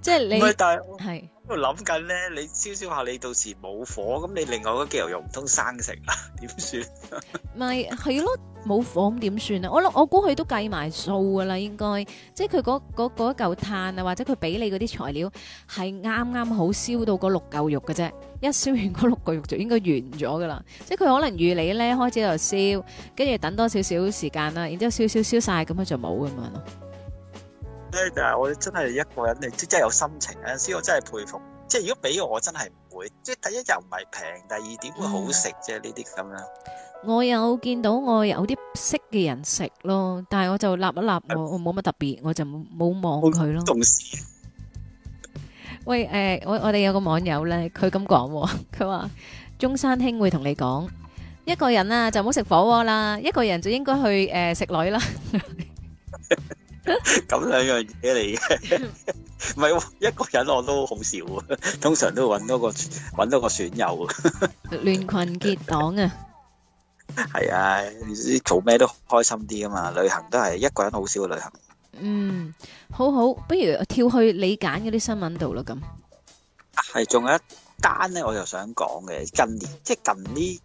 即係 你我諗緊咧，你燒燒下，你到時冇火，咁你另外嗰嚿肉唔通生食啊？點算？咪係咯，冇火咁點算啊？我我估佢都計埋數噶啦，應該即係佢嗰一嚿炭啊，或者佢俾你嗰啲材料係啱啱好燒到嗰六嚿肉嘅啫。一燒完嗰六嚿肉就應該完咗噶啦。即係佢可能預你咧開始就燒，跟住等多少少時間啦，然之後燒燒燒晒咁啊就冇咁樣咯。咧，就係我真係一個人，你真真係有心情。有陣時我真係佩服，即係如果俾我，我真係唔會。即係第一又唔係平，第二點會好食啫，呢啲咁樣。我有見到我有啲識嘅人食咯，但係我就立一立我，我冇乜特別，我就冇望佢咯。重視。喂，誒，我我哋有個網友咧，佢咁講，佢話中山兄會同你講，一個人呀就唔好食火鍋啦，一個人就應該去誒食女啦。咁兩 樣嘢嚟嘅，唔係一個人我都好少啊，通常都揾多個揾多個損友啊，亂群結黨啊，係啊，做咩都開心啲啊嘛，旅行都係一個人好少去旅行，嗯，好好，不如跳去你揀嗰啲新聞度啦，咁、啊，係仲有一單咧，我就想講嘅，近年即係近呢。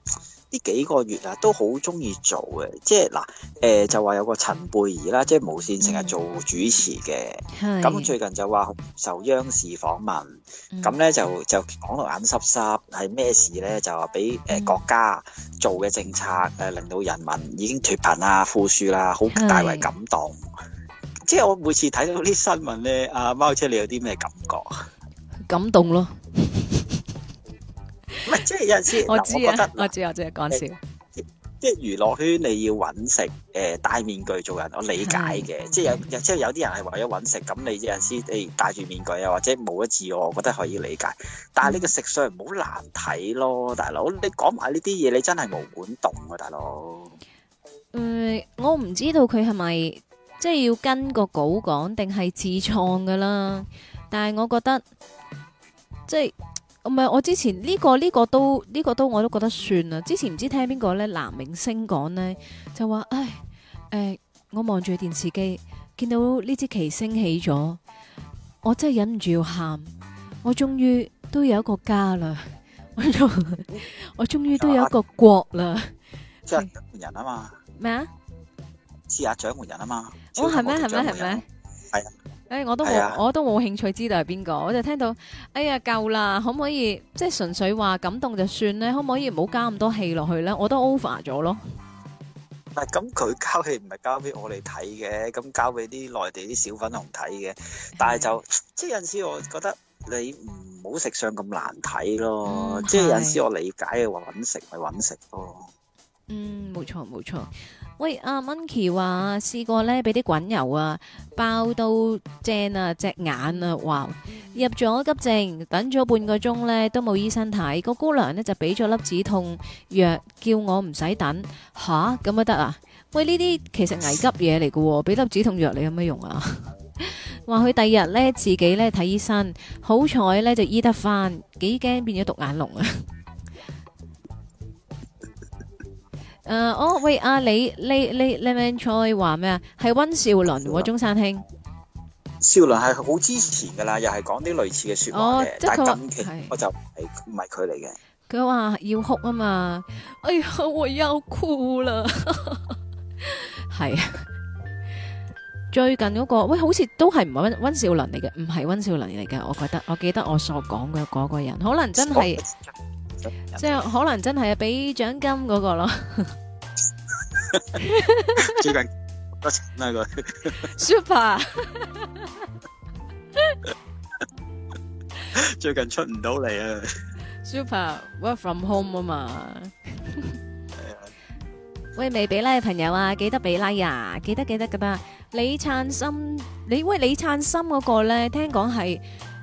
呢幾個月啊，都好中意做嘅，即係嗱，誒、呃、就話有個陳貝兒啦，嗯、即係無線成日做主持嘅，咁、嗯、最近就話受央視訪問，咁咧、嗯、就就講到眼濕濕，係咩事咧？就話俾誒國家做嘅政策誒、呃，令到人民已經脫貧啦、富庶啦，好大為感動。嗯、即係我每次睇到啲新聞咧，阿、啊、貓車，你有啲咩感覺？感動咯～ 唔係，即係 有陣時，我，啊、我覺得我知，我知，我講笑的。即係娛樂圈，你要搵食，誒、呃，戴面具做人，我理解嘅。是的即係有，即係有啲人係為咗搵食，咁你有陣時，誒，戴住面具啊，或者冇咗自我，我覺得可以理解。但係呢個食相唔好難睇咯，嗯、大佬，你講埋呢啲嘢，你真係冇管動啊，大佬。嗯，我唔知道佢係咪即係要跟個稿講，定係自創㗎啦？但係我覺得即係。就是唔係，我之前呢、這個呢、這個都呢、這個都我都覺得算啦。之前唔知聽邊個咧男明星講咧，就話，唉，誒，我望住電視機，見到呢支旗升起咗，我真係忍唔住要喊。我終於都有一個家啦，我仲、嗯、 我終於都有一個國啦。即係掌門人啊嘛？咩啊麼？試下掌門人啊嘛？哦，係咩？係咩？係咩嗎？係啊！誒，我都冇，我都冇興趣知道係邊個，我就聽到，哎呀，夠啦，可唔可以即係純粹話感動就算咧？可唔可以唔好加咁多戲落去咧？我都 over 咗咯。唔係，咁佢交戲唔係交俾我哋睇嘅，咁交俾啲內地啲小粉紅睇嘅，但係就即係有陣時我覺得你唔好食相咁難睇咯，即係有陣時我理解嘅話揾食咪揾食咯。嗯，冇錯冇錯。喂，阿 Monkey 話試過咧，俾啲滾油啊，爆到正啊隻眼啊，哇，入咗急症，等咗半個鐘咧都冇醫生睇，個姑娘咧就俾咗粒止痛藥，叫我唔使等，吓咁咪得啊？喂，呢啲其實危急嘢嚟喎，俾粒止痛藥你有咩用啊？話佢第二日咧自己咧睇醫生，好彩咧就醫得翻，幾驚變咗獨眼龍啊！誒，我、呃哦、喂，阿李你你你咪再話咩啊？係溫少倫，嗯、中山兄。少倫係好之前噶啦，又係講啲類似嘅說話嘅，哦就是、但近期我就唔係佢嚟嘅。佢話的要哭啊嘛，哎呀，我又哭啦。係 是的 最近嗰、那個喂，好似都係唔係溫溫少倫嚟嘅，唔係溫少倫嚟嘅，我覺得，我記得我所講嘅嗰個人，可能真係。 即係可能真係俾獎金嗰個咯。最近多請下佢。Super 最近出唔到嚟啊。Super work from home 啊嘛。係啊。喂，未俾 like 嘅朋友啊，記得俾 like 呀！記得記得噶啦。李燦森，你喂李燦森嗰個咧，聽講係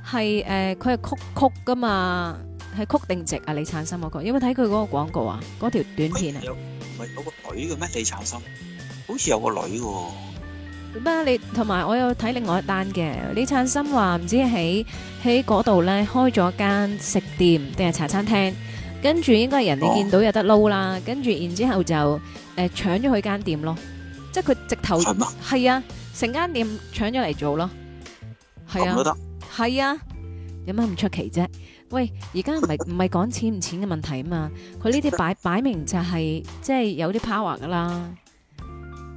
係誒，佢係曲曲噶嘛。係曲定直啊！李燦森嗰個，有冇睇佢嗰個廣告啊？嗰條短片啊？唔係有個女嘅咩？李燦森好似有個女嘅。咁啊，你同埋我有睇另外一單嘅李燦森話唔知喺喺嗰度咧開咗間食店定係茶餐廳，跟住應該係人哋見到有得撈啦，跟住然之後就誒搶咗佢間店咯，即係佢直頭係啊，成間店搶咗嚟做咯，係啊，係啊，有乜咁出奇啫？喂，而家唔係唔係講錢唔錢嘅問題啊嘛，佢呢啲擺擺明就係即係有啲 power 噶啦。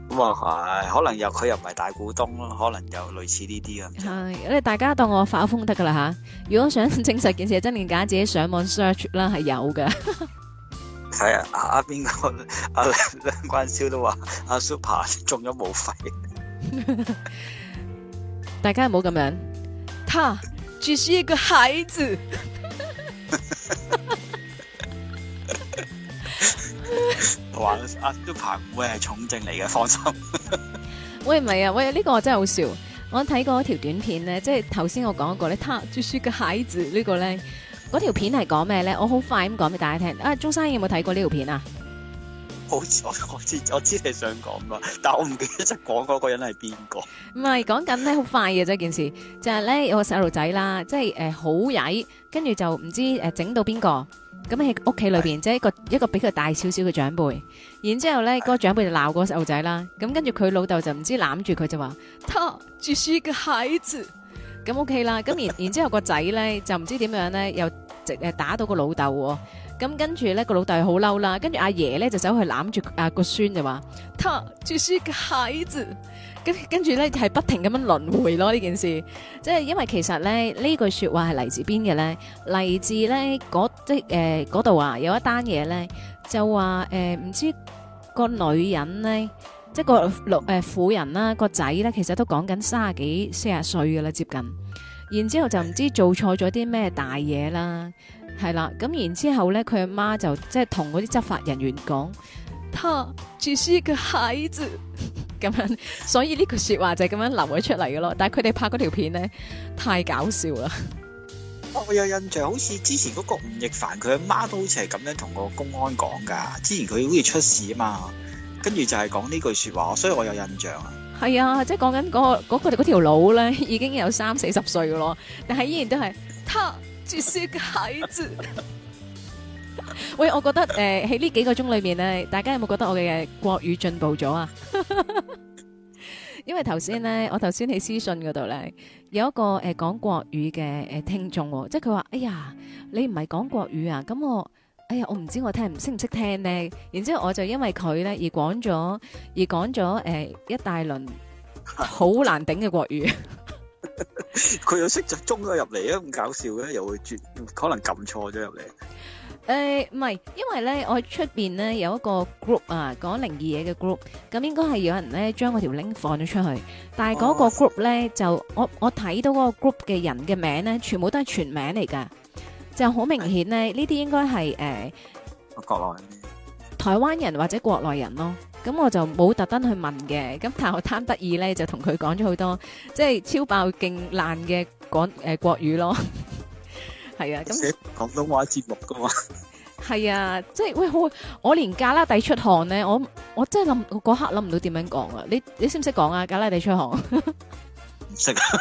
咁啊、哎、可能又佢又唔係大股東咯，可能又類似呢啲啊。係、 哎，你大家當我發瘋得噶啦吓。如果想證實件事 真定假，自己上網 search 啦，係有嘅。係啊，阿邊個阿關少都話阿 super 中咗冇肺，大家唔好咁樣。他只是一個孩子。話阿 do 排唔會係重症嚟嘅，放心。喂，唔係啊，喂，呢個我真係好笑。我睇過條短片咧，即係頭先我講過咧，他，住雪嘅孩子呢個咧，嗰條片係講咩咧？我好快咁講俾大家聽。啊，中山兄有冇睇過呢條片啊？好左，我知，我知，你想講嘛，但我唔記得咗講嗰個人係邊個。唔係講緊咧，好快嘅啫件事，就係、是、咧有個細路仔啦，就是呃呃、的即係誒好曳，跟住就唔知誒整到邊個，咁喺屋企裏邊即係一個一個比佢大少少嘅長輩，然之後咧、那個長輩就鬧個細路仔啦，咁跟住佢老豆就唔知攬住佢就話， 他住是一個孩子，咁 OK 啦，咁然 然之後個仔咧就唔知點樣咧又誒打到個老豆、哦。咁跟住咧、啊，個老豆好嬲啦，跟住阿爺咧就走去攬住阿個孫就話，他著書個孩子。跟跟住咧係不停咁樣輪迴咯呢件事，即係因為其實咧呢句說話係嚟自邊嘅咧？嚟自咧嗰即誒度啊，有一單嘢咧就話誒唔知個女人咧，即係個老誒婦人啦，個仔咧其實都講緊卅幾四啊歲噶啦接近，然之後就唔知做錯咗啲咩大嘢啦。係啦，咁然之後咧，佢阿媽就即係同嗰啲執法人員講，他住書嘅孩子咁 樣，所以呢句說話就係咁樣流咗出嚟嘅咯。但係佢哋拍嗰條片咧，太搞笑啦！我有印象，好似之前嗰個吳亦凡佢阿媽都好似係咁樣同個公安講噶。之前佢好似出事啊嘛，跟住就係講呢句說話，所以我有印象啊。係啊，即係講緊嗰個嗰、嗰個嗰條佬咧，已經有三四十歲噶咯，但係依然都係他。絕世嘅孩子， 喂，我覺得誒喺呢幾個鐘裏面咧，大家有冇覺得我嘅國語進步咗啊？ 因為頭先咧，我頭先喺私信嗰度咧有一個誒講、呃、國語嘅誒聽眾，即係佢話：哎呀，你唔係講國語啊？咁我，哎呀，我唔知我聽唔識唔識聽呢。」然之後我就因為佢咧而講咗而講咗誒一大輪好難頂嘅國語。 佢 又識就中咗入嚟啊！咁搞笑嘅，又會可能撳錯咗入嚟。誒、呃，唔係，因為咧，我出邊咧有一個 group 啊，講靈異嘢嘅 group，咁應該係有人咧將嗰條 link 放咗出去，但係嗰個 group 咧、哦、就我我睇到嗰個 group 嘅人嘅名咧，全部都係全名嚟㗎，就好明顯咧，呢啲的應該係誒，呃、國內台灣人或者國內人咯。咁我就冇特登去問嘅，咁但係我貪得意咧，就同佢講咗好多，即係超爆勁爛嘅廣誒國語咯，係 啊，咁講廣東話節目嘅嘛，係啊，即係喂，我我連加拉底出汗咧，我我真係諗嗰刻諗唔到點樣講啊，你你識唔識講啊？加拉底出汗，唔 識懂啊？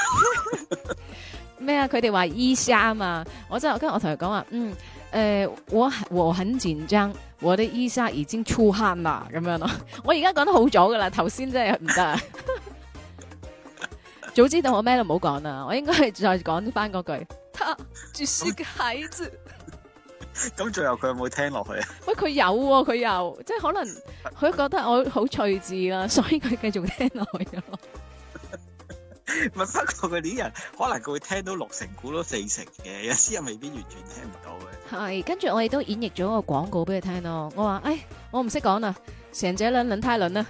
咩 啊？佢哋話 E 生啊嘛，我真係，我跟住我同佢講話，嗯。誒、呃，我我很緊張，我的醫生已經出汗啦，咁樣咯。我而家講得好早噶啦，頭先真係唔得。 早知道我咩都唔好講啦，我應該係再講翻嗰句，佢只係個孩子。咁最後佢有冇聽落去啊？喂，佢有，佢有，即係可能佢覺得我好趣致啦，所以佢繼續聽落去咯。唔 不過佢啲人可能佢會聽到六成，估到四成嘅，有時又未必完全聽唔到嘅。係，跟住我亦都演繹咗個廣告俾佢聽咯。我話，唉，我唔識講啦，成者卵，卵胎卵啦。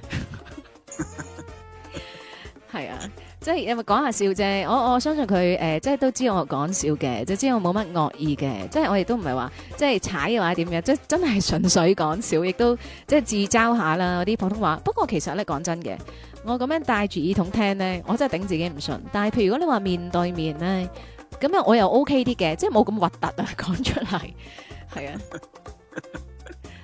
係啊，即係咪講下笑啫？我我相信佢誒、呃，即係都知我講笑嘅，就知我冇乜惡意嘅。即係我亦都唔係話，即係踩嘅話點樣，即係真係純粹講笑，亦都即係自嘲下啦嗰啲普通話。不過其實咧，講真嘅。我咁樣戴住耳筒聽咧，我真係頂自己唔順。但係譬如如果你話面對面咧，咁樣我又 OK 啲嘅，即係冇咁核突啊，講出嚟係啊。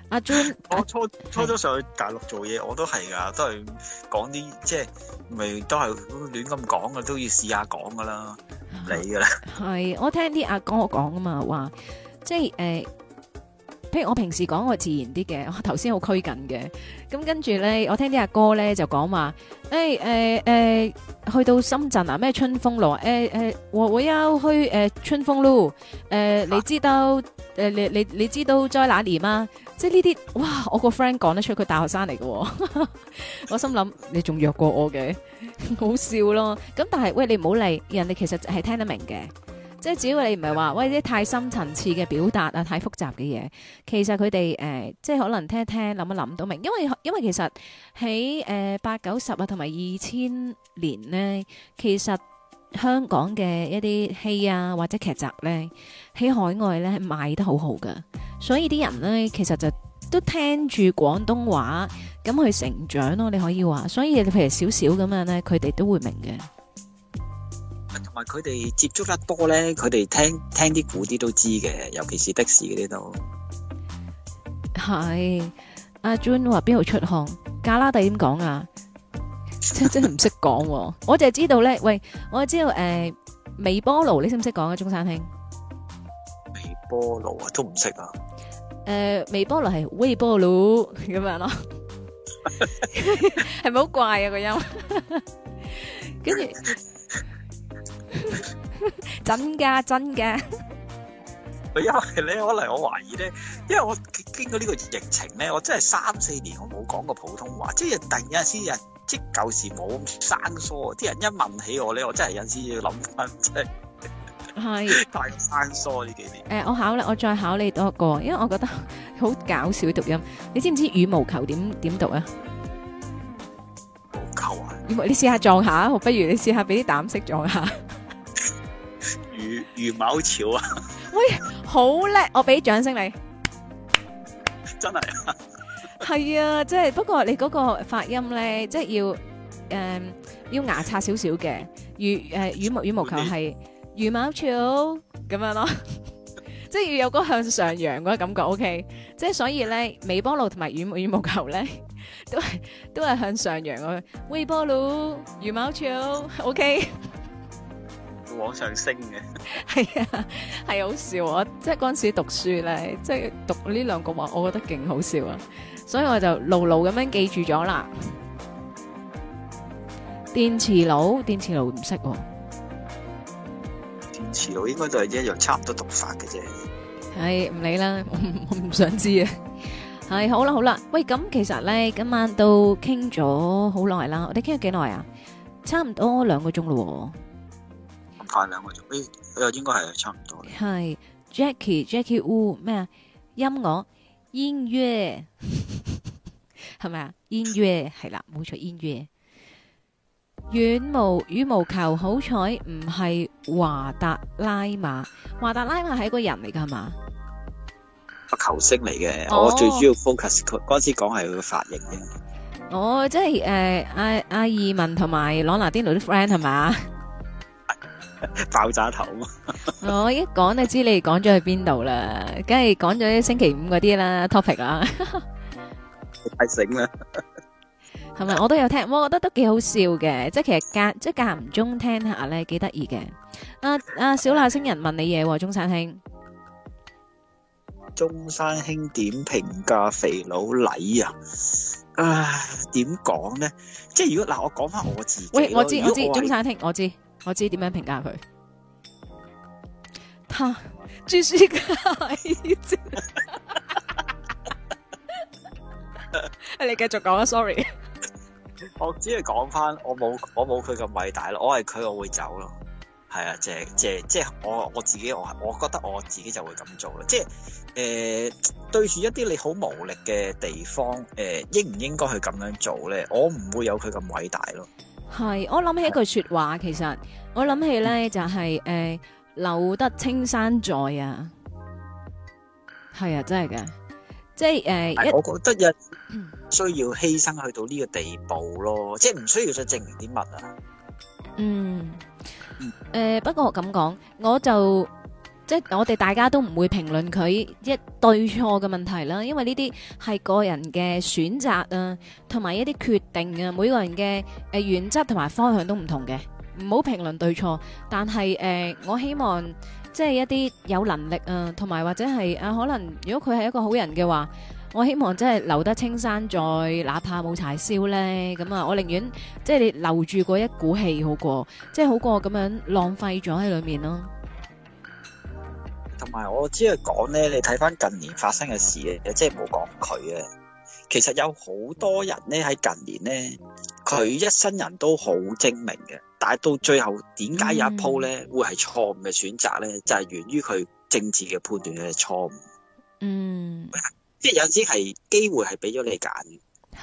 阿 John，我初初初上去大陸做嘢，我都係噶，都係講啲即係咪都係亂咁講噶，都要試下講噶啦，唔理噶啦。係我聽啲阿哥講啊嘛，話即係誒。譬如我平時講我自然啲嘅，我頭先好拘謹嘅，咁跟住咧，我聽啲阿哥咧就講話、欸欸欸，去到深圳啊，咩春風路，誒、欸、誒，我、欸、我要去、欸、春風路，誒、欸，你知道誒、啊欸、你你你知道在哪裏嗎？即係呢啲，哇！我個 friend 講得出來，佢大學生嚟嘅， 我心諗你仲弱過我嘅， 好笑咯。咁但係，喂，你唔好嚟，人哋其實係聽得明嘅。即係只要你唔係話，喂啲太深層次嘅表達啊，太複雜嘅嘢，其實佢哋誒，即係可能聽一聽、諗一諗都明。因為因為其實喺誒八九十啊，同埋二千年呢，其實香港嘅一啲戲啊或者劇集呢，喺海外呢，賣得係好好噶。所以啲人呢，其實就都聽住廣東話咁去成長咯。你可以話，所以你譬如少少咁樣呢，佢哋都會明嘅。同埋佢哋接觸得多咧，佢哋聽聽啲古啲都知嘅，尤其是的士嗰啲都係。阿 John 話邊度出汗，加拉蒂點講啊？ 真真係唔識講，我淨係知道咧。喂，我知道誒、呃，微波爐你識唔識講啊？中山兄、啊啊呃，微波爐啊，都唔識啊。誒，微波爐係微波爐咁樣咯，係咪好怪啊個音？跟 住後。 真嘅，真嘅。因為咧，可能我懷疑咧，因為我經過呢個疫情咧，我真係三四年我冇講過普通話，即係突然間先人即舊時冇咁生疏，啲人一問起我咧，我真係有陣時要諗翻，即係係大生疏呢幾年。誒，我考咧，我再考你多一個，因為我覺得好搞笑嘅讀音。你知唔知羽毛球點點讀啊？球啊！你試下撞下，不如你試下俾啲膽色撞下。羽羽毛球啊！喂，好叻！我俾掌聲你，真係係啊！即係不過你嗰個發音咧，即係要誒要牙擦少少嘅羽誒羽毛羽毛球係羽毛球咁樣咯，即係要有個向上揚嘅感覺。O K，即係所以咧，微波爐同埋羽羽毛球咧都係都係向上揚嘅。微波爐羽毛球 O K。往上升嘅，係啊，係好笑啊！我即係嗰陣時讀書咧，即係讀呢兩個話，我覺得勁好笑啊！所以我就牢牢咁樣記住咗啦。電磁爐，電磁爐唔識。電磁爐應該就係一樣，差唔多讀法嘅啫。係唔理啦，我唔想知啊。係好啦，好啦，喂，咁其實咧，今晚都傾咗好耐啦。我哋傾咗幾耐啊？差唔多兩個鐘咯。派兩個鐘，應該係差唔多。係 Jackie Jackie Wu 咩啊？音樂音樂係咪啊？音樂係啦，冇 錯，音樂。羽毛羽毛球好彩唔係華達拉馬，華達拉馬係一個人嚟噶嘛？個球星嚟嘅。哦、我最主要 focus 佢嗰陣時講係佢嘅髮型嘅。哦，即係誒，阿阿二文同埋朗拿甸奴啲 friend 係嘛？爆炸頭嘛！我一講就知你講咗去邊度啦，梗係講咗星期五嗰啲啦，topic 啦，太醒啦，係咪？我都有聽，我覺得都幾好笑嘅，即係其實間即係間唔中聽下咧，幾得意嘅。啊啊，小賴星人問你嘢喎，中山兄，中山兄點評價肥佬黎啊？啊，點講咧？即係如果嗱，我講翻我自己，喂，我知我知，中山兄我知。我知點樣評價佢。吓，你繼續講啦，sorry。我只係講翻，我冇我冇佢咁偉大咯，我係佢我，我會走咯，係啊，即係即係即係我我自己我我覺得我自己就會咁做咯，即係誒、呃、對住一啲你好無力嘅地方誒、呃，應唔應該去咁樣做咧？我唔會有佢咁偉大咯。係，我諗起一句說話，其實我諗起咧就係、是、誒、呃，留得青山在啊，係啊，真係嘅，即係誒，呃、我覺得唔需要犧牲去到呢個地步咯，嗯、即係唔需要再證明啲乜啊，嗯，誒、呃，不過我咁講，我就。即係我哋大家都唔會評論佢一對錯嘅問題啦，因為呢啲係個人嘅選擇啊，同埋一啲決定啊，每個人嘅誒、呃、原則同埋方向都唔同嘅，唔好評論對錯。但係誒、呃，我希望即係一啲有能力啊，同埋或者係啊，可能如果佢係一個好人嘅話，我希望真係留得青山在，哪怕冇柴燒呢。咁啊，我寧願即係你留住嗰一股氣好過，即係好過咁樣浪費咗喺裏面咯。同埋我只係講咧，你睇返近年發生嘅事啊，即係冇講佢啊。其實有好多人咧喺近年咧，佢一生人都好精明嘅，但係到最後點解有一鋪咧會係錯誤嘅選擇咧，就係、是、源於佢政治嘅判斷嘅錯誤。嗯，即係有陣時係機會係俾咗你揀，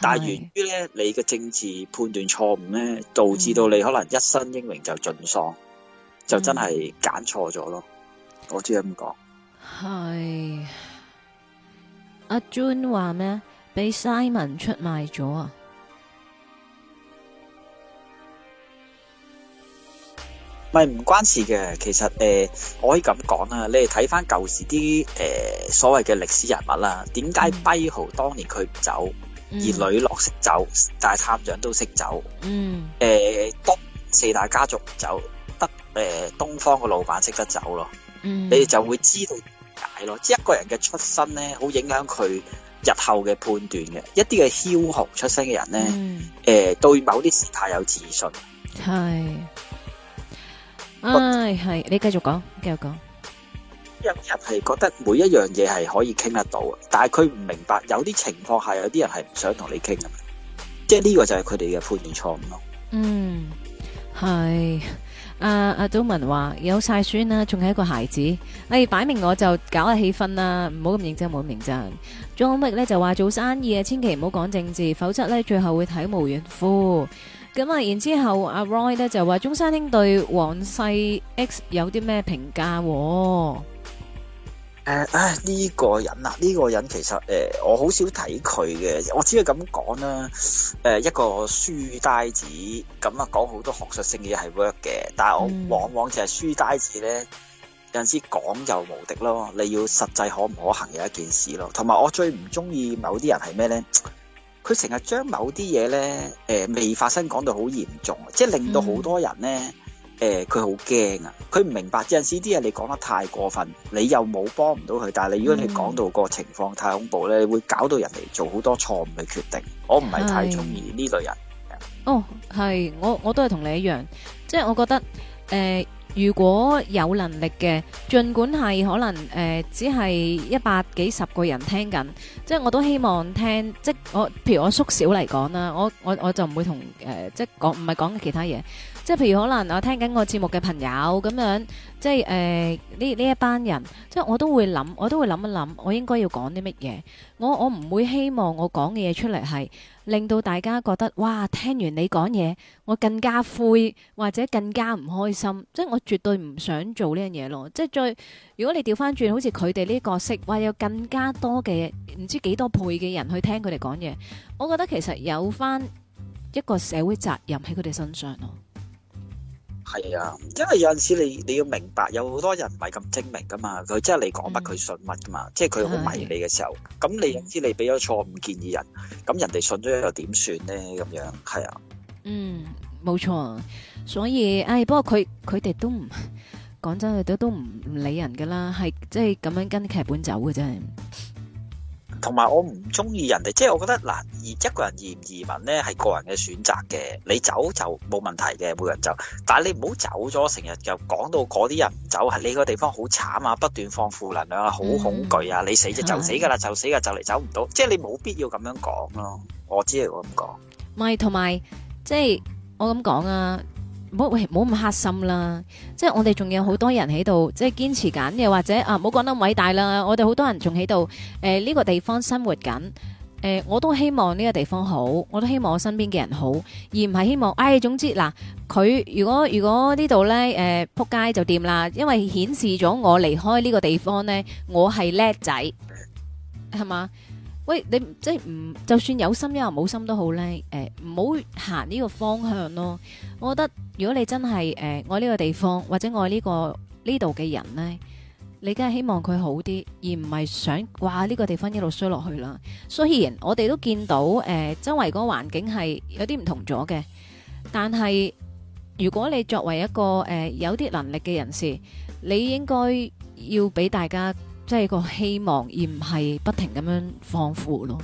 但係源於咧的你嘅政治判斷錯誤咧，導致到你可能一生英名就盡喪，嗯、就真係揀錯咗咯。我知係咁講，係阿 June 話咩？俾 Simon 出賣咗啊？咪唔關事嘅。其實誒、呃，我可以咁講啦。你哋睇翻舊時啲誒、呃、所謂嘅歷史人物啦，點解跛豪當年佢唔走，而呂樂識走，但係探長都識走。誒、嗯呃、東四大家族唔走得誒、呃、東方嘅老闆識得走咯。嗯、你哋就會知道解咯，即係一個人嘅出身咧，好影響佢日後嘅判斷嘅。一啲嘅梟雄出身嘅人咧，誒、嗯呃，對某啲事態有自信。係，唉、哎，係，你繼續講，繼續講。有啲人係覺得每一樣嘢係可以傾得到，但係佢唔明白，有啲情況下有啲人係唔想同你傾㗎，即係呢個就係佢哋嘅判斷錯誤。嗯，係。阿阿祖文話有晒孫啦，仲係一個孩子，哎，擺明我就搞下氣氛啦，唔好咁認真，冇咁認真。Joey 咧就話做生意啊，千祈唔好講政治，否則咧最後會體無完膚。咁啊，然之後阿 Roy 呢就話中山兄對王世 X 有啲咩評價？誒、呃，唉呢、這個人啊，呢、這個人其實誒、呃，我好少睇佢嘅，我只係咁講啦。誒、呃，一個書呆子咁啊，講好多學術性嘅嘢係 work 嘅，但係我往往就係書呆子呢，有陣時講就無敵咯。你要實際可唔可行嘅一件事咯，同埋我最唔中意某啲人係咩呢？佢成日將某啲嘢呢誒、呃、未發生講到好嚴重，即係令到好多人呢。嗯誒，佢好驚啊！佢唔明白，有陣時啲嘢，你講得太過分，你又冇幫唔到佢。但係如果你講到個情況太恐怖咧，嗯、你會搞到人哋做好多錯誤嘅決定。我唔係太中意呢類人。是哦，係我我都係同你一樣，即係我覺得誒、呃，如果有能力嘅，盡管係可能誒、呃，只係一百幾十個人聽緊，即係我都希望聽，即係我譬如我縮小嚟講啦，我我我就唔會同誒、呃，即係講唔係講其他嘢。即係譬如可能我聽緊我節目嘅朋友咁樣，即係誒呢呢一班人，即係我都會諗，我都會諗一諗，我應該要講啲乜嘢。我我唔會希望我講嘅嘢出嚟，係令到大家覺得哇，聽完你講嘢，我更加灰或者更加唔開心。即係我絕對唔想做呢樣嘢咯。即係再如果你調翻轉，好似佢哋呢個識話有更加多嘅唔知幾多倍嘅人去聽佢哋講嘢，我覺得其實有翻一個社會責任喺佢哋身上咯。係啊，因為有陣時你你要明白，有好多人唔係咁精明噶嘛，佢即係你講乜佢信乜噶嘛，嗯、即係佢好迷你嘅時候，咁、嗯、你有陣時你俾咗錯誤建議人，咁人哋信咗又點算呢？咁樣係啊，嗯，冇錯，所以唉、哎，不過佢佢哋都唔講真，佢都都唔唔理人噶啦，係即係咁樣跟劇本走嘅啫。同埋我唔中意人哋，即係我覺得嗱，而一個人移唔移民呢係個人嘅選擇嘅，你走就冇問題嘅，每人走。但你唔好走咗，成日又講到嗰啲人唔走，係你個地方好慘啊，不斷放負能量啊，好恐懼啊，你死就死㗎啦，就死㗎，就嚟走唔到，即係你冇必要咁樣講咯。我知你會咁講，唔係同埋即係我咁講啊。唔好喂，唔好咁黑心啦！即係我哋仲有好多人喺度，即係堅持緊又或者啊，唔好講得咁偉大啦。我哋好多人仲喺度，誒、呃、呢、這個地方生活緊，誒、呃、我都希望呢個地方好，我都希望我身邊嘅人好，而唔係希望。唉、哎，總之嗱，佢如果如果呢度咧，誒、呃、撲街就掂啦，因為顯示咗我離開呢個地方咧，我係叻仔，係嘛？喂，你即係唔就算有心又好，冇心都好咧，誒唔好行呢個方向咯。我覺得如果你真係誒愛呢個地方或者愛呢個呢度嘅人咧，你梗係希望佢好啲，而唔係想話呢個地方一路衰落去啦。雖然我哋都見到誒周圍個環境係有啲唔同咗嘅，但係如果你作為一個誒有啲能力嘅人士，你應該要俾大家。即係個希望，而唔係不停咁樣放負。咯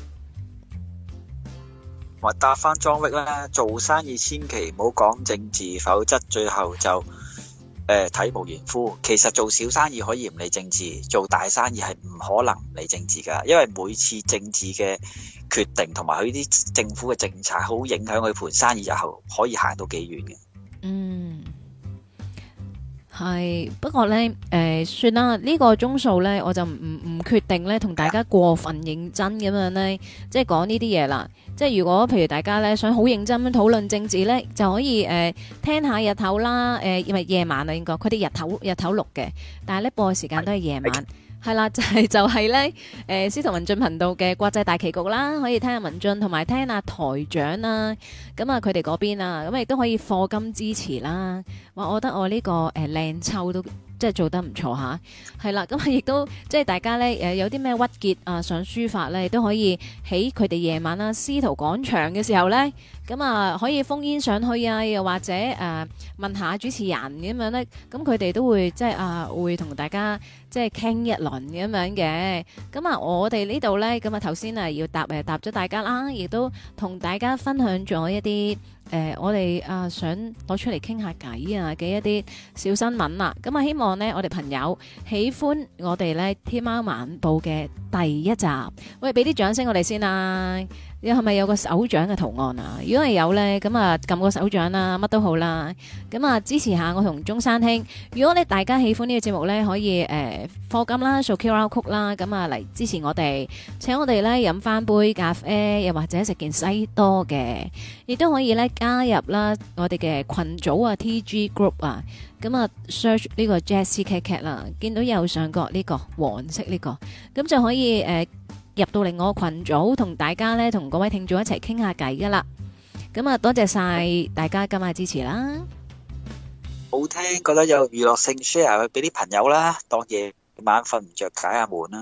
我搭翻莊域啦，做生意千祈唔好講政治，否則最後就誒、呃、體無完膚。其實做小生意可以唔理政治，做大生意係唔可能唔理政治噶，因為每次政治嘅決定同埋佢啲政府嘅政策，好影響佢盤生意日後可以行到幾遠嘅。嗯。係，不過咧，誒、呃，算啦，呢、這個鐘數咧，我就唔唔決定咧，同大家過分認真咁樣咧，即係講呢啲嘢啦。即係如果譬如大家咧想好認真咁討論政治咧，就可以誒、呃、聽下日頭啦，誒因為夜晚啦應該，佢哋日頭日頭錄嘅，但係咧播嘅時間都係夜晚。係啦，就係就係咧，誒，司徒文進頻道嘅國際大棋局啦，可以聽下文進，同埋聽下台長啦，咁啊佢哋嗰邊啊，咁亦都可以課金支持啦。哇，我覺得我呢個誒靚抽都即係做得唔錯吓，係啦，咁亦都即係大家咧誒有啲咩鬱結啊，想抒發咧，亦都可以喺佢哋夜晚啦，司徒廣場嘅時候咧。咁啊、嗯，可以烽煙上去啊，又或者誒、呃，問下主持人咁樣咧，咁佢哋都會即係啊、呃，會同大家即係傾一輪咁樣嘅。咁、嗯、啊，我哋呢度咧，咁啊頭先啊，要答誒答咗大家啦，亦都同大家分享咗一啲誒、呃，我哋、呃、啊想攞出嚟傾下偈啊嘅一啲小新聞啦、啊。咁、嗯、啊，希望咧我哋朋友喜歡我哋咧天喵晚報嘅第一集。喂，俾啲掌聲我哋先啦！你係咪有個手掌嘅圖案啊？如果係有呢，咁啊撳個手掌啦，乜都好啦。咁啊支持下我同中山兄。如果你大家喜歡呢個節目呢，可以誒課金啦，做 Q R 曲啦。咁啊嚟支持我哋，請我哋呢飲翻杯咖啡，又或者食件西多嘅，亦都可以呢加入啦我哋嘅群組啊 T G Group 啊。咁啊 search 呢個 Jazz 劇劇啦，見到右上角呢、這個黃色呢、這個，咁就可以誒。呃入到另外個群組同大家咧，同各位聽眾一齊傾下偈噶啦。咁啊，多謝晒大家今晚支持啦。好聽，覺得有娛樂性，share 去俾啲朋友啦，當夜晚瞓唔着解下悶啦，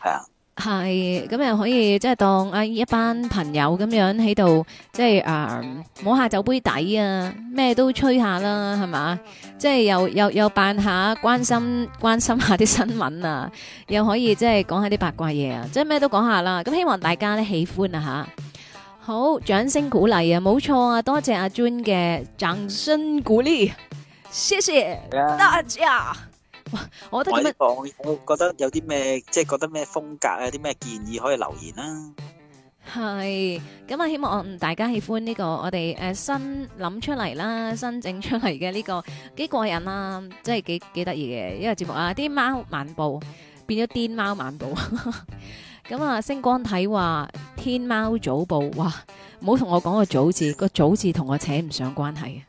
係啊，啊。係咁又可以即係當阿姨一班朋友咁樣喺度，即係誒、嗯、摸下酒杯底啊，咩都吹下啦，係嘛？即係又又又扮下關心關心下啲新聞啊，又可以即係講下啲八卦嘢啊，即係咩都講下啦。咁希望大家咧喜歡啊吓，好掌聲鼓勵啊，冇錯啊，多謝阿、啊、Jun 嘅掌聲鼓勵，謝謝大家。 我覺得我、這個、我覺得有啲咩，即、就、係、是、覺得咩風格啊，有啲咩建議可以留言啦、啊。係，咁、嗯、啊，希望大家喜歡呢、這個我哋誒、呃、新諗出嚟啦，新整出嚟嘅呢個幾過癮啊，即係幾幾得意嘅一個節目啊！啲貓晚報變咗癲貓晚報，咁啊、 嗯，星光睇話天貓早報，哇，唔好同我講個早字，個早字同我扯唔上關係啊！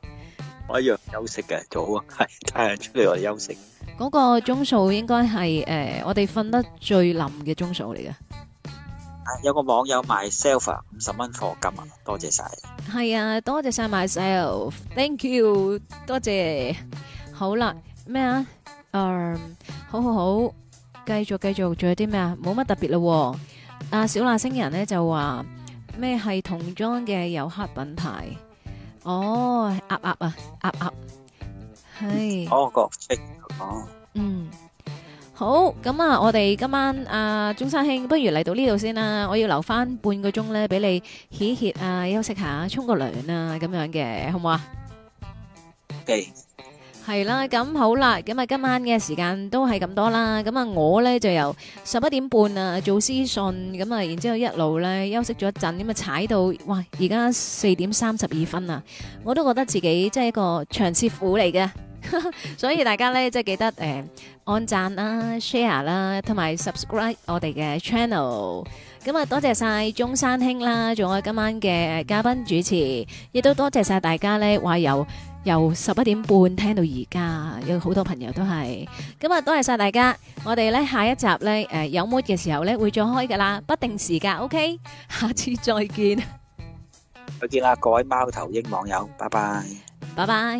我一樣休息嘅早啊，係帶人出嚟我休息。嗰個鐘數應該係誒，我哋瞓得最冧嘅鐘數嚟嘅。啊，有個網友 Myself 啊，五十蚊課金啊，多謝晒。係啊，多謝晒 Myself，thank you，多謝。好啦，咩啊？嗯，好好好，繼續繼續，仲有啲咩啊？冇乜特別啦。阿小蠟星人咧就話咩係童裝嘅有黑品牌。哦，鴨鴨啊，鴨鴨。係，郭國清，哦，嗯，好，咁啊，我哋今晚阿中山兄，不如嚟到呢度先啦，我要留翻半個鐘咧，俾你歇一歇啊，休息下，沖個涼啦，咁樣嘅，好唔好啊？係，係啦，咁好啦，咁啊，今晚嘅時間都係咁多啦，咁啊，我咧就由十一點半啊做私信，咁啊，然之後一路咧休息咗一陣，咁啊，踩到，喂，而家四點三十二分啊，我都覺得自己真係一個長舌婦嚟嘅。所以大家咧，即係記得誒，按讚啦、share 啦，同埋 subscribe 我哋嘅 channel。咁啊，多謝晒中山兄啦，仲有我今晚嘅嘉賓主持，亦都多謝晒大家咧。話由由十一點半聽到而家，有好多朋友都係。咁啊，多謝晒大家。我哋咧下一集咧，誒有 mood 嘅時候咧會再開噶啦，不定時間。OK，下次再見。再見啦，各位貓頭鷹網友，拜拜，拜拜。